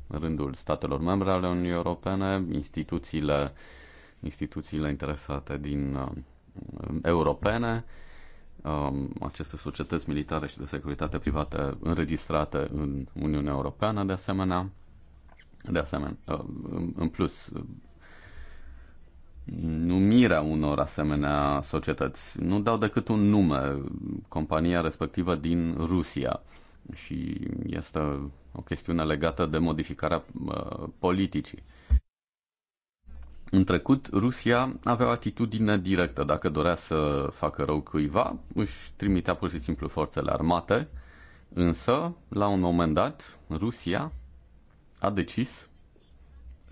C: rândul statelor membre ale Uniunii Europene, instituțiile, instituțiile interesate din uh, europene, um, aceste societăți militare și de securitate privată înregistrate în Uniunea Europeană, de asemenea, de asemenea, uh, în plus, numirea unor asemenea societăți. Nu dau decât un nume, compania respectivă din Rusia. Și este o chestiune legată de modificarea uh, politicii. În trecut, Rusia avea o atitudine directă. Dacă dorea să facă rău cuiva, își trimitea pur și simplu forțele armate, însă, la un moment dat, Rusia a decis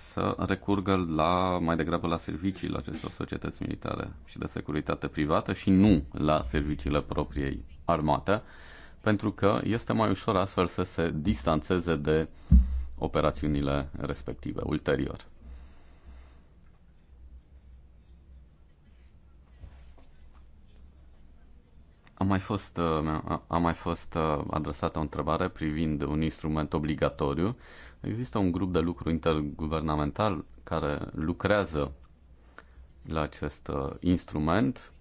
C: să recurgă la, mai degrabă la serviciile acestor societăți militare și de securitate privată și nu la serviciile propriei armate, pentru că este mai ușor astfel să se distanțeze de operațiunile respective ulterior. A mai fost, uh, a mai fost uh, adresată o întrebare privind un instrument obligatoriu Există un grup de lucru interguvernamental care lucrează la acest uh, instrument.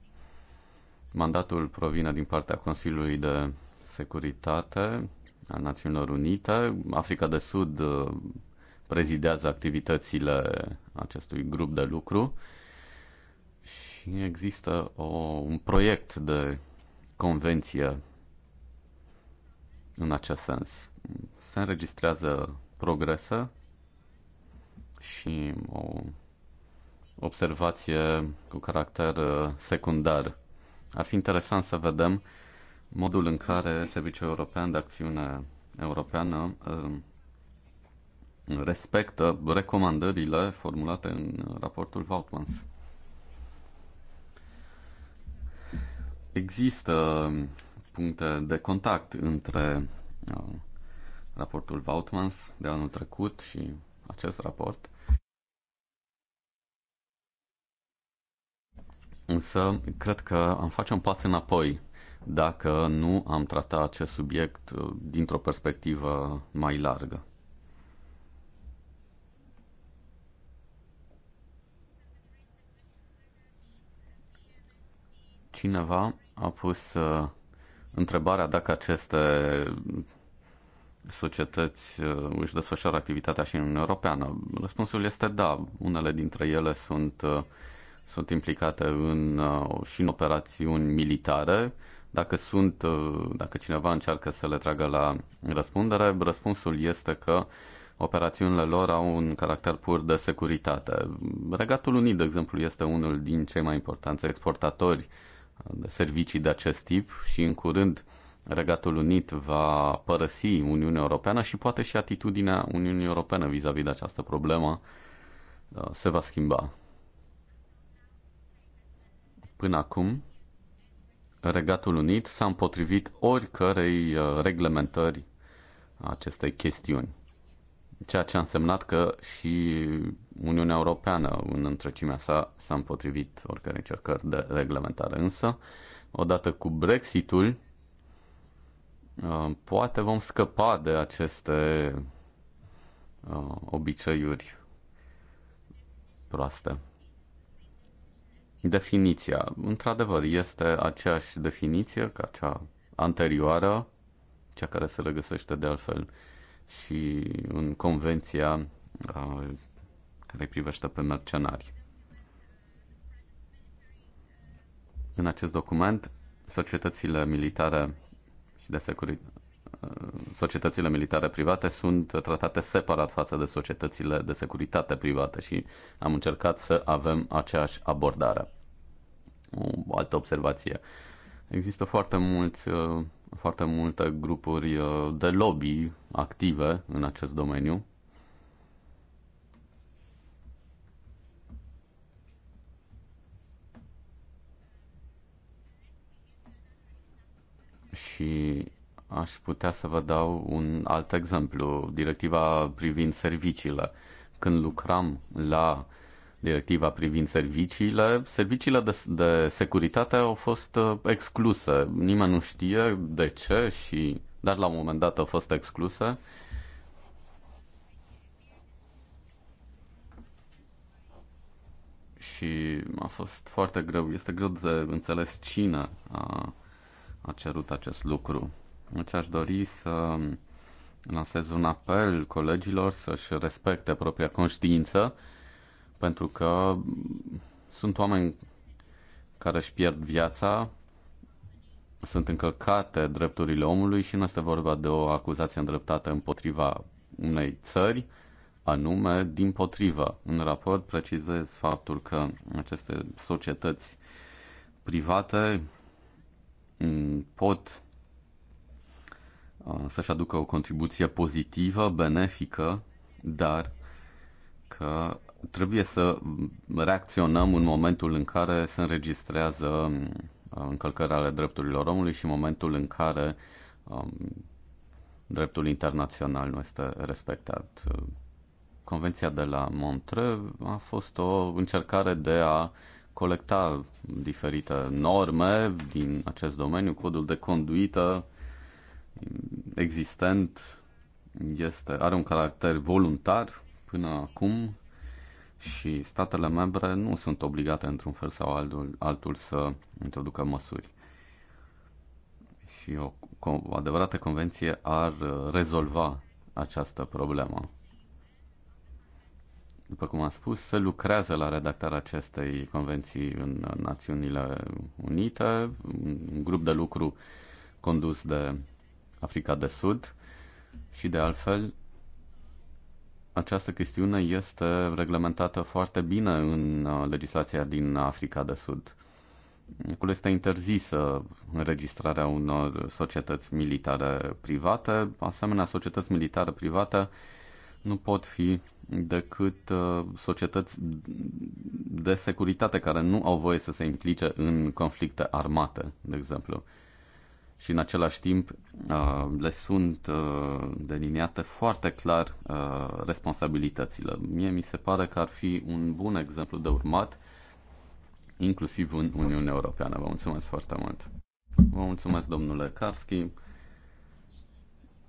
C: Mandatul provine din partea Consiliului de Securitate al Națiunilor Unite. Africa de Sud uh, prezidează activitățile acestui grup de lucru și există o, un proiect de convenție în acest sens. Se înregistrează progrese și o observație cu caracter uh, secundar. Ar fi interesant să vedem modul în care Serviciul European de Acțiune Europeană uh, respectă recomandările formulate în raportul Vautmans. Există puncte de contact între uh, raportul Vautmans de anul trecut și acest raport. Însă, cred că am face un pas înapoi dacă nu am tratat acest subiect uh, dintr-o perspectivă mai largă. Cineva a pus uh, întrebarea dacă aceste societăți uh, își desfășoară activitatea și în Uniunea Europeană? Răspunsul este da. Unele dintre ele sunt, uh, sunt implicate în, uh, și în operațiuni militare. Dacă, sunt, dacă cineva încearcă să le tragă la răspundere, răspunsul este că operațiunile lor au un caracter pur de securitate. Regatul Unit, de exemplu, este unul din cei mai importanți exportatori de servicii de acest tip și în curând Regatul Unit va părăsi Uniunea Europeană și poate și atitudinea Uniunii Europene vis-a-vis de această problemă uh, se va schimba. Până acum, Regatul Unit s-a împotrivit oricărei uh, reglementări acestei chestiuni, ceea ce a însemnat că și Uniunea Europeană în întrecimea sa s-a împotrivit oricărei încercări de reglementare. Însă, odată cu Brexitul, Uh, poate vom scăpa de aceste uh, obiceiuri proaste. Definiția, într-adevăr, este aceeași definiție ca cea anterioară, cea care se regăsește de altfel și în convenția uh, care privește pe mercenari. În acest document, societățile militare și de securitate uh, societățile militare private sunt tratate separat față de societățile de securitate private și am încercat să avem aceeași abordare. O altă observație. Există foarte, mulți, uh, foarte multe grupuri uh, de lobby active în acest domeniu Și aș putea să vă dau un alt exemplu, directiva privind serviciile. Când lucram la directiva privind serviciile, serviciile de, de securitate au fost uh, excluse. Nimeni nu știe de ce, și, dar la un moment dat au fost excluse. Și a fost foarte greu. Este greu de înțeles cine a a cerut acest lucru. Deci aș dori să lansez un apel colegilor să-și respecte propria conștiință, pentru că sunt oameni care își pierd viața, sunt încălcate drepturile omului și nu este vorba de o acuzație îndreptată împotriva unei țări, anume din potrivă. În raport precizez faptul că aceste societăți private Mm, pot uh, să-și aducă o contribuție pozitivă, benefică, dar că trebuie să reacționăm în momentul în care se înregistrează mm, încălcări ale drepturilor omului și în momentul în care um, dreptul internațional nu este respectat. Convenția de la Montreux a fost o încercare de a colecta diferite norme din acest domeniu. Codul de conduită existent este, are un caracter voluntar până acum și statele membre nu sunt obligate într-un fel sau altul, altul să introducă măsuri. Și o, o adevărată convenție ar rezolva această problemă după cum am spus, se lucrează la redactarea acestei convenții în Națiunile Unite, un grup de lucru condus de Africa de Sud și, de altfel, această chestiune este reglementată foarte bine în uh, legislația din Africa de Sud. Acolo este interzisă înregistrarea unor societăți militare private. Asemenea, societăți militare private nu pot fi decât uh, societăți de securitate care nu au voie să se implice în conflicte armate, de exemplu. Și în același timp uh, le sunt uh, deliniate foarte clar responsabilitățile. Mie mi se pare că ar fi un bun exemplu de urmat, inclusiv în Uniunea Europeană. Vă mulțumesc foarte mult! Vă mulțumesc, domnule Karski.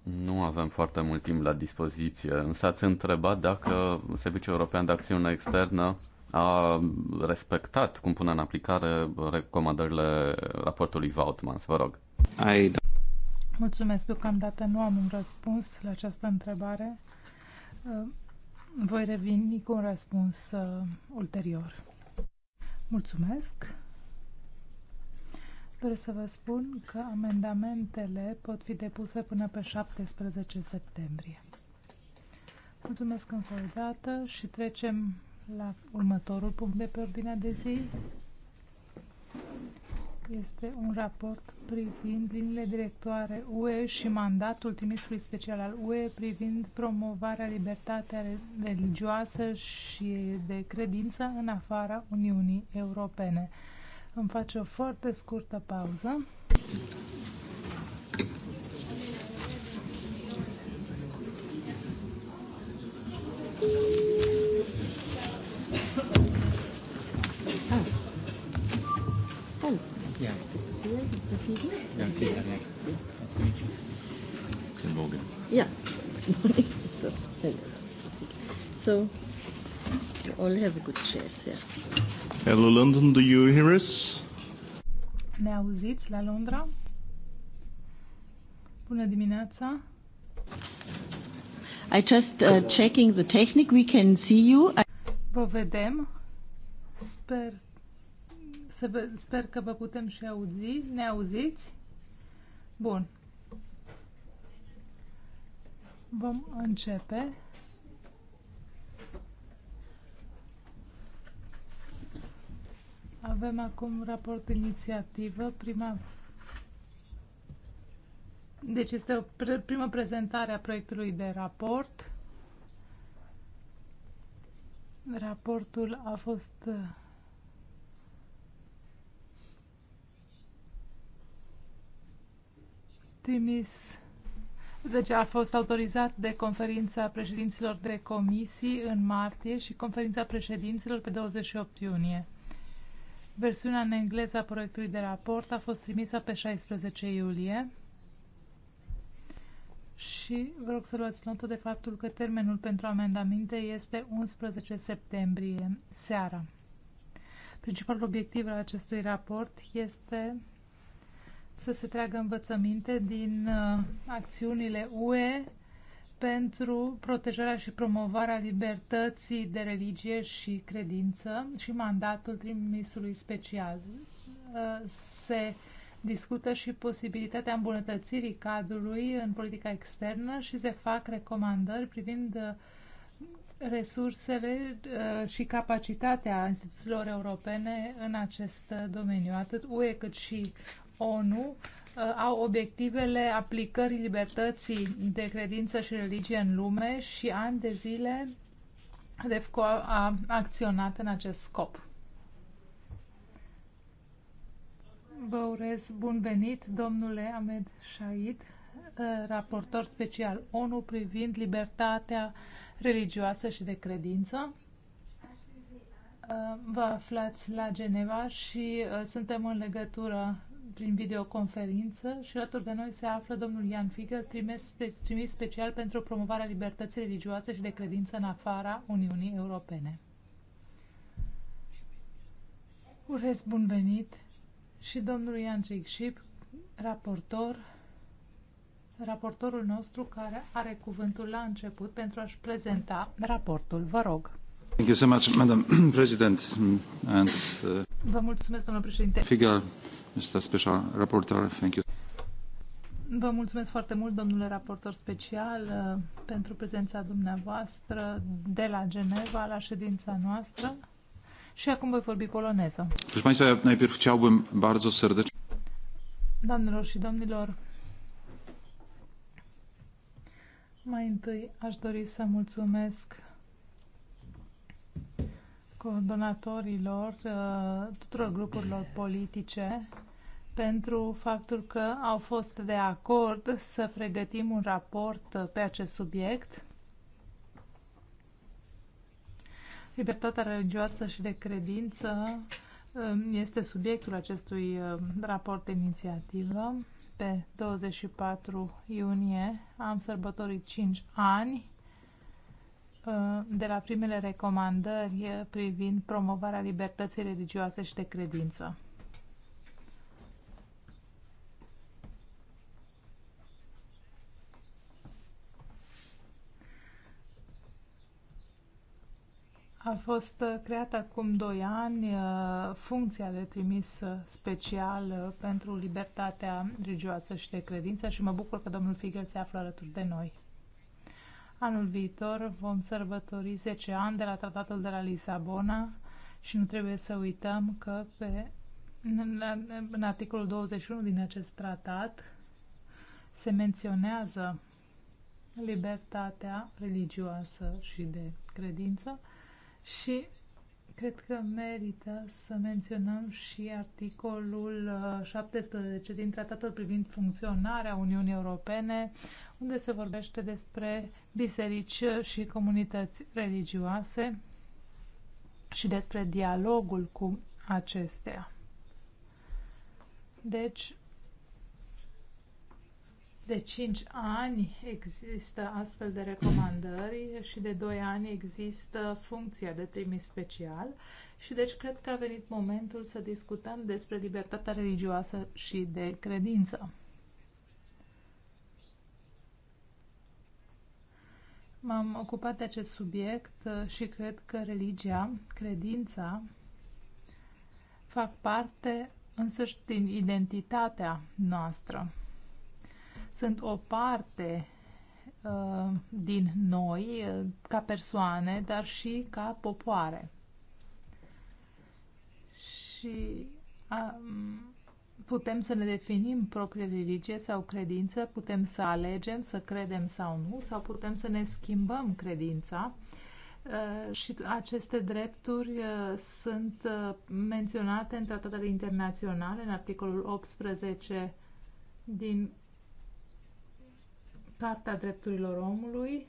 C: Nu avem foarte mult timp la dispoziție, însă ați întrebat dacă Serviciul European de Acțiune Externă a respectat cum pune în aplicare recomandările raportului Vautmans. Vă rog. I da.
B: Mulțumesc. Deocamdată nu am un răspuns la această întrebare. Voi reveni cu un răspuns uh, ulterior. Mulțumesc. Doresc să vă spun că amendamentele pot fi depuse până pe 17 septembrie. Mulțumesc încă o dată și trecem la următorul punct de pe ordinea de zi. Este un raport privind liniile directoare UE și mandatul trimisului special al UE privind promovarea libertatea religioasă și de credință în afara Uniunii Europene. Vom face o foarte scurtă pauză.
E: Yeah. so, hello. all have a good chairs, yeah.
D: Hello London, do you hear us?
B: Ne auziți la Londra? Bună dimineața!
E: I just uh, checking the technic. We can see you.
B: Vă vedem. Sper, să vă, sper că vă putem și auzi. Ne auziți? Bun. Vom începe. Avem acum un raport inițiativă, prima deci este o pre primă prezentare a proiectului de raport. Raportul a fost uh, trimis, deci a fost autorizat de conferința președinților de comisii în martie și conferința președinților pe 28 iunie. Versiunea în engleză a proiectului de raport a fost trimisă pe 16 iulie și vă rog să luați notă de faptul că termenul pentru amendamente este 11 septembrie, seara. Principalul obiectiv al acestui raport este să se treagă învățăminte din uh, acțiunile UE pentru protejarea și promovarea libertății de religie și credință și mandatul trimisului special. Uh, se discută și posibilitatea îmbunătățirii cadrului în politica externă și se fac recomandări privind uh, resursele uh, și capacitatea instituțiilor europene în acest domeniu, atât UE cât și ONU Uh, au obiectivele aplicării libertății de credință și religie în lume și ani de zile REFCO a acționat în acest scop. Vă urez bun venit, domnule Ahmed Shahid, uh, raportor special ONU privind libertatea religioasă și de credință. Uh, vă aflați la Geneva și suntem în legătură prin videoconferință și alături de noi se află domnul Ian Figel, trimis, trimis special pentru promovarea libertății religioase și de credință în afara Uniunii Europene. Urez bun venit și domnul Ian Jigship, raportor, raportorul nostru care are cuvântul la început pentru a-și prezenta raportul. Vă rog. Thank you so much, Madam President. And, uh, Vă mulțumesc, domnule președinte. Figel, Mr. Special Rapporteur. Thank you. Vă mulțumesc foarte mult, domnule raportor special, uh, pentru prezența dumneavoastră de la Geneva la ședința noastră. Și acum voi vorbi poloneză. Doamnelor și domnilor, mai întâi aș dori să mulțumesc coordonatorilor uh, tuturor grupurilor politice pentru faptul că au fost de acord să pregătim un raport uh, pe acest subiect. Libertatea religioasă și de credință um, este subiectul acestui um, raport de inițiativă. Pe 24 iunie am sărbătorit 5 ani Uh, de la primele recomandări privind promovarea libertății religioase și de credință. A fost creată acum doi ani uh, funcția de trimis special uh, pentru libertatea religioasă și de credință și mă bucur că domnul Figel se află alături de noi. Anul viitor vom sărbători 10 ani de la Tratatul de la Lisabona și nu trebuie să uităm că pe, în, în articolul 21 din acest tratat se menționează libertatea religioasă și de credință și cred că merită să menționăm și articolul 17 din tratatul privind funcționarea Uniunii Europene, unde se vorbește despre biserici și comunități religioase și despre dialogul cu acestea. Deci, de 5 ani există astfel de recomandări și de 2 ani există funcția de trimis special și deci cred că a venit momentul să discutăm despre libertatea religioasă și de credință. M-am ocupat de acest subiect uh, și cred că religia, credința, fac parte însăși din identitatea noastră. Sunt o parte uh, din noi uh, ca persoane, dar și ca popoare. Și uh, Putem să ne definim propria religie sau credință, putem să alegem să credem sau nu, sau putem să ne schimbăm credința. Uh, și aceste drepturi uh, sunt uh, menționate în tratatele internaționale, în articolul 18 din Carta Drepturilor Omului.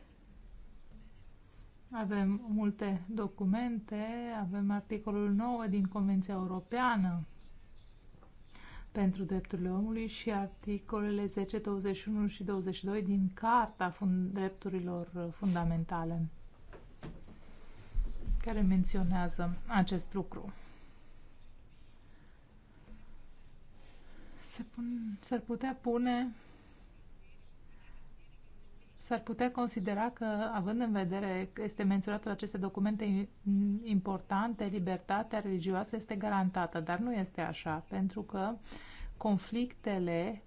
B: Avem multe documente, avem articolul 9 din Convenția Europeană pentru drepturile omului și articolele 10, 21 și 22 din Carta fund Drepturilor Fundamentale, care menționează acest lucru. Se pun, s-ar putea pune S-ar putea considera că, având în vedere că este menționată aceste documente importante, libertatea religioasă este garantată, dar nu este așa, pentru că conflictele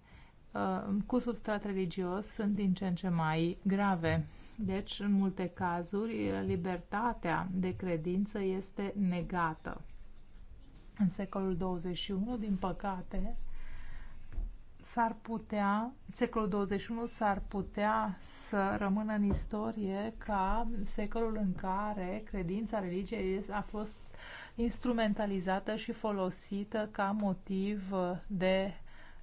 B: uh, cu substrat religios sunt din ce în ce mai grave. Deci, în multe cazuri, libertatea de credință este negată. În secolul 21, din păcate, s-ar putea, secolul 21 s-ar putea să rămână în istorie ca secolul în care credința religiei a fost instrumentalizată și folosită ca motiv de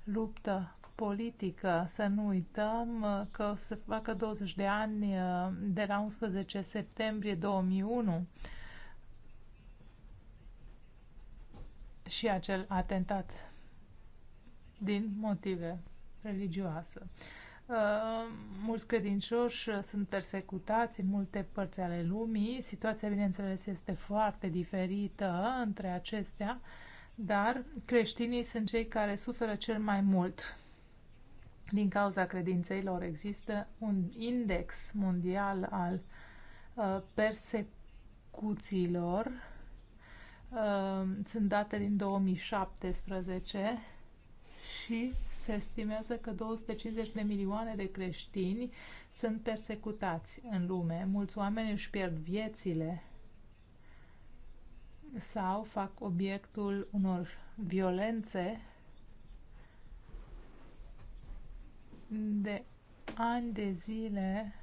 B: luptă politică. Să nu uităm că să facă 20 de ani de la 11 septembrie 2001 și acel atentat din motive religioase. Uh, mulți credincioși sunt persecutați în multe părți ale lumii. Situația, bineînțeles, este foarte diferită între acestea, dar creștinii sunt cei care suferă cel mai mult din cauza credinței lor. Există un index mondial al uh, persecuțiilor. Uh, sunt date din 2017 și se estimează că 250 de milioane de creștini sunt persecutați în lume. Mulți oameni își pierd viețile sau fac obiectul unor violențe de ani de zile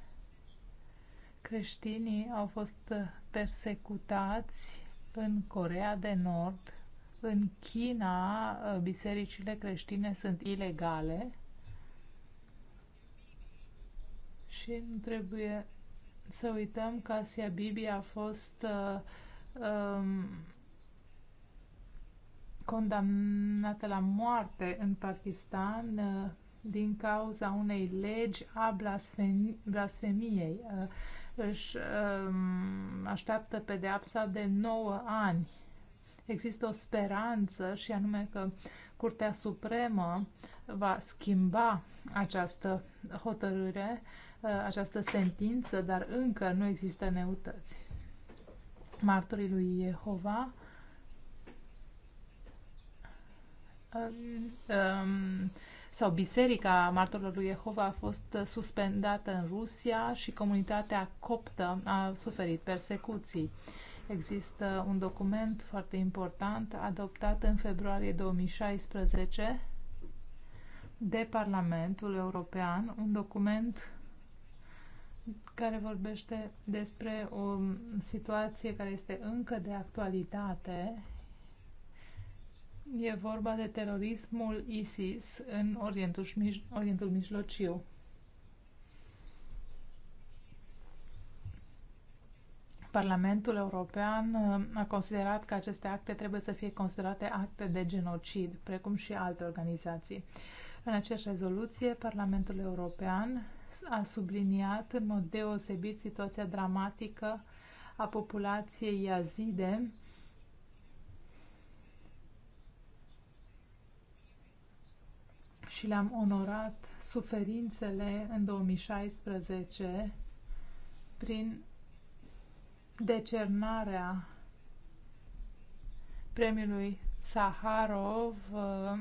B: creștinii au fost persecutați în Corea de Nord în China, uh, bisericile creștine sunt ilegale și nu trebuie să uităm că Asia Bibi a fost uh, um, condamnată la moarte în Pakistan uh, din cauza unei legi a blasfemi blasfemiei. Uh, își um, așteaptă pedeapsa de 9 ani există o speranță și anume că Curtea Supremă va schimba această hotărâre, uh, această sentință, dar încă nu există neutăți. Martorii lui Jehova um, um, sau Biserica Martorilor lui Jehova a fost suspendată în Rusia și comunitatea coptă a suferit persecuții. Există un document foarte important adoptat în februarie 2016 de Parlamentul European, un document care vorbește despre o situație care este încă de actualitate. E vorba de terorismul ISIS în Orientul, Orientul Mijlociu. Parlamentul European uh, a considerat că aceste acte trebuie să fie considerate acte de genocid, precum și alte organizații. În aceeași rezoluție, Parlamentul European a subliniat în mod deosebit situația dramatică a populației yazide și le-am onorat suferințele în 2016 prin decernarea premiului Saharov uh,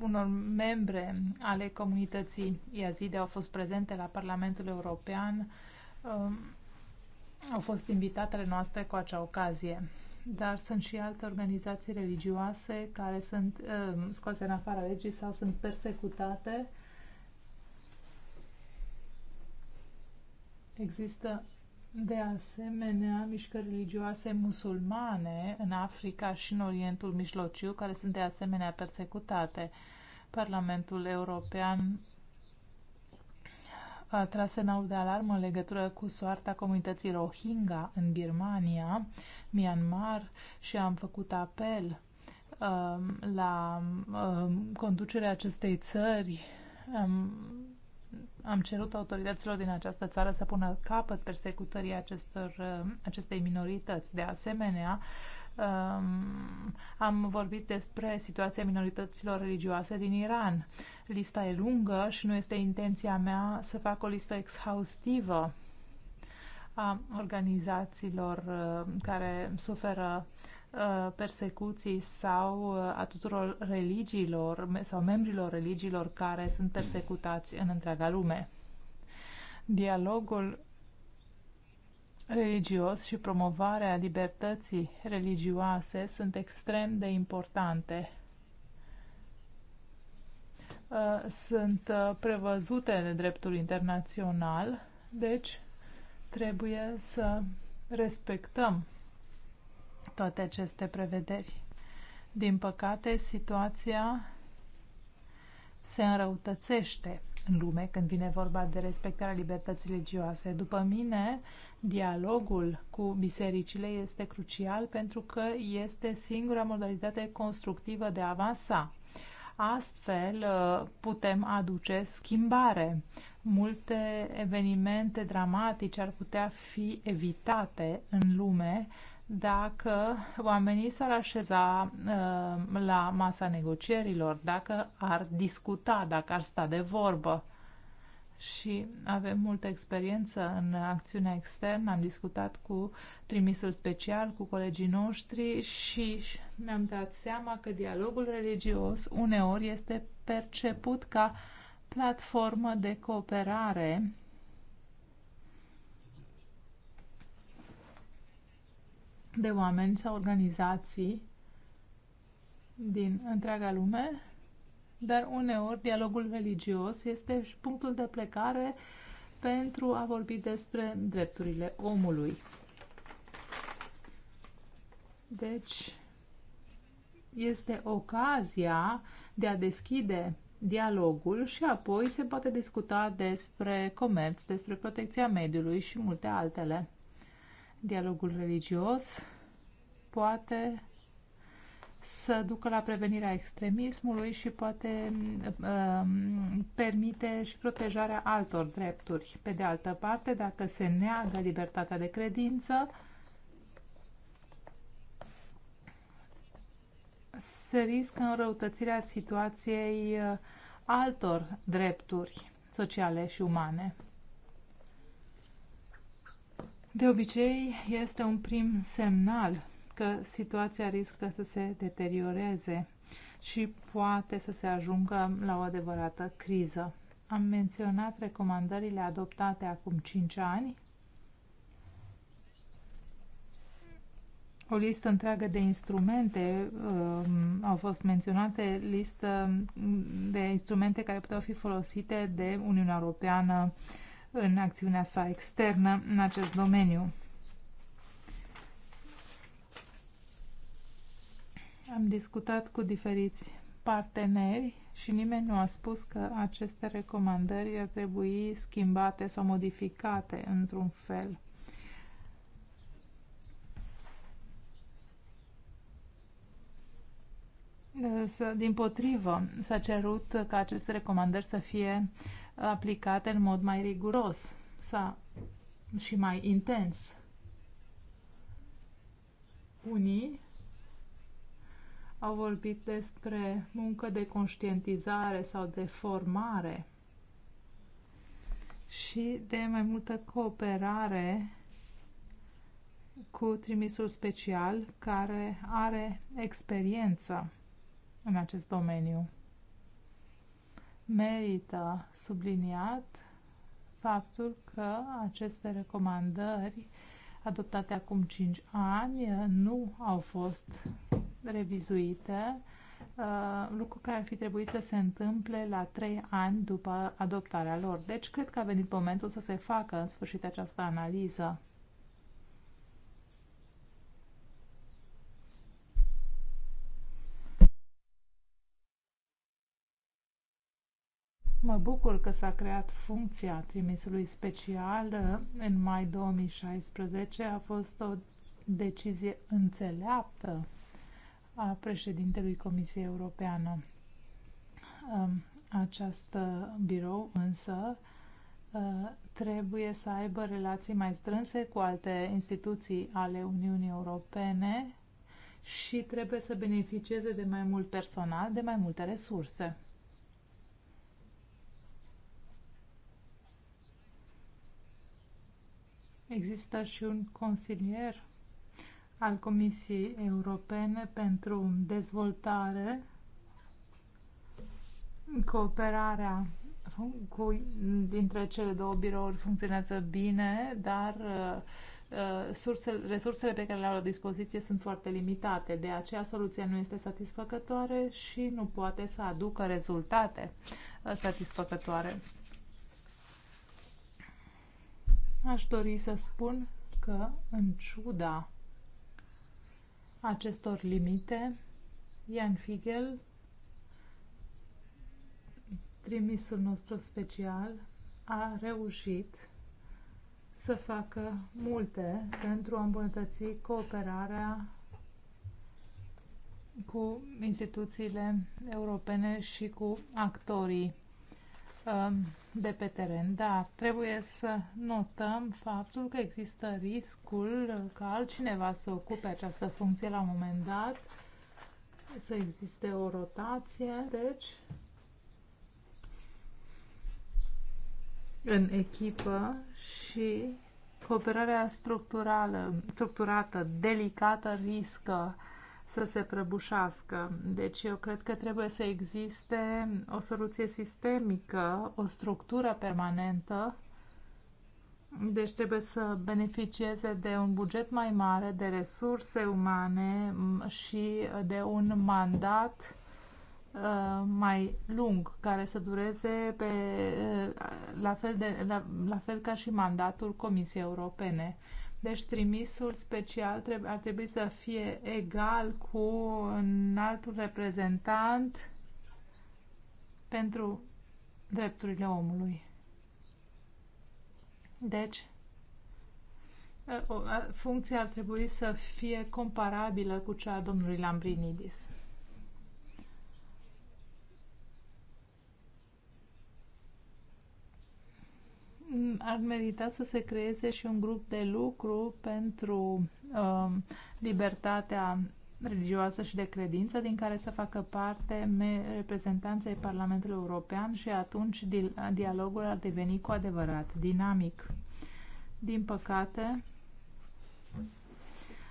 B: unor membre ale comunității Yazide au fost prezente la Parlamentul European, uh, au fost invitatele noastre cu acea ocazie. Dar sunt și alte organizații religioase care sunt uh, scoase în afara legii sau sunt persecutate. Există de asemenea, mișcări religioase musulmane în Africa și în Orientul Mijlociu, care sunt de asemenea persecutate. Parlamentul European a tras semnalul de alarmă în legătură cu soarta comunității Rohingya în Birmania, Myanmar și am făcut apel um, la um, conducerea acestei țări um, am cerut autorităților din această țară să pună capăt persecutării acestor, uh, acestei minorități. De asemenea, um, am vorbit despre situația minorităților religioase din Iran. Lista e lungă și nu este intenția mea să fac o listă exhaustivă a organizațiilor uh, care suferă uh, Uh, persecuții sau uh, a tuturor religiilor sau membrilor religiilor care sunt persecutați în întreaga lume. Dialogul religios și promovarea libertății religioase sunt extrem de importante. Uh, sunt prevăzute de dreptul internațional, deci trebuie să respectăm toate aceste prevederi. Din păcate, situația se înrăutățește în lume când vine vorba de respectarea libertății religioase. După mine, dialogul cu bisericile este crucial pentru că este singura modalitate constructivă de a avansa. Astfel uh, putem aduce schimbare. Multe evenimente dramatice ar putea fi evitate în lume dacă oamenii s-ar așeza uh, la masa negocierilor, dacă ar discuta, dacă ar sta de vorbă. Și avem multă experiență în acțiunea externă, am discutat cu trimisul special, cu colegii noștri și mi-am dat seama că dialogul religios uneori este perceput ca platformă de cooperare de oameni sau organizații din întreaga lume, dar uneori dialogul religios este și punctul de plecare pentru a vorbi despre drepturile omului. Deci, este ocazia de a deschide dialogul și apoi se poate discuta despre comerț, despre protecția mediului și multe altele dialogul religios poate să ducă la prevenirea extremismului și poate uh, permite și protejarea altor drepturi. Pe de altă parte, dacă se neagă libertatea de credință, se riscă înrăutățirea situației uh, altor drepturi sociale și umane de obicei este un prim semnal că situația riscă să se deterioreze și poate să se ajungă la o adevărată criză. Am menționat recomandările adoptate acum 5 ani, o listă întreagă de instrumente uh, au fost menționate, listă de instrumente care puteau fi folosite de Uniunea Europeană uh, în acțiunea sa externă în acest domeniu. Am discutat cu diferiți parteneri și nimeni nu a spus că aceste recomandări ar trebui schimbate sau modificate într-un fel. Din potrivă, s-a cerut ca aceste recomandări să fie uh, aplicate în mod mai riguros sau și mai intens. Unii au vorbit despre muncă de conștientizare sau de formare și de mai multă cooperare cu trimisul special care are experiență în acest domeniu merită subliniat faptul că aceste recomandări adoptate acum 5 ani nu au fost revizuite, uh, lucru care ar fi trebuit să se întâmple la 3 ani după adoptarea lor. Deci cred că a venit momentul să se facă în sfârșit această analiză Mă bucur că s-a creat funcția trimisului special uh, în mai 2016. A fost o decizie înțeleaptă a președintelui Comisiei Europeană. Um, Această uh, birou însă uh, trebuie să aibă relații mai strânse cu alte instituții ale Uniunii Europene și trebuie să beneficieze de mai mult personal, de mai multe resurse. Există și un consilier al Comisiei Europene pentru dezvoltare, cooperarea cu, dintre cele două birouri funcționează bine, dar uh, uh sursele, resursele pe care le au la dispoziție sunt foarte limitate. De aceea soluția nu este satisfăcătoare și nu poate să aducă rezultate uh, satisfăcătoare. Aș dori să spun că, în ciuda acestor limite, Ian Figel, trimisul nostru special, a reușit să facă multe pentru a îmbunătăți cooperarea cu instituțiile europene și cu actorii Um, de pe teren, dar trebuie să notăm faptul că există riscul ca altcineva să ocupe această funcție la un moment dat, să existe o rotație, deci în echipă și cooperarea structurală, structurată, delicată, riscă să se prăbușească. Deci eu cred că trebuie să existe o soluție sistemică, o structură permanentă, deci trebuie să beneficieze de un buget mai mare, de resurse umane și de un mandat ă, mai lung, care să dureze pe, ă, la, fel de, la, la fel ca și mandatul Comisiei Europene. Deci trimisul special trebuie, ar trebui să fie egal cu un alt reprezentant pentru drepturile omului. Deci, funcția ar trebui să fie comparabilă cu cea a domnului Lambrinidis. ar merita să se creeze și un grup de lucru pentru uh, libertatea religioasă și de credință, din care să facă parte reprezentanței Parlamentului European și atunci dialogul ar deveni cu adevărat dinamic. Din păcate,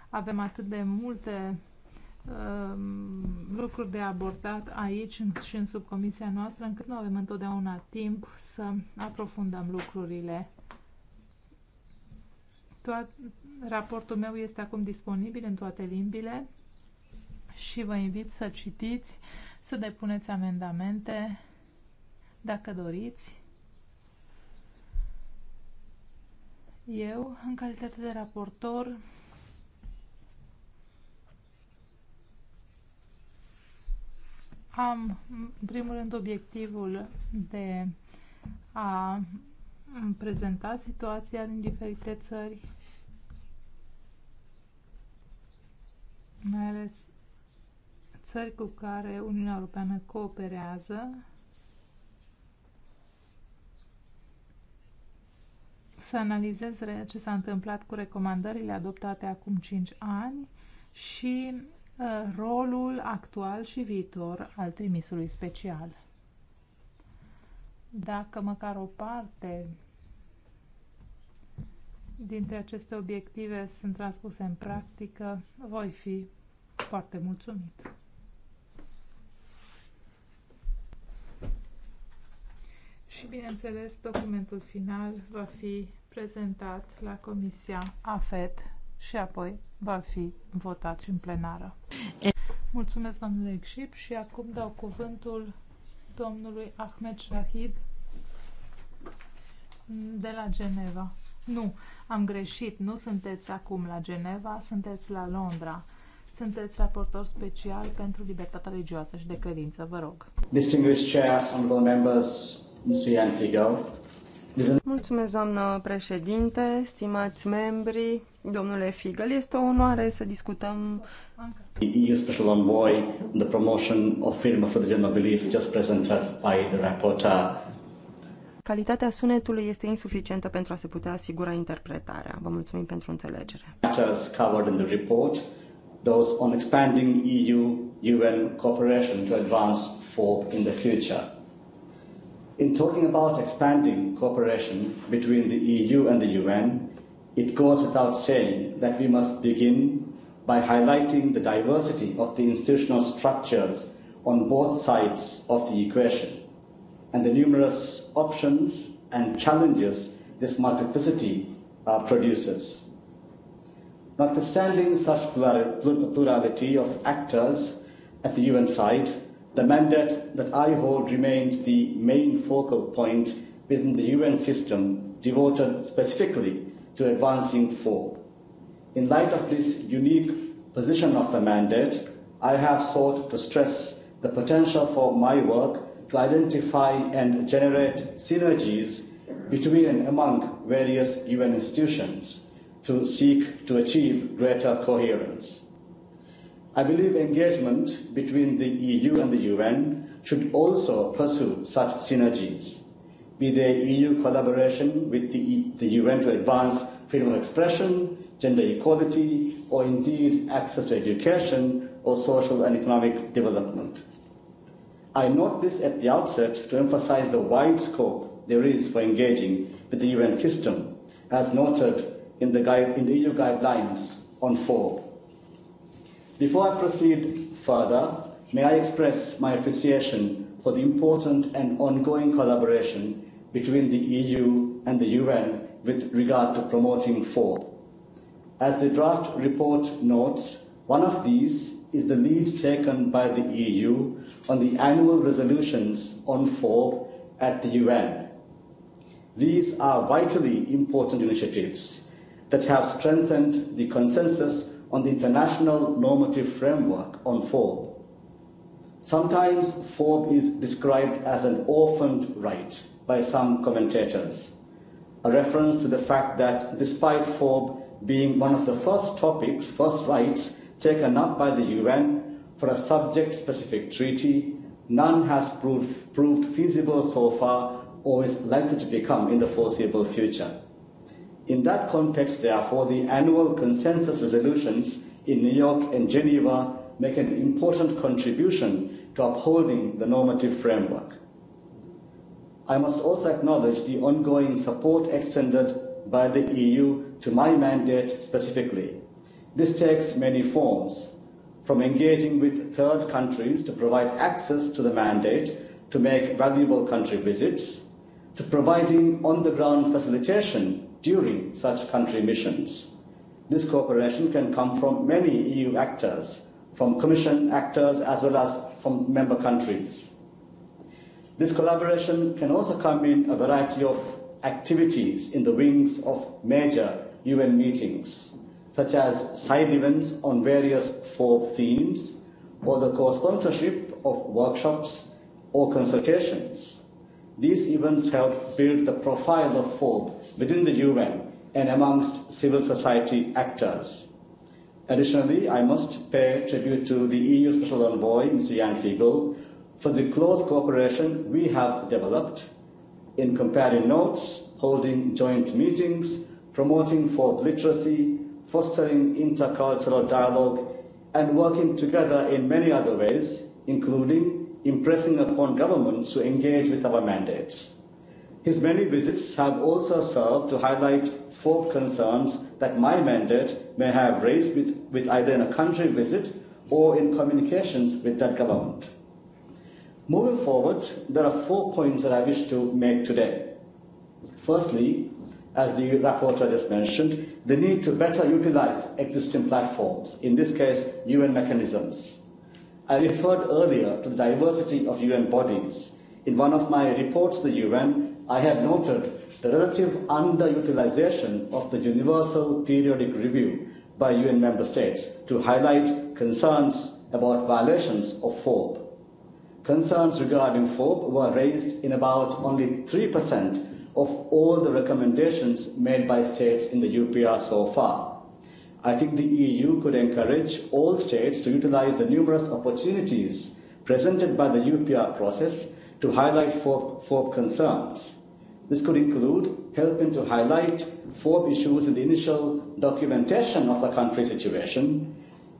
B: avem atât de multe Um, lucruri de abordat aici și în subcomisia noastră, încât nu avem întotdeauna timp să aprofundăm lucrurile. Toat, raportul meu este acum disponibil în toate limbile și vă invit să citiți, să depuneți amendamente dacă doriți. Eu, în calitate de raportor, Am, în primul rând, obiectivul de a prezenta situația din diferite țări, mai ales țări cu care Uniunea Europeană cooperează, să analizez ce s-a întâmplat cu recomandările adoptate acum 5 ani și Uh, rolul actual și viitor al trimisului special. Dacă măcar o parte dintre aceste obiective sunt transpuse în practică, voi fi foarte mulțumit. Și, bineînțeles, documentul final va fi prezentat la Comisia AFET și apoi va fi votat și în plenară. Mulțumesc, domnule Exip, și acum dau cuvântul domnului Ahmed Shahid de la Geneva. Nu, am greșit, nu sunteți acum la Geneva, sunteți la Londra. Sunteți raportor special pentru libertatea religioasă și de credință, vă rog.
D: Distinguished Chair, Honorable Members, Mr. Jan Figo,
A: Mulțumesc, doamnă președinte, stimați membri, domnule Figel. Este o onoare să discutăm.
D: EU Special Envoy, the promotion of freedom of religion and belief just presented by the rapporteur.
A: Calitatea sunetului este insuficientă pentru a se putea asigura interpretarea. Vă mulțumim pentru înțelegere.
D: Matters covered in the report, those on expanding EU-UN cooperation to advance forward in the future. In talking about expanding cooperation between the EU and the UN, it goes without saying that we must begin by highlighting the diversity of the institutional structures on both sides of the equation and the numerous options and challenges this multiplicity uh, produces. Notwithstanding such plurality of actors at the UN side, The mandate that I hold remains the main focal point within the UN system devoted specifically to advancing four. In light of this unique position of the mandate, I have sought to stress the potential for my work to identify and generate synergies between and among various UN institutions to seek to achieve greater coherence. I believe engagement between the EU and the UN should also pursue such synergies, be they EU collaboration with the, the UN to advance freedom of expression, gender equality, or indeed access to education or social and economic development. I note this at the outset to emphasize the wide scope there is for engaging with the UN system, as noted in the, guide, in the EU guidelines on four Before I proceed further, may I express my appreciation for the important and ongoing collaboration between the EU and the UN with regard to promoting four. As the draft report notes, one of these is the lead taken by the EU on the annual resolutions on FOB at the UN. These are vitally important initiatives that have strengthened the consensus on the international normative framework on FOB. Sometimes FOB is described as an orphaned right by some commentators, a reference to the fact that despite FOB being one of the first topics, first rights taken up by the UN for a subject-specific treaty, none has proved, proved feasible so far or is likely to become in the foreseeable future. In that context, therefore, the annual consensus resolutions in New York and Geneva make an important contribution to upholding the normative framework. I must also acknowledge the ongoing support extended by the EU to my mandate specifically. This takes many forms, from engaging with third countries to provide access to the mandate to make valuable country visits, to providing on-the-ground facilitation during such country missions. This cooperation can come from many EU actors, from Commission actors as well as from member countries. This collaboration can also come in a variety of activities in the wings of major UN meetings, such as side events on various four themes, or the co-sponsorship of workshops or consultations. These events help build the profile of FOB within the UN and amongst civil society actors. Additionally, I must pay tribute to the EU Special Envoy, Mr. Jan Fiegel, for the close cooperation we have developed in comparing notes, holding joint meetings, promoting folk literacy, fostering intercultural dialogue, and working together in many other ways, including impressing upon governments to engage with our mandates. His many visits have also served to highlight four concerns that my mandate may have raised with, with either in a country visit or in communications with that government. Moving forward, there are four points that I wish to make today. Firstly, as the rapporteur just mentioned, the need to better utilize existing platforms, in this case, UN mechanisms. I referred earlier to the diversity of UN bodies. In one of my reports to the UN, I have noted the relative underutilization of the Universal Periodic Review by UN member states to highlight concerns about violations of FOB. Concerns regarding FOB were raised in about only 3% of all the recommendations made by states in the UPR so far. I think the EU could encourage all states to utilize the numerous opportunities presented by the UPR process to highlight four, four concerns. This could include helping to highlight four issues in the initial documentation of the country situation,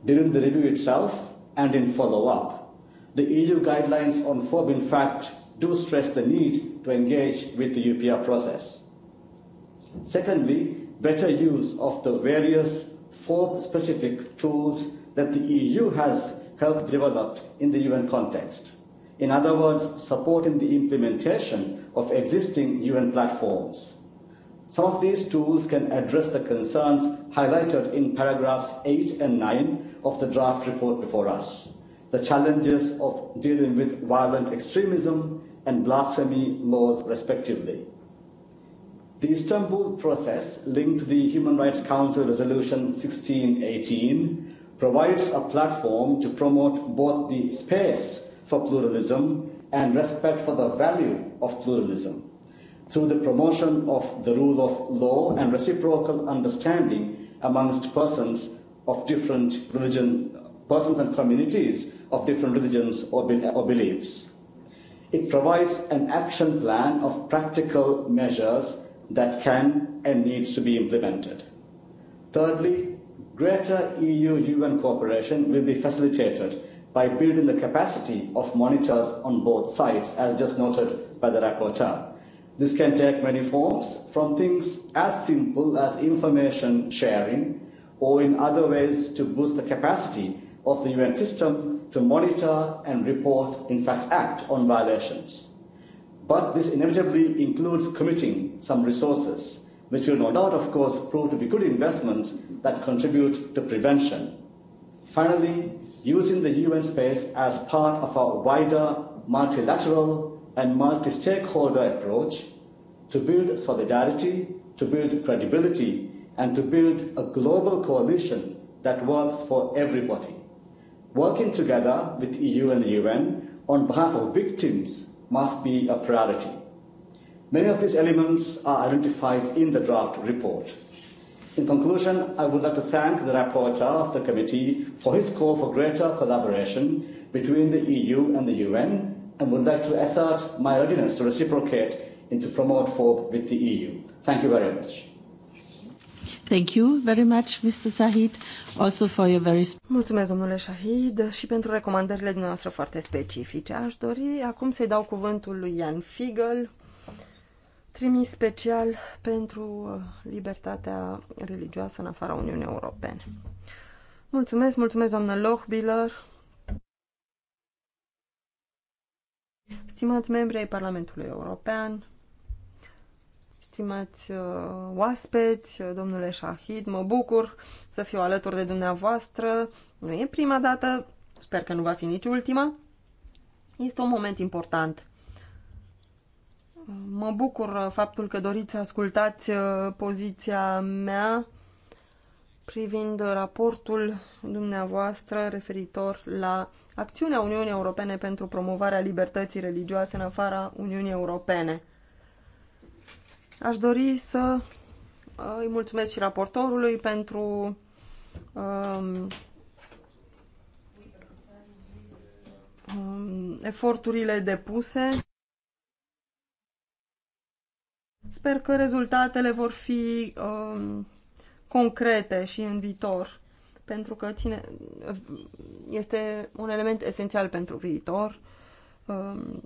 D: during the review itself, and in follow-up. The EU guidelines on FOB, in fact, do stress the need to engage with the UPR process. Secondly, better use of the various FOB-specific tools that the EU has helped develop in the UN context. In other words, supporting the implementation of existing UN platforms. Some of these tools can address the concerns highlighted in paragraphs 8 and 9 of the draft report before us. The challenges of dealing with violent extremism and blasphemy laws respectively. The Istanbul process linked to the Human Rights Council Resolution 1618 provides a platform to promote both the space for pluralism and respect for the value of pluralism through the promotion of the rule of law and reciprocal understanding amongst persons of different religion, persons and communities of different religions or, be- or beliefs. It provides an action plan of practical measures that can and needs to be implemented. Thirdly, greater EU-UN cooperation will be facilitated by building the capacity of monitors on both sides, as just noted by the rapporteur. This can take many forms, from things as simple as information sharing, or in other ways to boost the capacity of the UN system to monitor and report, in fact act on violations. But this inevitably includes committing some resources, which will no doubt of course prove to be good investments that contribute to prevention. Finally, using the UN space as part of our wider multilateral and multi-stakeholder approach to build solidarity, to build credibility, and to build a global coalition that works for everybody. Working together with EU and the UN on behalf of victims must be a priority. Many of these elements are identified in the draft report. In conclusion, I would like to thank the rapporteur of the committee for his call for greater collaboration between the EU and the UN and would like to assert my readiness to reciprocate and to promote FOB with the EU. Thank you very much.
E: Thank you very much, Mr. Sahid,
A: also for your very... Mulțumesc, domnule Shahid, și pentru recomandările dumneavoastră foarte specifice. Aș dori acum să-i dau cuvântul lui Ian Figel, trimis special pentru uh, libertatea religioasă în afara Uniunii Europene. Mulțumesc, mulțumesc, doamnă Lochbiller. Stimați membri ai Parlamentului European, stimați uh, oaspeți, domnule Shahid, mă bucur să fiu alături de dumneavoastră. Nu e prima dată, sper că nu va fi nici ultima. Este un moment important Mă bucur faptul că doriți să ascultați uh, poziția mea privind raportul dumneavoastră referitor la acțiunea Uniunii Europene pentru promovarea libertății religioase în afara Uniunii Europene. Aș dori să uh, îi mulțumesc și raportorului pentru um, um, eforturile depuse. Sper că rezultatele vor fi um, concrete și în viitor, pentru că ține, este un element esențial pentru viitor. Um,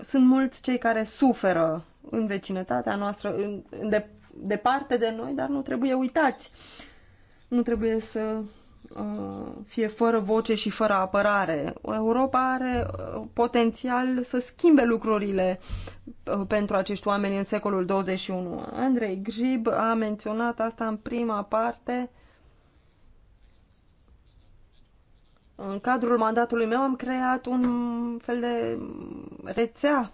A: sunt mulți cei care suferă în vecinătatea noastră, în, în de, departe de noi, dar nu trebuie uitați. Nu trebuie să Uh, fie fără voce și fără apărare. Europa are uh, potențial să schimbe lucrurile uh, pentru acești oameni în secolul 21. Andrei Grib a menționat asta în prima parte. În cadrul mandatului meu am creat un fel de rețea.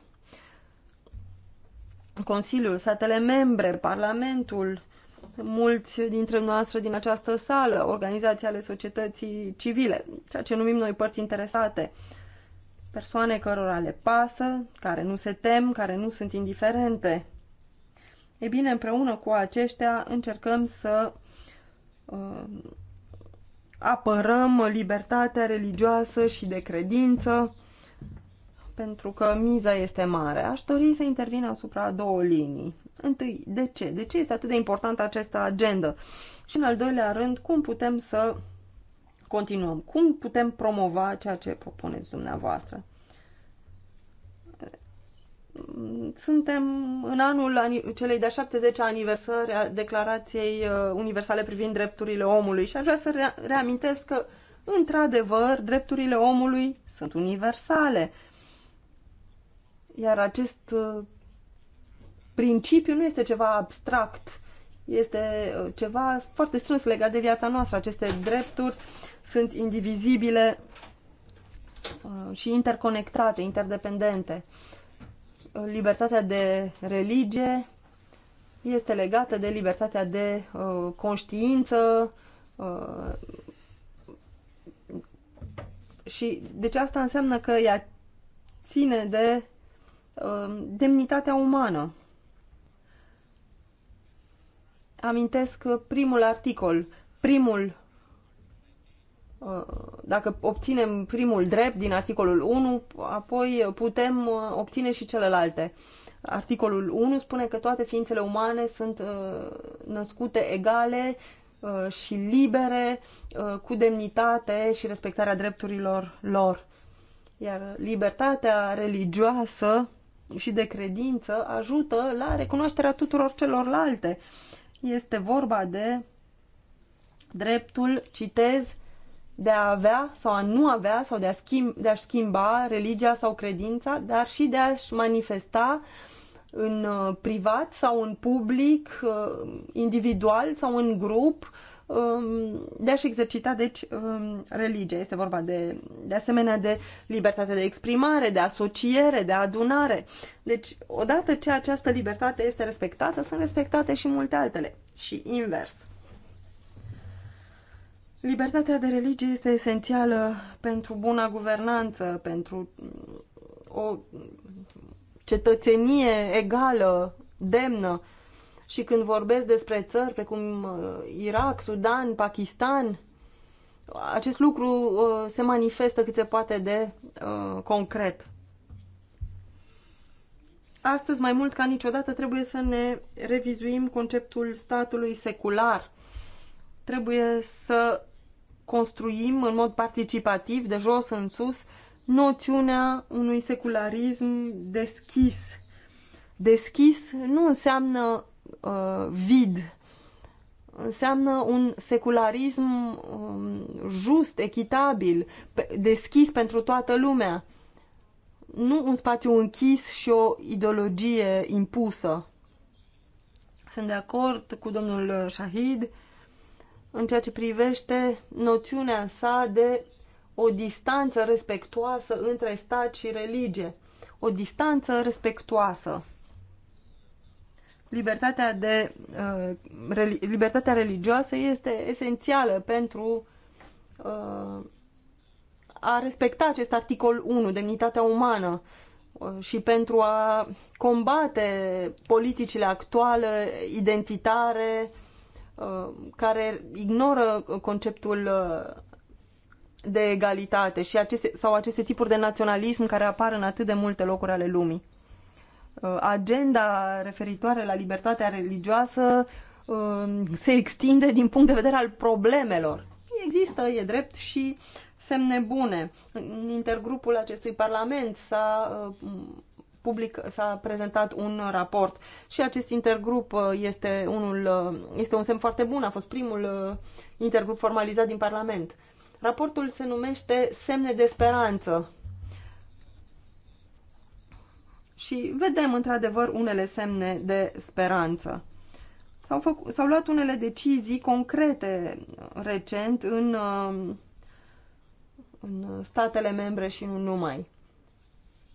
A: Consiliul, statele membre, Parlamentul, mulți dintre noastre din această sală, organizații ale societății civile, ceea ce numim noi părți interesate, persoane cărora le pasă, care nu se tem, care nu sunt indiferente. Ei bine, împreună cu aceștia încercăm să uh, apărăm libertatea religioasă și de credință, pentru că miza este mare. Aș dori să intervin asupra două linii. Întâi, de ce? De ce este atât de importantă această agendă? Și în al doilea rând, cum putem să continuăm? Cum putem promova ceea ce propuneți dumneavoastră? Suntem în anul celei de-a 70 -a aniversări a Declarației uh, Universale privind drepturile omului și aș vrea să reamintesc că, într-adevăr, drepturile omului sunt universale. Iar acest uh, principiul nu este ceva abstract, este uh, ceva foarte strâns legat de viața noastră. Aceste drepturi sunt indivizibile uh, și interconectate, interdependente. Uh, libertatea de religie este legată de libertatea de uh, conștiință uh, și deci asta înseamnă că ea ține de uh, demnitatea umană amintesc primul articol, primul uh, dacă obținem primul drept din articolul 1, apoi putem uh, obține și celelalte. Articolul 1 spune că toate ființele umane sunt uh, născute egale și libere, cu demnitate și respectarea drepturilor lor. Iar libertatea religioasă și de credință ajută la recunoașterea tuturor celorlalte este vorba de dreptul, citez, de a avea sau a nu avea sau de, a schimb, de a schimba religia sau credința, dar și de a-și manifesta în uh, privat sau în public, uh, individual sau în grup, Um, de a-și exercita, deci, um, religia. Este vorba de, de asemenea de libertate de exprimare, de asociere, de adunare. Deci, odată ce această libertate este respectată, sunt respectate și multe altele. Și invers. Libertatea de religie este esențială pentru buna guvernanță, pentru o cetățenie egală, demnă și când vorbesc despre țări precum uh, Irak, Sudan, Pakistan, acest lucru uh, se manifestă cât se poate de uh, concret. Astăzi, mai mult ca niciodată, trebuie să ne revizuim conceptul statului secular. Trebuie să construim în mod participativ, de jos în sus, noțiunea unui secularism deschis. Deschis nu înseamnă uh, vid. Înseamnă un secularism um, just, echitabil, pe, deschis pentru toată lumea. Nu un spațiu închis și o ideologie impusă. Sunt de acord cu domnul Shahid în ceea ce privește noțiunea sa de o distanță respectuoasă între stat și religie. O distanță respectuoasă libertatea, de, uh, libertatea religioasă este esențială pentru uh, a respecta acest articol 1, demnitatea umană, uh, și pentru a combate politicile actuale, identitare, uh, care ignoră conceptul uh, de egalitate și aceste, sau aceste tipuri de naționalism care apar în atât de multe locuri ale lumii. Uh, agenda referitoare la libertatea religioasă uh, se extinde din punct de vedere al problemelor. Există, e drept, și semne bune. În intergrupul acestui parlament s-a uh, public s-a prezentat un raport și acest intergrup este, unul, este un semn foarte bun, a fost primul intergrup formalizat din Parlament. Raportul se numește Semne de speranță și vedem într-adevăr unele semne de speranță. S-au, luat unele decizii concrete uh, recent în, uh, în statele membre și nu numai.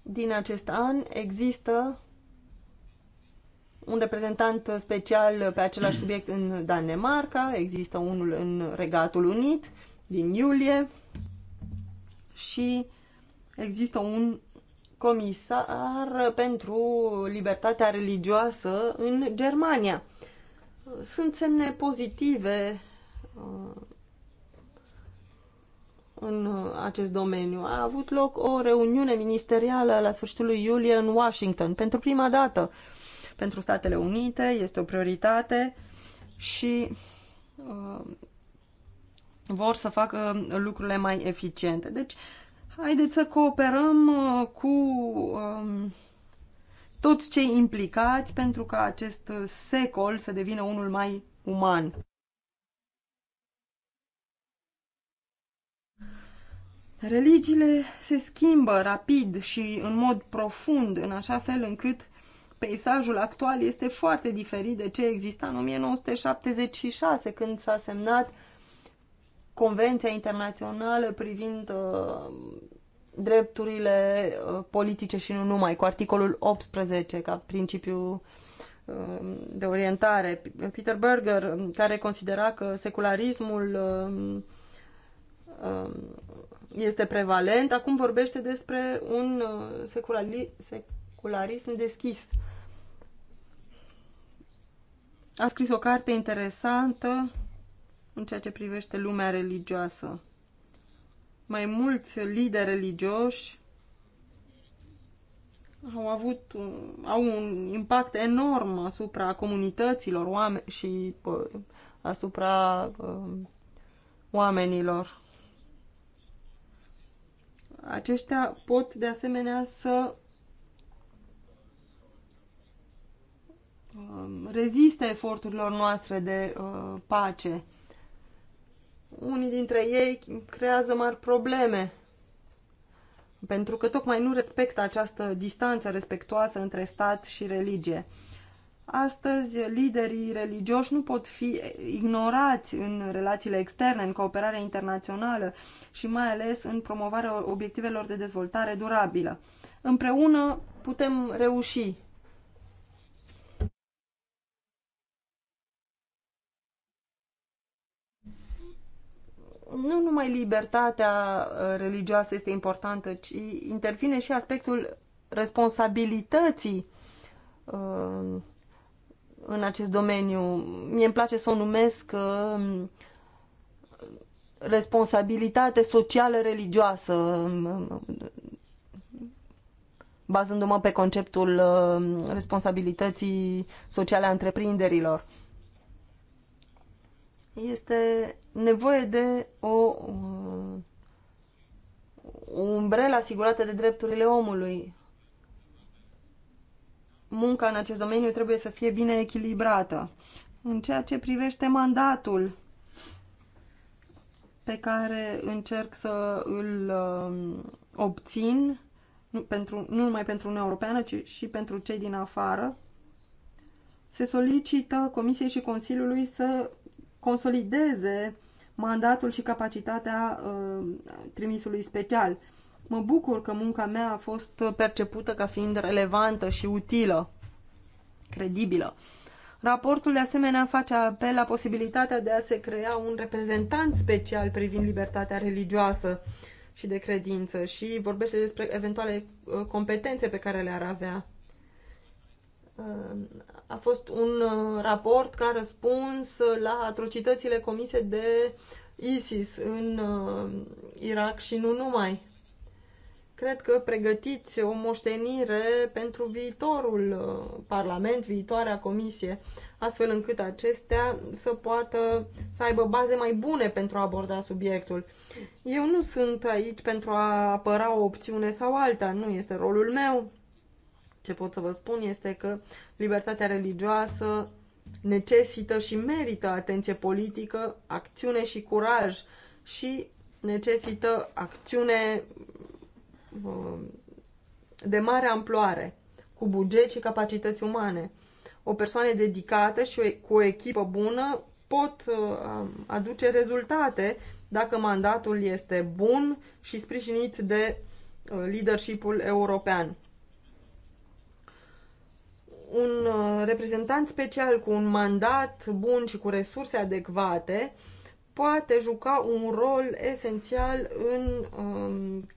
A: Din acest an există un reprezentant special pe același subiect în Danemarca, există unul în Regatul Unit din iulie și există un comisar pentru libertatea religioasă în Germania. Sunt semne pozitive uh, în acest domeniu. A avut loc o reuniune ministerială la sfârșitul lui iulie în Washington, pentru prima dată. Pentru Statele Unite este o prioritate și uh, vor să facă lucrurile mai eficiente. Deci, uh, Haideți să cooperăm uh, cu um, toți cei implicați pentru ca acest secol să devină unul mai uman. Religiile se schimbă rapid și în mod profund, în așa fel încât peisajul actual este foarte diferit de ce exista în 1976, când s-a semnat Convenția Internațională privind uh, drepturile uh, politice și nu numai, cu articolul 18 ca principiu uh, de orientare. Peter Berger, um, care considera că secularismul um, este prevalent, acum vorbește despre un uh, seculari secularism deschis. A scris o carte interesantă în ceea ce privește lumea religioasă. Mai mulți lideri religioși au avut au un impact enorm asupra comunităților oameni și asupra oamenilor. Aceștia pot de asemenea să reziste eforturilor noastre de uh, pace unii dintre ei creează mari probleme pentru că tocmai nu respectă această distanță respectuoasă între stat și religie. Astăzi, liderii religioși nu pot fi ignorați în relațiile externe, în cooperarea internațională și mai ales în promovarea obiectivelor de dezvoltare durabilă. Împreună putem reuși nu numai libertatea uh, religioasă este importantă, ci intervine și aspectul responsabilității uh, în acest domeniu. Mie îmi place să o numesc uh, responsabilitate socială religioasă, bazându-mă pe conceptul responsabilității sociale a întreprinderilor este nevoie de uh, o umbrelă asigurată de drepturile omului. Munca în acest domeniu trebuie să fie bine echilibrată. În ceea ce privește mandatul pe care încerc să îl uh, obțin, nu, pentru, nu numai pentru Uniunea Europeană, ci și pentru cei din afară, se solicită Comisiei și Consiliului să consolideze mandatul și capacitatea uh, trimisului special. Mă bucur că munca mea a fost percepută ca fiind relevantă și utilă, credibilă. Raportul de asemenea face apel la posibilitatea de a se crea un reprezentant special privind libertatea religioasă și de credință și vorbește despre eventuale uh, competențe pe care le-ar avea. Uh, a fost un uh, raport ca răspuns la atrocitățile comise de ISIS în uh, Irak și nu numai. Cred că pregătiți o moștenire pentru viitorul uh, Parlament, viitoarea Comisie, astfel încât acestea să poată să aibă baze mai bune pentru a aborda subiectul. Eu nu sunt aici pentru a apăra o opțiune sau alta, nu este rolul meu ce pot să vă spun este că libertatea religioasă necesită și merită atenție politică, acțiune și curaj și necesită acțiune um, de mare amploare, cu buget și capacități umane. O persoană dedicată și cu o echipă bună pot um, aduce rezultate dacă mandatul este bun și sprijinit de uh, leadershipul european un uh, reprezentant special cu un mandat bun și cu resurse adecvate poate juca un rol esențial în um,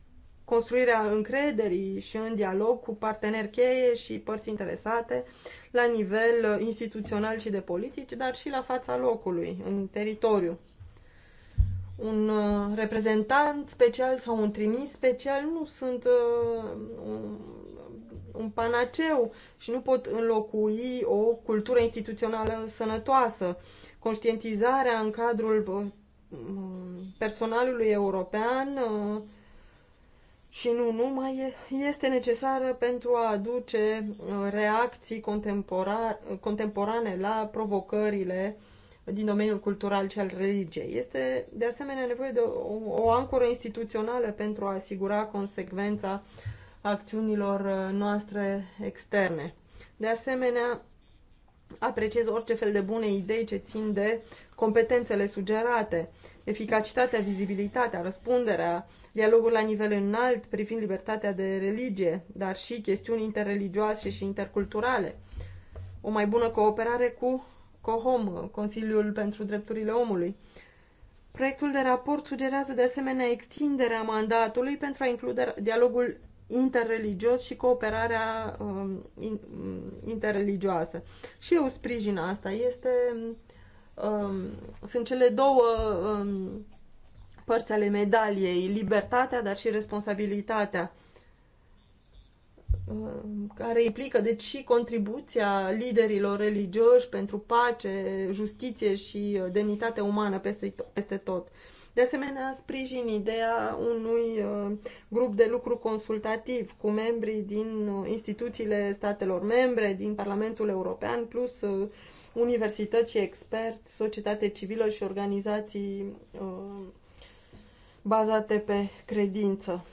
A: construirea încrederii și în dialog cu parteneri cheie și părți interesate la nivel uh, instituțional și de politici, dar și la fața locului, în teritoriu. Un uh, reprezentant special sau un trimis special nu sunt uh, un panaceu și nu pot înlocui o cultură instituțională sănătoasă. Conștientizarea în cadrul uh, personalului european uh, și nu numai este necesară pentru a aduce uh, reacții contemporane la provocările din domeniul cultural și al religiei. Este de asemenea nevoie de o, o ancoră instituțională pentru a asigura consecvența uh, acțiunilor uh, noastre externe. De asemenea, apreciez orice fel de bune idei ce țin de competențele sugerate, eficacitatea, vizibilitatea, răspunderea, dialogul la nivel înalt privind libertatea de religie, dar și chestiuni interreligioase și interculturale, o mai bună cooperare cu COHOM, Consiliul pentru Drepturile Omului. Proiectul de raport sugerează de asemenea extinderea mandatului pentru a include dialogul interreligios și cooperarea uh, interreligioasă. Și eu sprijin asta. Este, uh, sunt cele două uh, părți ale medaliei, libertatea, dar și responsabilitatea, care implică, deci, și contribuția liderilor religioși pentru pace, justiție și uh, demnitate umană peste, peste tot. De asemenea, sprijin ideea unui uh, grup de lucru consultativ cu membrii din uh, instituțiile statelor membre, din Parlamentul European, plus uh, universități și experți, societate civilă și organizații bazate pe credință.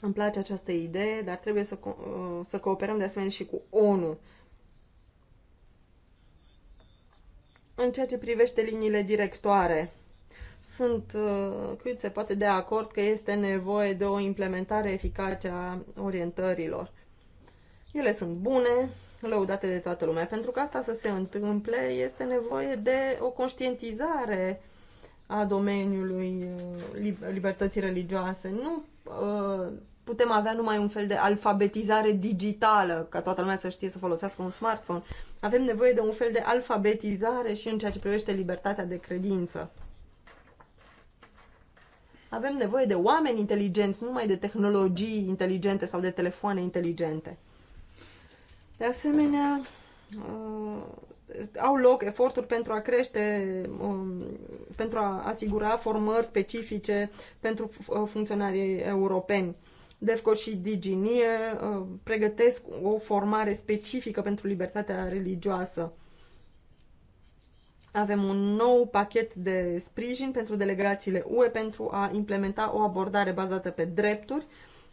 A: Îmi place această idee, dar trebuie să, co să cooperăm de asemenea și cu ONU. În ceea ce privește liniile directoare, sunt uh, cât se poate de acord că este nevoie de o implementare eficace a orientărilor. Ele sunt bune, lăudate de toată lumea. Pentru că asta să se întâmple, este nevoie de o conștientizare a domeniului uh, libertății religioase. Nu uh, putem avea numai un fel de alfabetizare digitală, ca toată lumea să știe să folosească un smartphone. Avem nevoie de un fel de alfabetizare și în ceea ce privește libertatea de credință. Avem nevoie de oameni inteligenți, nu numai de tehnologii inteligente sau de telefoane inteligente. De asemenea, uh, au loc eforturi pentru a crește, um, pentru a asigura formări specifice pentru uh, funcționarii europeni. DEFCO și Diginie uh, pregătesc o formare specifică pentru libertatea religioasă avem un nou pachet de sprijin pentru delegațiile UE pentru a implementa o abordare bazată pe drepturi.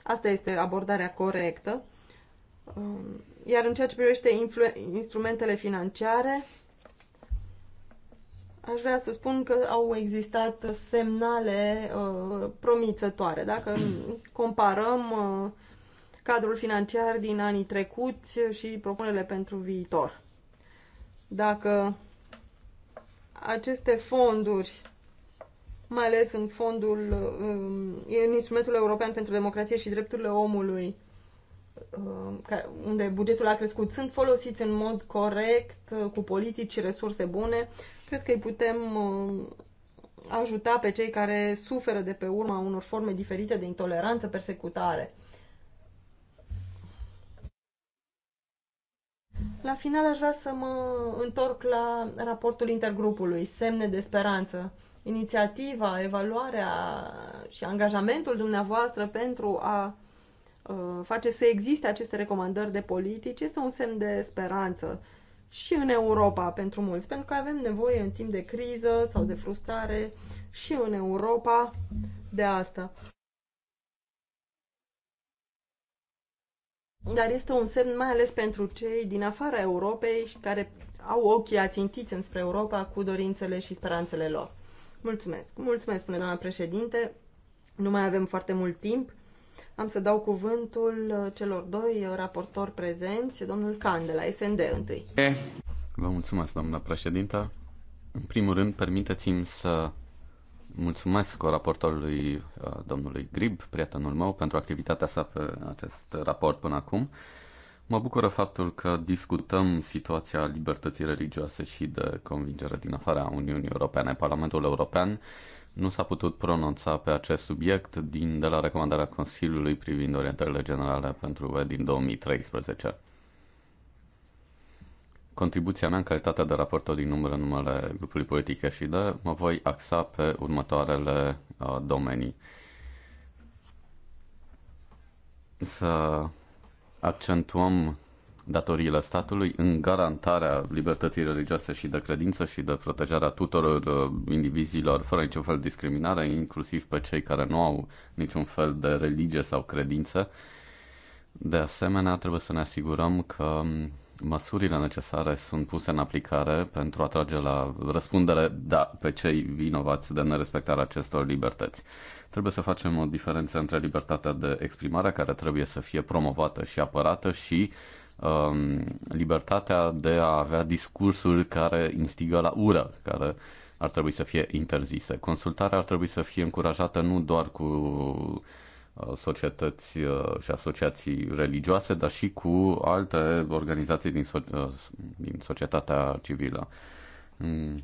A: Asta este abordarea corectă. Um, iar în ceea ce privește instrumentele financiare, aș vrea să spun că au existat semnale uh, promițătoare. Dacă comparăm uh, cadrul financiar din anii trecuți și propunerile pentru viitor. Dacă aceste fonduri, mai ales în fondul, um, în instrumentul european pentru democrație și drepturile omului, um, unde bugetul a crescut, sunt folosiți în mod corect, uh, cu politici și resurse bune, cred că îi putem um, ajuta pe cei care suferă de pe urma unor forme diferite de intoleranță, persecutare. La final aș vrea să mă întorc la raportul intergrupului, semne de speranță. Inițiativa, evaluarea și angajamentul dumneavoastră pentru a uh, face să existe aceste recomandări de politici este un semn de speranță și în Europa pentru mulți, pentru că avem nevoie în timp de criză sau de frustrare și în Europa de asta. dar este un semn mai ales pentru cei din afara Europei și care au ochii ațintiți înspre Europa cu dorințele și speranțele lor. Mulțumesc! Mulțumesc, spune doamna președinte. Nu mai avem foarte mult timp. Am să dau cuvântul uh, celor doi uh, raportori prezenți, domnul Can de la SND întâi.
C: Vă mulțumesc, doamna președinte. În primul rând, permiteți-mi să Mulțumesc coraportorului uh, domnului Grib, prietenul meu, pentru activitatea sa pe acest raport până acum. Mă bucură faptul că discutăm situația libertății religioase și de convingere din afara Uniunii Europene. Parlamentul European nu s-a putut pronunța pe acest subiect din de la recomandarea Consiliului privind orientările generale pentru UE din 2013 contribuția mea în calitate de raportor din numără numele grupului politic FIDE mă voi axa pe următoarele uh, domenii. Să accentuăm datoriile statului în garantarea libertății religioase și de credință și de protejarea tuturor uh, indivizilor fără niciun fel de discriminare, inclusiv pe cei care nu au niciun fel de religie sau credință. De asemenea, trebuie să ne asigurăm că um, măsurile necesare sunt puse în aplicare pentru a trage la răspundere da, pe cei vinovați de nerespectarea acestor libertăți. Trebuie să facem o diferență între libertatea de exprimare, care trebuie să fie promovată și apărată, și um, libertatea de a avea discursuri care instigă la ură, care ar trebui să fie interzise. Consultarea ar trebui să fie încurajată nu doar cu Uh, societăți uh, și asociații religioase, dar și cu alte organizații din, so- uh, din societatea civilă. Mm,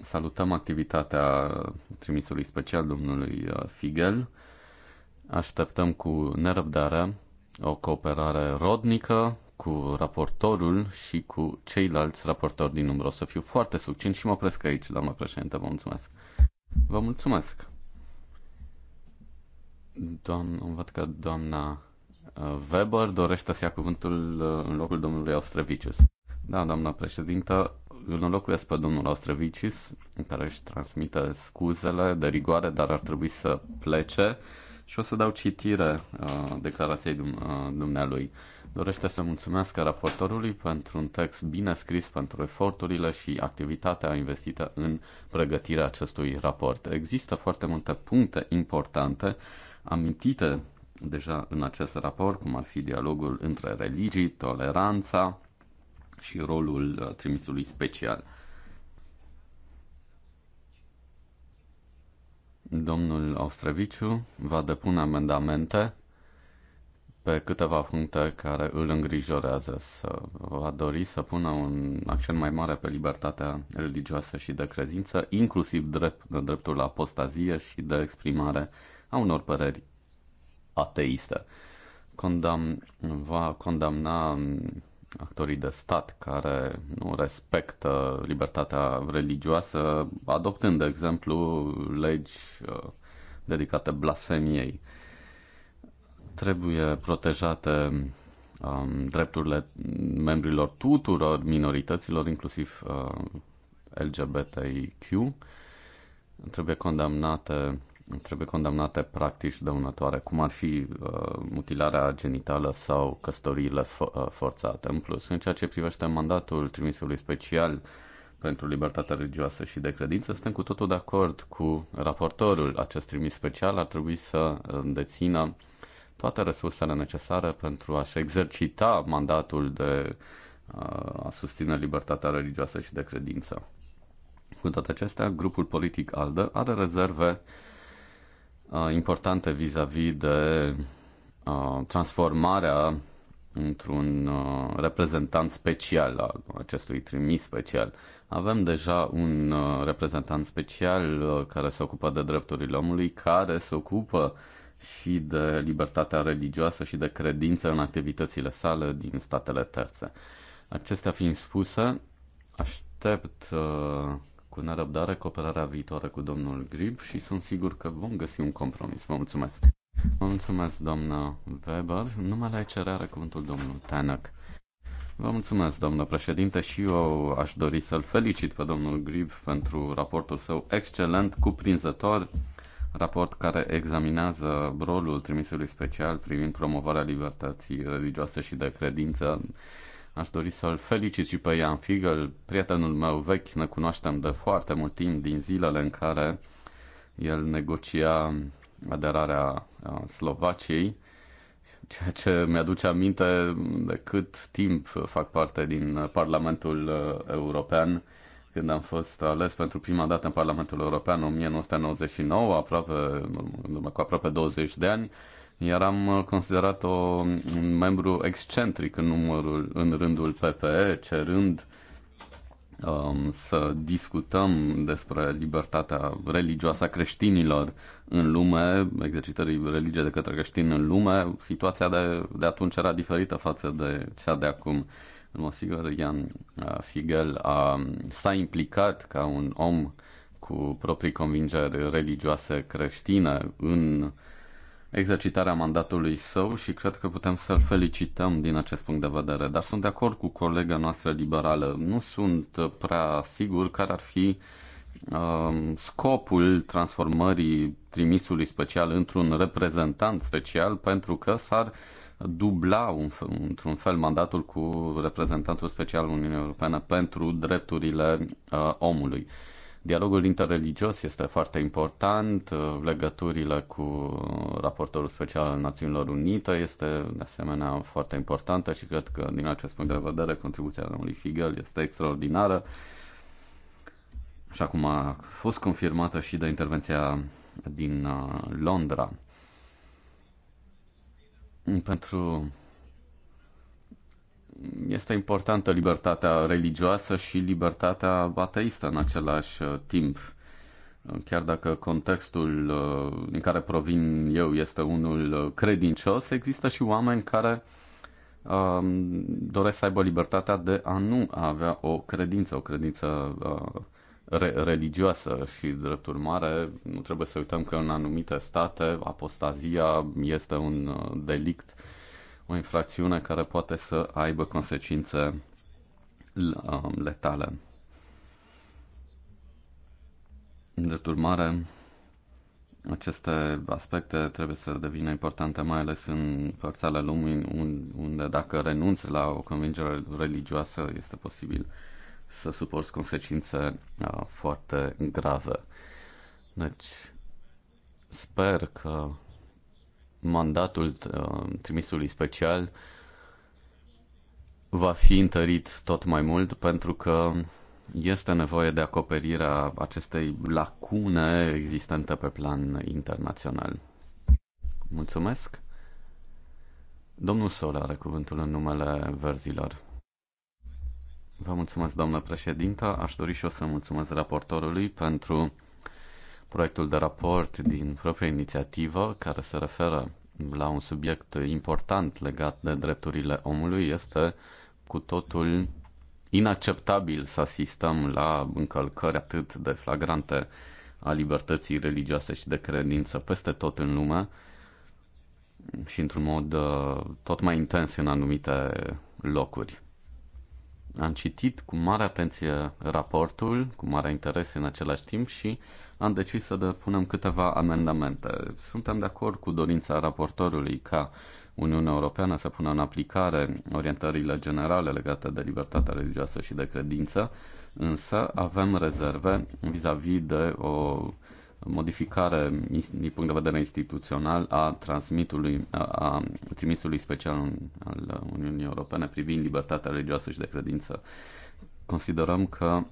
C: salutăm activitatea trimisului special domnului Figel. Așteptăm cu nerăbdare o cooperare rodnică cu raportorul și cu ceilalți raportori din umbră. O să fiu foarte succint și mă opresc aici, doamna președinte. Vă mulțumesc! Vă mulțumesc! Doamna, văd că doamna uh, Weber dorește să ia cuvântul uh, în locul domnului Austrevicius. Da, doamna președintă, îl înlocuiesc pe domnul Austrevicius, care își transmite scuzele de rigoare, dar ar trebui să plece și o să dau citire uh, declarației dumnealui. Dorește să mulțumesc raportorului pentru un text bine scris, pentru eforturile și activitatea investită în pregătirea acestui raport. Există foarte multe puncte importante amintite deja în acest raport, cum ar fi dialogul între religii, toleranța și rolul uh, trimisului special. Domnul Ostreviciu va depune amendamente pe câteva puncte care îl îngrijorează. Să va dori să pună un accent mai mare pe libertatea religioasă și de credință, inclusiv drept, dreptul la apostazie și de exprimare uh, a unor păreri ateiste. Condam, va condamna um, actorii de stat care nu respectă libertatea religioasă, adoptând, de exemplu, legi uh, dedicate blasfemiei. Trebuie protejate um, drepturile membrilor tuturor minorităților, inclusiv uh, LGBTIQ. Trebuie condamnate trebuie condamnate practici dăunătoare, cum ar fi uh, mutilarea genitală sau căsătoriile fo- uh, forțate. În plus, în ceea ce privește mandatul trimisului special pentru libertatea religioasă și de credință, suntem cu totul de acord cu raportorul. Acest trimis special ar trebui să uh, dețină toate resursele necesare pentru a-și exercita mandatul de uh, a susține libertatea religioasă și de credință. Cu toate acestea, grupul politic ALDE are rezerve uh, Uh, importante vis-a-vis -vis de uh, transformarea într-un uh, reprezentant special al acestui trimis special. Avem deja un reprezentant special care se ocupă de drepturile omului, care se ocupă și de libertatea religioasă și de credință în activitățile sale din statele terțe. Acestea fiind spuse, aștept cu nerăbdare cooperarea viitoare cu domnul Grib și sunt sigur că vom găsi un compromis. Vă mulțumesc! Vă mulțumesc, doamnă Weber. Numele ECR are cuvântul domnul Tanak. Vă mulțumesc, doamnă președinte, și eu aș dori să-l felicit pe domnul Grib pentru raportul său excelent, cuprinzător, raport care examinează rolul trimisului special privind promovarea libertății religioase și de credință Aș dori să-l felicit și pe Ian Figel, prietenul meu vechi, ne cunoaștem de foarte mult timp din zilele în care el negocia aderarea Slovaciei, ceea ce mi-aduce aminte de cât timp fac parte din Parlamentul uh, European când am fost ales pentru prima dată în Parlamentul European în 1999, aproape, cu aproape 20 de ani, iar am uh, considerat o un membru excentric în numărul în rândul PPE, cerând um, să discutăm despre libertatea religioasă a creștinilor în lume, exercitării religie de către creștini în lume, situația de, de atunci era diferită față de cea de acum. În mod sigur, Ian uh, Figel a, s-a implicat ca un om cu proprii convingeri religioase creștine în uh, exercitarea mandatului său și cred că putem să-l felicităm din acest punct de vedere. Dar sunt de acord cu colega noastră liberală. Nu sunt prea sigur care ar fi um, scopul transformării trimisului special într-un reprezentant special pentru că s-ar dubla un, într-un fel mandatul cu reprezentantul special Uniunii Europene pentru drepturile uh, omului. Uh, Dialogul interreligios este foarte important, uh, legăturile cu raportorul special al Națiunilor Unite este de asemenea foarte importantă și cred că din acest punct de vedere contribuția domnului Figel este extraordinară. Așa cum a fost confirmată și de intervenția din uh, Londra. Pentru este importantă libertatea religioasă și libertatea ateistă în același uh, timp. Chiar dacă contextul din uh, care provin eu este unul uh, credincios, există și oameni care um, doresc să aibă libertatea de a nu avea o credință, o credință religioasă și, drept urmare, nu trebuie să uităm că în anumite state apostazia este un delict o infracțiune care poate să aibă consecințe um, letale. De urmare, aceste aspecte trebuie să devină importante, mai ales în părțile lumii, unde dacă renunți la o convingere religioasă, este posibil să suporți consecințe uh, foarte grave. Deci, sper că mandatul uh, trimisului special va fi întărit tot mai mult pentru că este nevoie de acoperirea acestei lacune existente pe plan internațional. Mulțumesc! Domnul Sol are cuvântul în numele verzilor. Vă mulțumesc, doamnă președinte. Aș dori și eu să mulțumesc raportorului pentru proiectul de raport din proprie inițiativă care se referă la un subiect important legat de drepturile omului, este cu totul inacceptabil să asistăm la încălcări atât de flagrante a libertății religioase și de credință peste tot în lume și într-un mod uh, tot mai intens în anumite locuri. Am citit cu mare atenție raportul, cu mare interes în același timp și am decis să depunem câteva amendamente. Suntem de acord cu dorința raportorului ca Uniunea Europeană să pună în aplicare orientările generale legate de libertatea religioasă și de credință, însă avem rezerve vis-a-vis -vis de o modificare din punct de vedere instituțional a transmitului, a, a trimisului special al Uniunii Europene privind libertatea religioasă și de credință. Considerăm că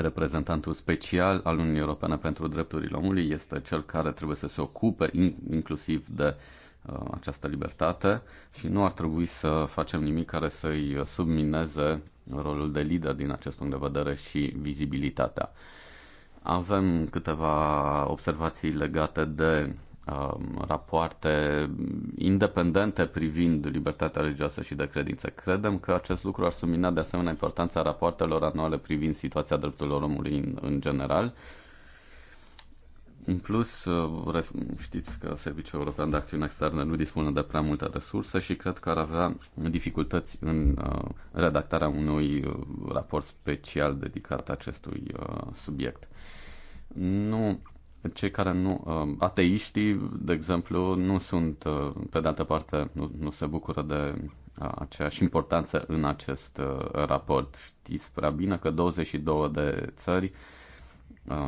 C: reprezentantul special al Uniunii Europene pentru Drepturile Omului este cel care trebuie să se ocupe inclusiv de uh, această libertate și nu ar trebui să facem nimic care să-i submineze rolul de lider din acest punct de vedere și vizibilitatea. Avem câteva observații legate de Um, rapoarte independente privind libertatea religioasă și de credință. Credem că acest lucru ar sumina de asemenea importanța rapoartelor anuale privind situația drepturilor omului în, în general. În plus, uh, știți că Serviciul European de Acțiune Externă nu dispune de prea multe resurse și cred că ar avea dificultăți în uh, redactarea unui uh, raport special dedicat acestui subiect. Nu cei care nu, uh, ateiștii, de exemplu, nu sunt, uh, pe de altă parte, nu, nu se bucură de uh, aceeași importanță în acest raport. Știți prea bine că 22 de țări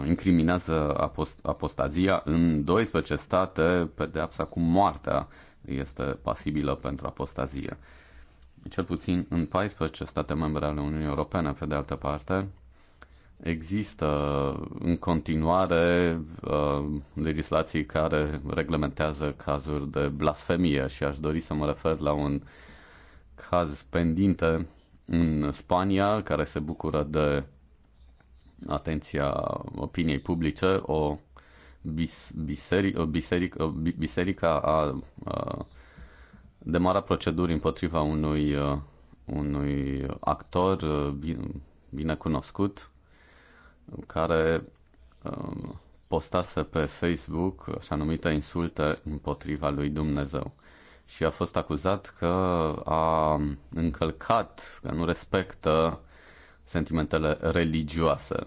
C: incriminează apost- apostazia în 12 state, pedeapsa cu moartea este pasibilă pentru apostazie. Cel puțin în 14 state membre ale Uniunii Europene, pe de altă parte, Există în continuare uh, legislații care reglementează cazuri de blasfemie și aș dori să mă refer la un caz pendinte în Spania care se bucură de atenția opiniei publice, o bis, biseric, biserica a, a demarat proceduri împotriva unui, uh, unui actor uh, bine cunoscut care um, postase pe Facebook așa numite insulte împotriva lui Dumnezeu și a fost acuzat că a încălcat, că nu respectă sentimentele religioase.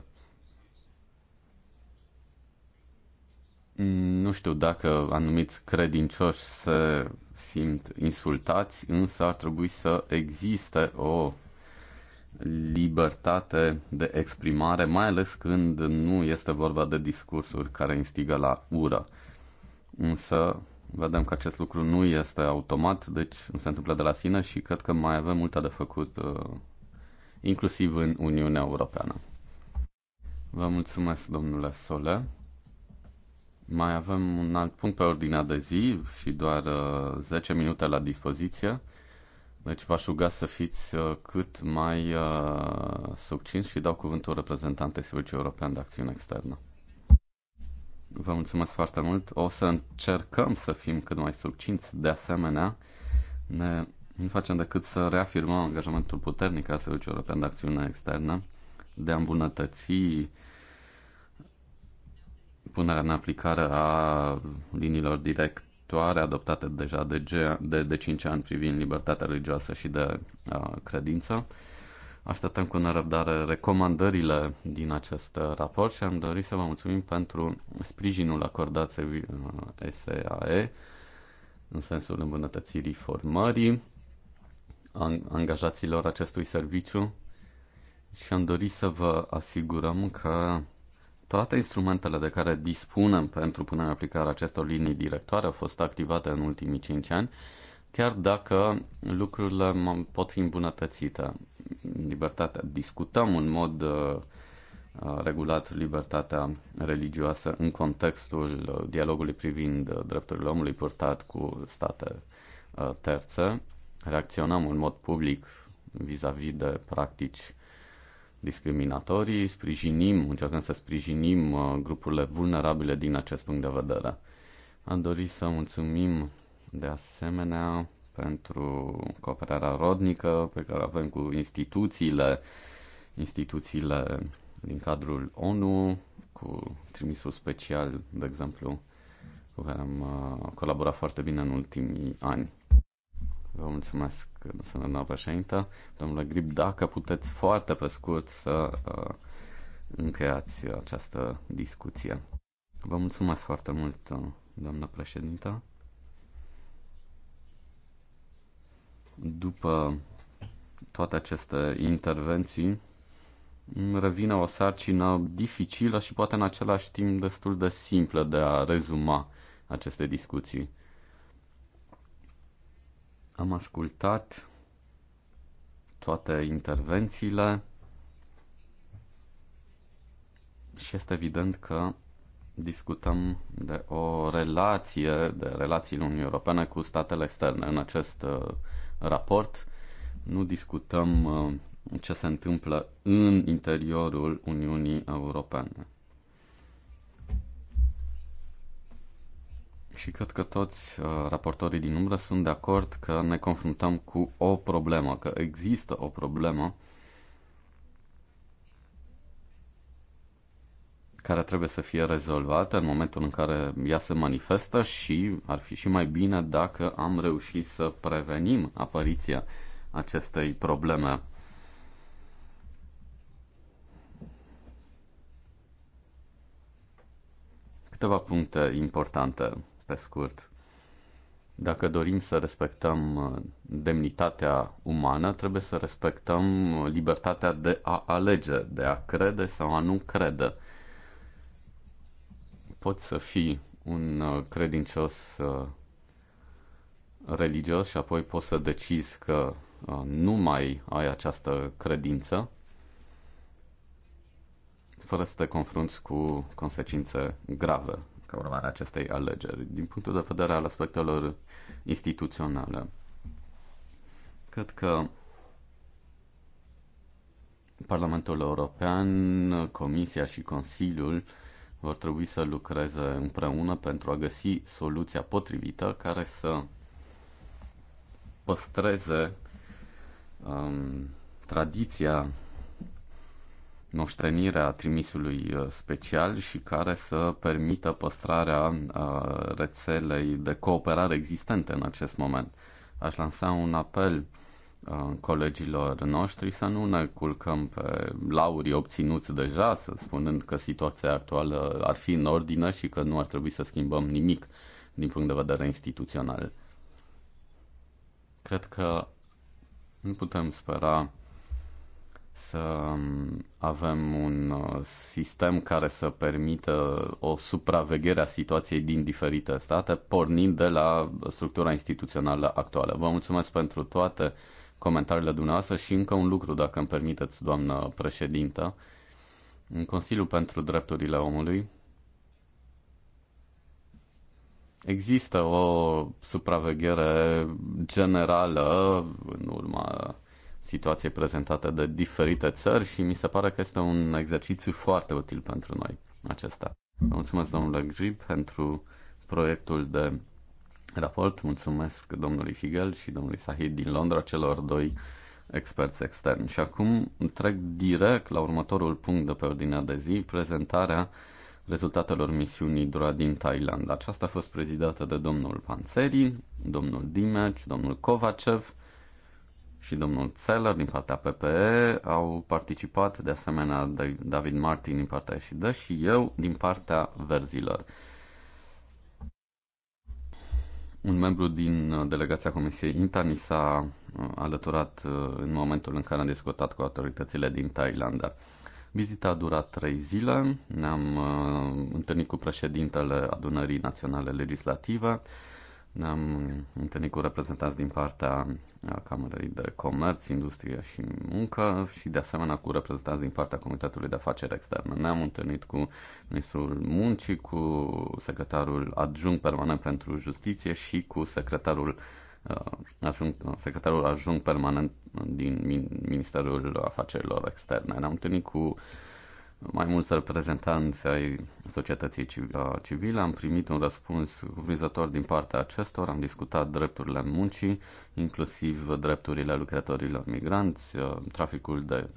C: Nu știu dacă anumiți credincioși se simt insultați, însă ar trebui să existe o libertate de exprimare, mai ales când nu este vorba de discursuri care instigă la ură. Însă vedem că acest lucru nu este automat, deci nu se întâmplă de la sine și cred că mai avem multe de făcut, uh, inclusiv în Uniunea Europeană. Vă mulțumesc, domnule Sole. Mai avem un alt punct pe ordinea de zi și doar 10 uh, minute la dispoziție. Deci v-aș ruga să fiți uh, cât mai uh, succinți și dau cuvântul reprezentantei Serviciului European de Acțiune Externă. Vă mulțumesc foarte mult. O să încercăm să fim cât mai succinți. De asemenea, ne, nu facem decât să reafirmăm angajamentul puternic al Serviciului European de Acțiune Externă de a îmbunătăți punerea în aplicare a liniilor direct viitoare adoptate deja de, ge- de, de 5 ani privind libertatea religioasă și de uh, credință. Așteptăm cu nerăbdare recomandările din acest uh, raport și am dorit să vă mulțumim pentru sprijinul acordat SAE uh, în sensul îmbunătățirii formării angajaților acestui serviciu și am dorit să vă asigurăm că toate instrumentele de care dispunem pentru punerea în aplicare acestor linii directoare au fost activate în ultimii 5 ani, chiar dacă lucrurile pot fi îmbunătățite. Libertatea. Discutăm în mod uh, uh, regulat libertatea religioasă în contextul dialogului privind drepturile omului purtat cu state uh, terțe. Reacționăm în mod public vis-a-vis -vis de practici discriminatorii, sprijinim, încercăm să sprijinim uh, grupurile vulnerabile din acest punct de vedere. Am dorit să mulțumim de asemenea pentru cooperarea rodnică pe care avem cu instituțiile, instituțiile din cadrul ONU, cu trimisul special, de exemplu, cu care am uh, colaborat foarte bine în ultimii ani. Vă mulțumesc, doamna președintă. Domnule Grip, dacă puteți foarte pe scurt să uh, încheiați această discuție. Vă mulțumesc foarte mult, uh, doamna președintă. După toate aceste intervenții, îmi revine o sarcină dificilă și poate în același timp destul de simplă de a rezuma aceste discuții. Am ascultat toate intervențiile și este evident că discutăm de o relație, de relațiile Uniunii Europene cu statele externe. În acest uh, raport nu discutăm uh, ce se întâmplă în interiorul Uniunii Europene. și cred că toți uh, raportorii din umbră sunt de acord că ne confruntăm cu o problemă, că există o problemă care trebuie să fie rezolvată în momentul în care ea se manifestă și ar fi și mai bine dacă am reușit să prevenim apariția acestei probleme. Câteva puncte importante pe scurt. Dacă dorim să respectăm uh, demnitatea umană, trebuie să respectăm uh, libertatea de a alege, de a crede sau a nu crede. Poți să fii un uh, credincios religios și apoi poți să decizi că nu mai ai această credință fără să te confrunți cu consecințe grave ca urmare a acestei alegeri, din punctul de vedere al aspectelor instituționale. Cred că Parlamentul European, Comisia și Consiliul vor trebui să lucreze împreună pentru a găsi soluția potrivită care să păstreze um, tradiția a trimisului uh, special și care să permită păstrarea uh, rețelei de cooperare existente în acest moment. Aș lansa un apel uh, colegilor noștri să nu ne culcăm pe laurii obținuți deja, să spunând că situația actuală ar fi în ordine și că nu ar trebui să schimbăm nimic din punct de vedere instituțional. Cred că nu putem spera să um, avem un uh, sistem care să permită o supraveghere a situației din diferite state, pornind de la structura instituțională actuală. Vă mulțumesc pentru toate comentariile dumneavoastră și încă un lucru, dacă îmi permiteți, doamnă președintă. În Consiliul pentru Drepturile Omului există o supraveghere generală în urma situație prezentată de diferite țări și mi se pare că este un exercițiu foarte util pentru noi acesta. Vă mulțumesc, domnule Grip, pentru proiectul de raport. Mulțumesc domnului Figel și domnului Sahid din Londra, celor doi experți externi. Și acum trec direct la următorul punct de pe ordinea de zi, prezentarea rezultatelor misiunii DROA din Thailand. Aceasta a fost prezidată de domnul Panzeri, domnul Dimeci, domnul Kovacev și domnul Zeller din partea PPE, au participat de asemenea David Martin din partea SID și eu din partea Verzilor. Un membru din uh, delegația Comisiei INTA ni s-a uh, alăturat uh, în momentul în care am discutat cu autoritățile din Thailanda. Vizita a durat trei zile, ne-am întâlnit cu președintele Adunării Naționale Legislative, ne-am întâlnit cu reprezentanți din partea Camerei de Comerț, Industrie și Muncă și de asemenea cu reprezentanți din partea Comitetului de Afaceri Externe. Ne-am întâlnit cu ministrul muncii, cu secretarul adjunct permanent pentru justiție și cu secretarul uh, Ajung, uh, secretarul adjunct permanent din Ministerul Afacerilor Externe. Ne-am întâlnit cu uh, mai mulți reprezentanți ai societății civile. Am primit un răspuns cuprinzător din partea acestor. Am discutat drepturile muncii, inclusiv drepturile lucrătorilor migranți, traficul de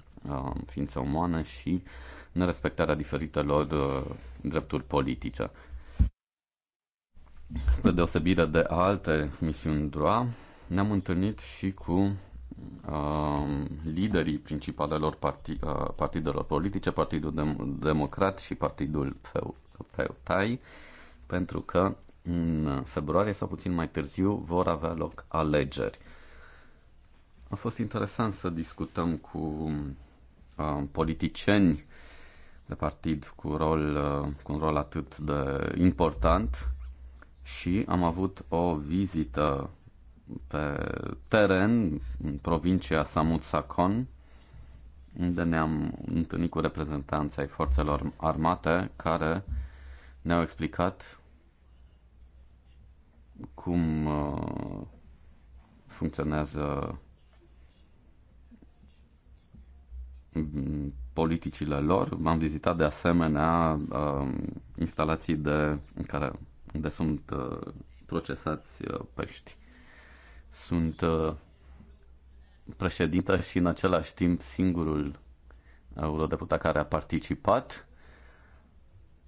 C: ființe umane și nerespectarea diferitelor drepturi politice. Spre deosebire de alte misiuni DROA, ne-am întâlnit și cu Um, liderii principalelor parti, uh, partidelor politice, Partidul Dem- Democrat și Partidul PEUTAI, pentru că în februarie sau puțin mai târziu vor avea loc alegeri. A fost interesant să discutăm cu uh, politicieni de partid cu, rol, uh, cu un rol atât de important și am avut o vizită pe teren, în provincia Samut Sakon, unde ne-am întâlnit cu reprezentanții ai forțelor armate care ne-au explicat cum uh, funcționează mm, politicile lor. Am vizitat de asemenea uh, instalații de, în care, unde sunt uh, procesați pești. Sunt uh, președinte și în același timp singurul eurodeputat care a participat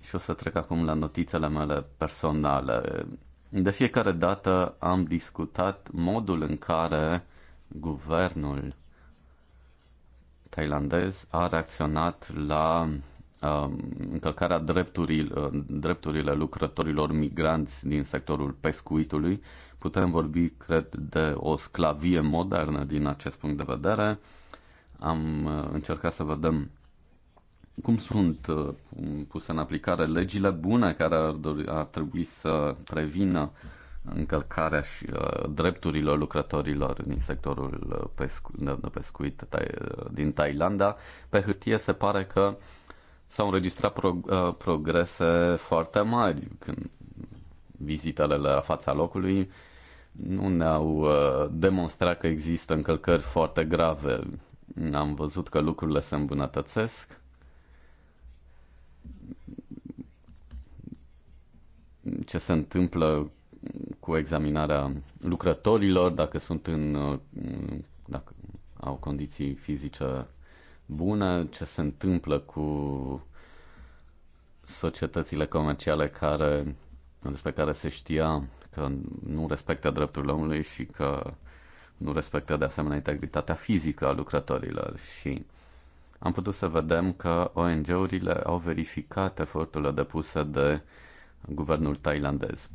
C: și o să trec acum la notițele mele personale. De fiecare dată am discutat modul în care guvernul thailandez a reacționat la Um, încălcarea drepturilor, uh, drepturile lucrătorilor migranți din sectorul pescuitului. Putem vorbi, cred, de o sclavie modernă din acest punct de vedere. Am uh, încercat să vedem cum sunt uh, puse în aplicare legile bune care ar, dori, ar trebui să prevină încălcarea și drepturilor lucrătorilor din sectorul pescu- de pescuit din Thailanda. Pe hârtie se pare că s-au înregistrat pro- uh, progrese foarte mari când vizitele la fața locului nu ne-au uh, demonstrat că există încălcări foarte grave. Am văzut că lucrurile se îmbunătățesc. Ce se întâmplă cu examinarea lucrătorilor, dacă sunt în uh, dacă au condiții fizice bună ce se întâmplă cu societățile comerciale care, despre care se știa că nu respectă drepturile omului și că nu respectă de asemenea integritatea fizică a lucrătorilor și am putut să vedem că ONG-urile au verificat eforturile depuse de guvernul thailandez,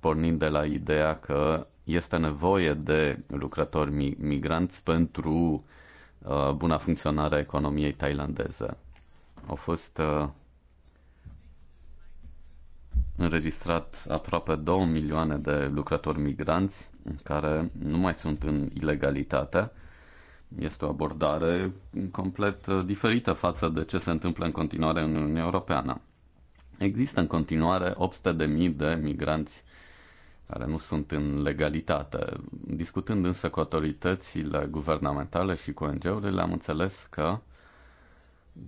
C: pornind de la ideea că este nevoie de lucrători migranți pentru Uh, buna funcționare a economiei tailandeze. Au fost uh, înregistrat aproape 2 milioane de lucrători migranți care nu mai sunt în ilegalitate. Este o abordare complet uh, diferită față de ce se întâmplă în continuare în Uniunea Europeană. Există în continuare 800.000 de migranți care nu sunt în legalitate. Discutând însă cu autoritățile guvernamentale și cu ONG-urile, am înțeles că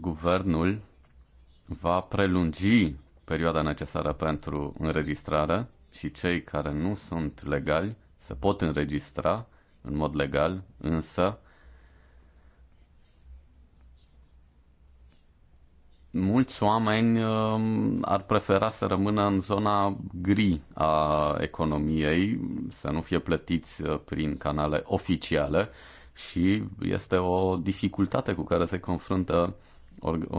C: guvernul va prelungi perioada necesară pentru înregistrare și cei care nu sunt legali se pot înregistra în mod legal, însă mulți oameni um, ar prefera să rămână în zona gri a economiei, să nu fie plătiți uh, prin canale oficiale și este o dificultate cu care se confruntă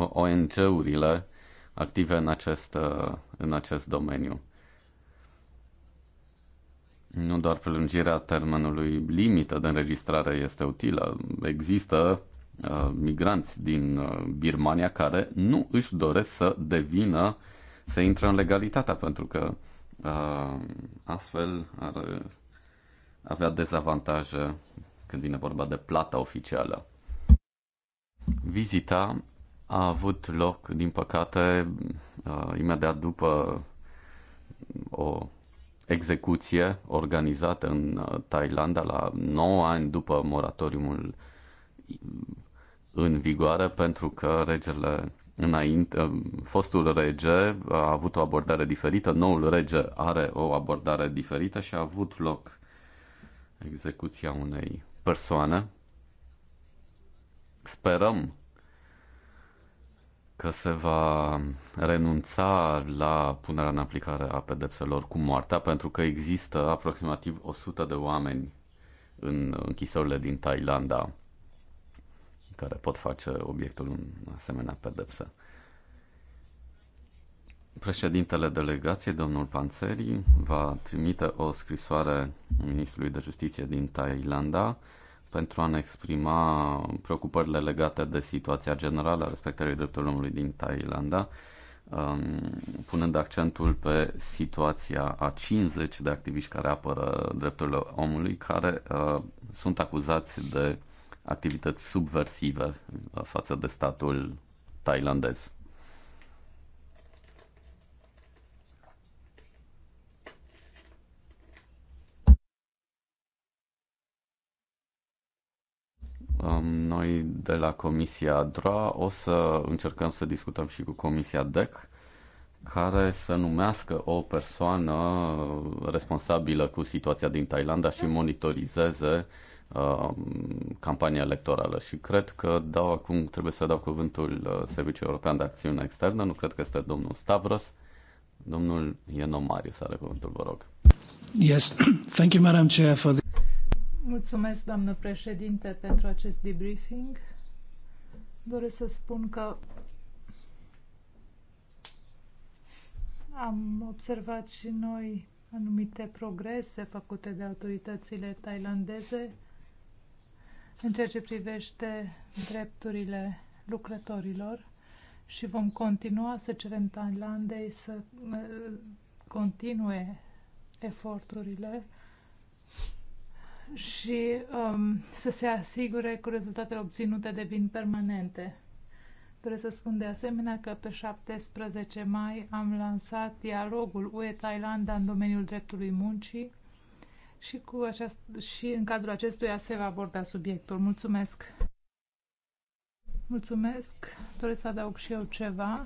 C: ONG-urile active în acest, uh, în acest domeniu. Nu doar prelungirea termenului limită de înregistrare este utilă, există Uh, migranți din uh, Birmania care nu își doresc să devină, să intre în legalitatea, pentru că uh, astfel ar avea dezavantaje când vine vorba de plata oficială. Vizita a avut loc, din păcate, imediat după o execuție organizată în Thailanda la 9 ani după moratoriumul în vigoare pentru că regele înainte, uh, fostul rege a avut o abordare diferită, noul rege are o abordare diferită și a avut loc execuția unei persoane. Sperăm că se va renunța la punerea în aplicare a pedepselor cu moartea, pentru că există aproximativ 100 de oameni în închisorile din Thailanda care pot face obiectul în asemenea pedepsă. Președintele delegației, domnul Panțeri, va trimite o scrisoare ministrului de justiție din Thailanda pentru a ne exprima preocupările legate de situația generală a respectării drepturilor omului din Thailanda, um, punând accentul pe situația a 50 de activiști care apără drepturile omului, care uh, sunt acuzați de activități subversive față de statul thailandez. Noi de la Comisia DRA o să încercăm să discutăm și cu Comisia DEC care să numească o persoană responsabilă cu situația din Thailanda și monitorizeze uh, Uh, campania electorală și cred că dau acum, trebuie să dau cuvântul uh, Serviciul European de Acțiune Externă, nu cred că este domnul Stavros, domnul Ienomari să are cuvântul, vă rog.
B: Yes, thank you, Madam Chair, for the... Mulțumesc, doamnă președinte, pentru acest debriefing. Doresc să spun că am observat și noi anumite progrese făcute de autoritățile tailandeze în ceea ce privește drepturile lucrătorilor și vom continua să cerem Thailandei să uh, continue eforturile și um, să se asigure că rezultatele obținute devin permanente. Trebuie să spun de asemenea că pe 17 mai am lansat dialogul UE-Thailanda în domeniul dreptului muncii, și, cu aceast, și în cadrul acestuia se va aborda subiectul. Mulțumesc! Mulțumesc! Doresc să adaug și eu ceva.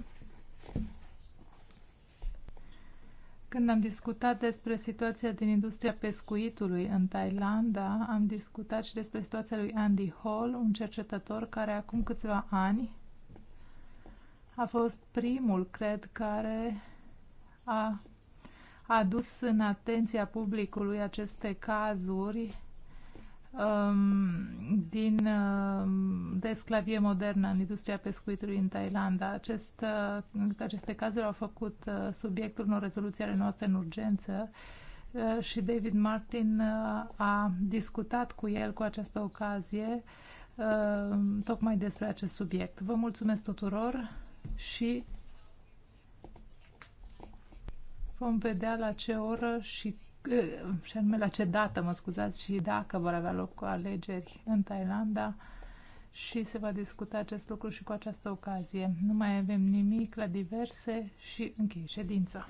B: Când am discutat despre situația din industria pescuitului în Thailanda, am discutat și despre situația lui Andy Hall, un cercetător care acum câțiva ani a fost primul, cred, care a adus în atenția publicului aceste cazuri um, din, um, de sclavie modernă în industria pescuitului în Thailanda. Acest, uh, aceste cazuri au făcut uh, subiectul unor rezoluții ale noastre în urgență uh, și David Martin a discutat cu el cu această ocazie tocmai despre acest subiect. Vă mulțumesc tuturor și Vom vedea la ce oră și și anume la ce dată, mă scuzați, și dacă vor avea loc cu alegeri în Thailanda și se va discuta acest lucru și cu această ocazie. Nu mai avem nimic la diverse și închei ședința.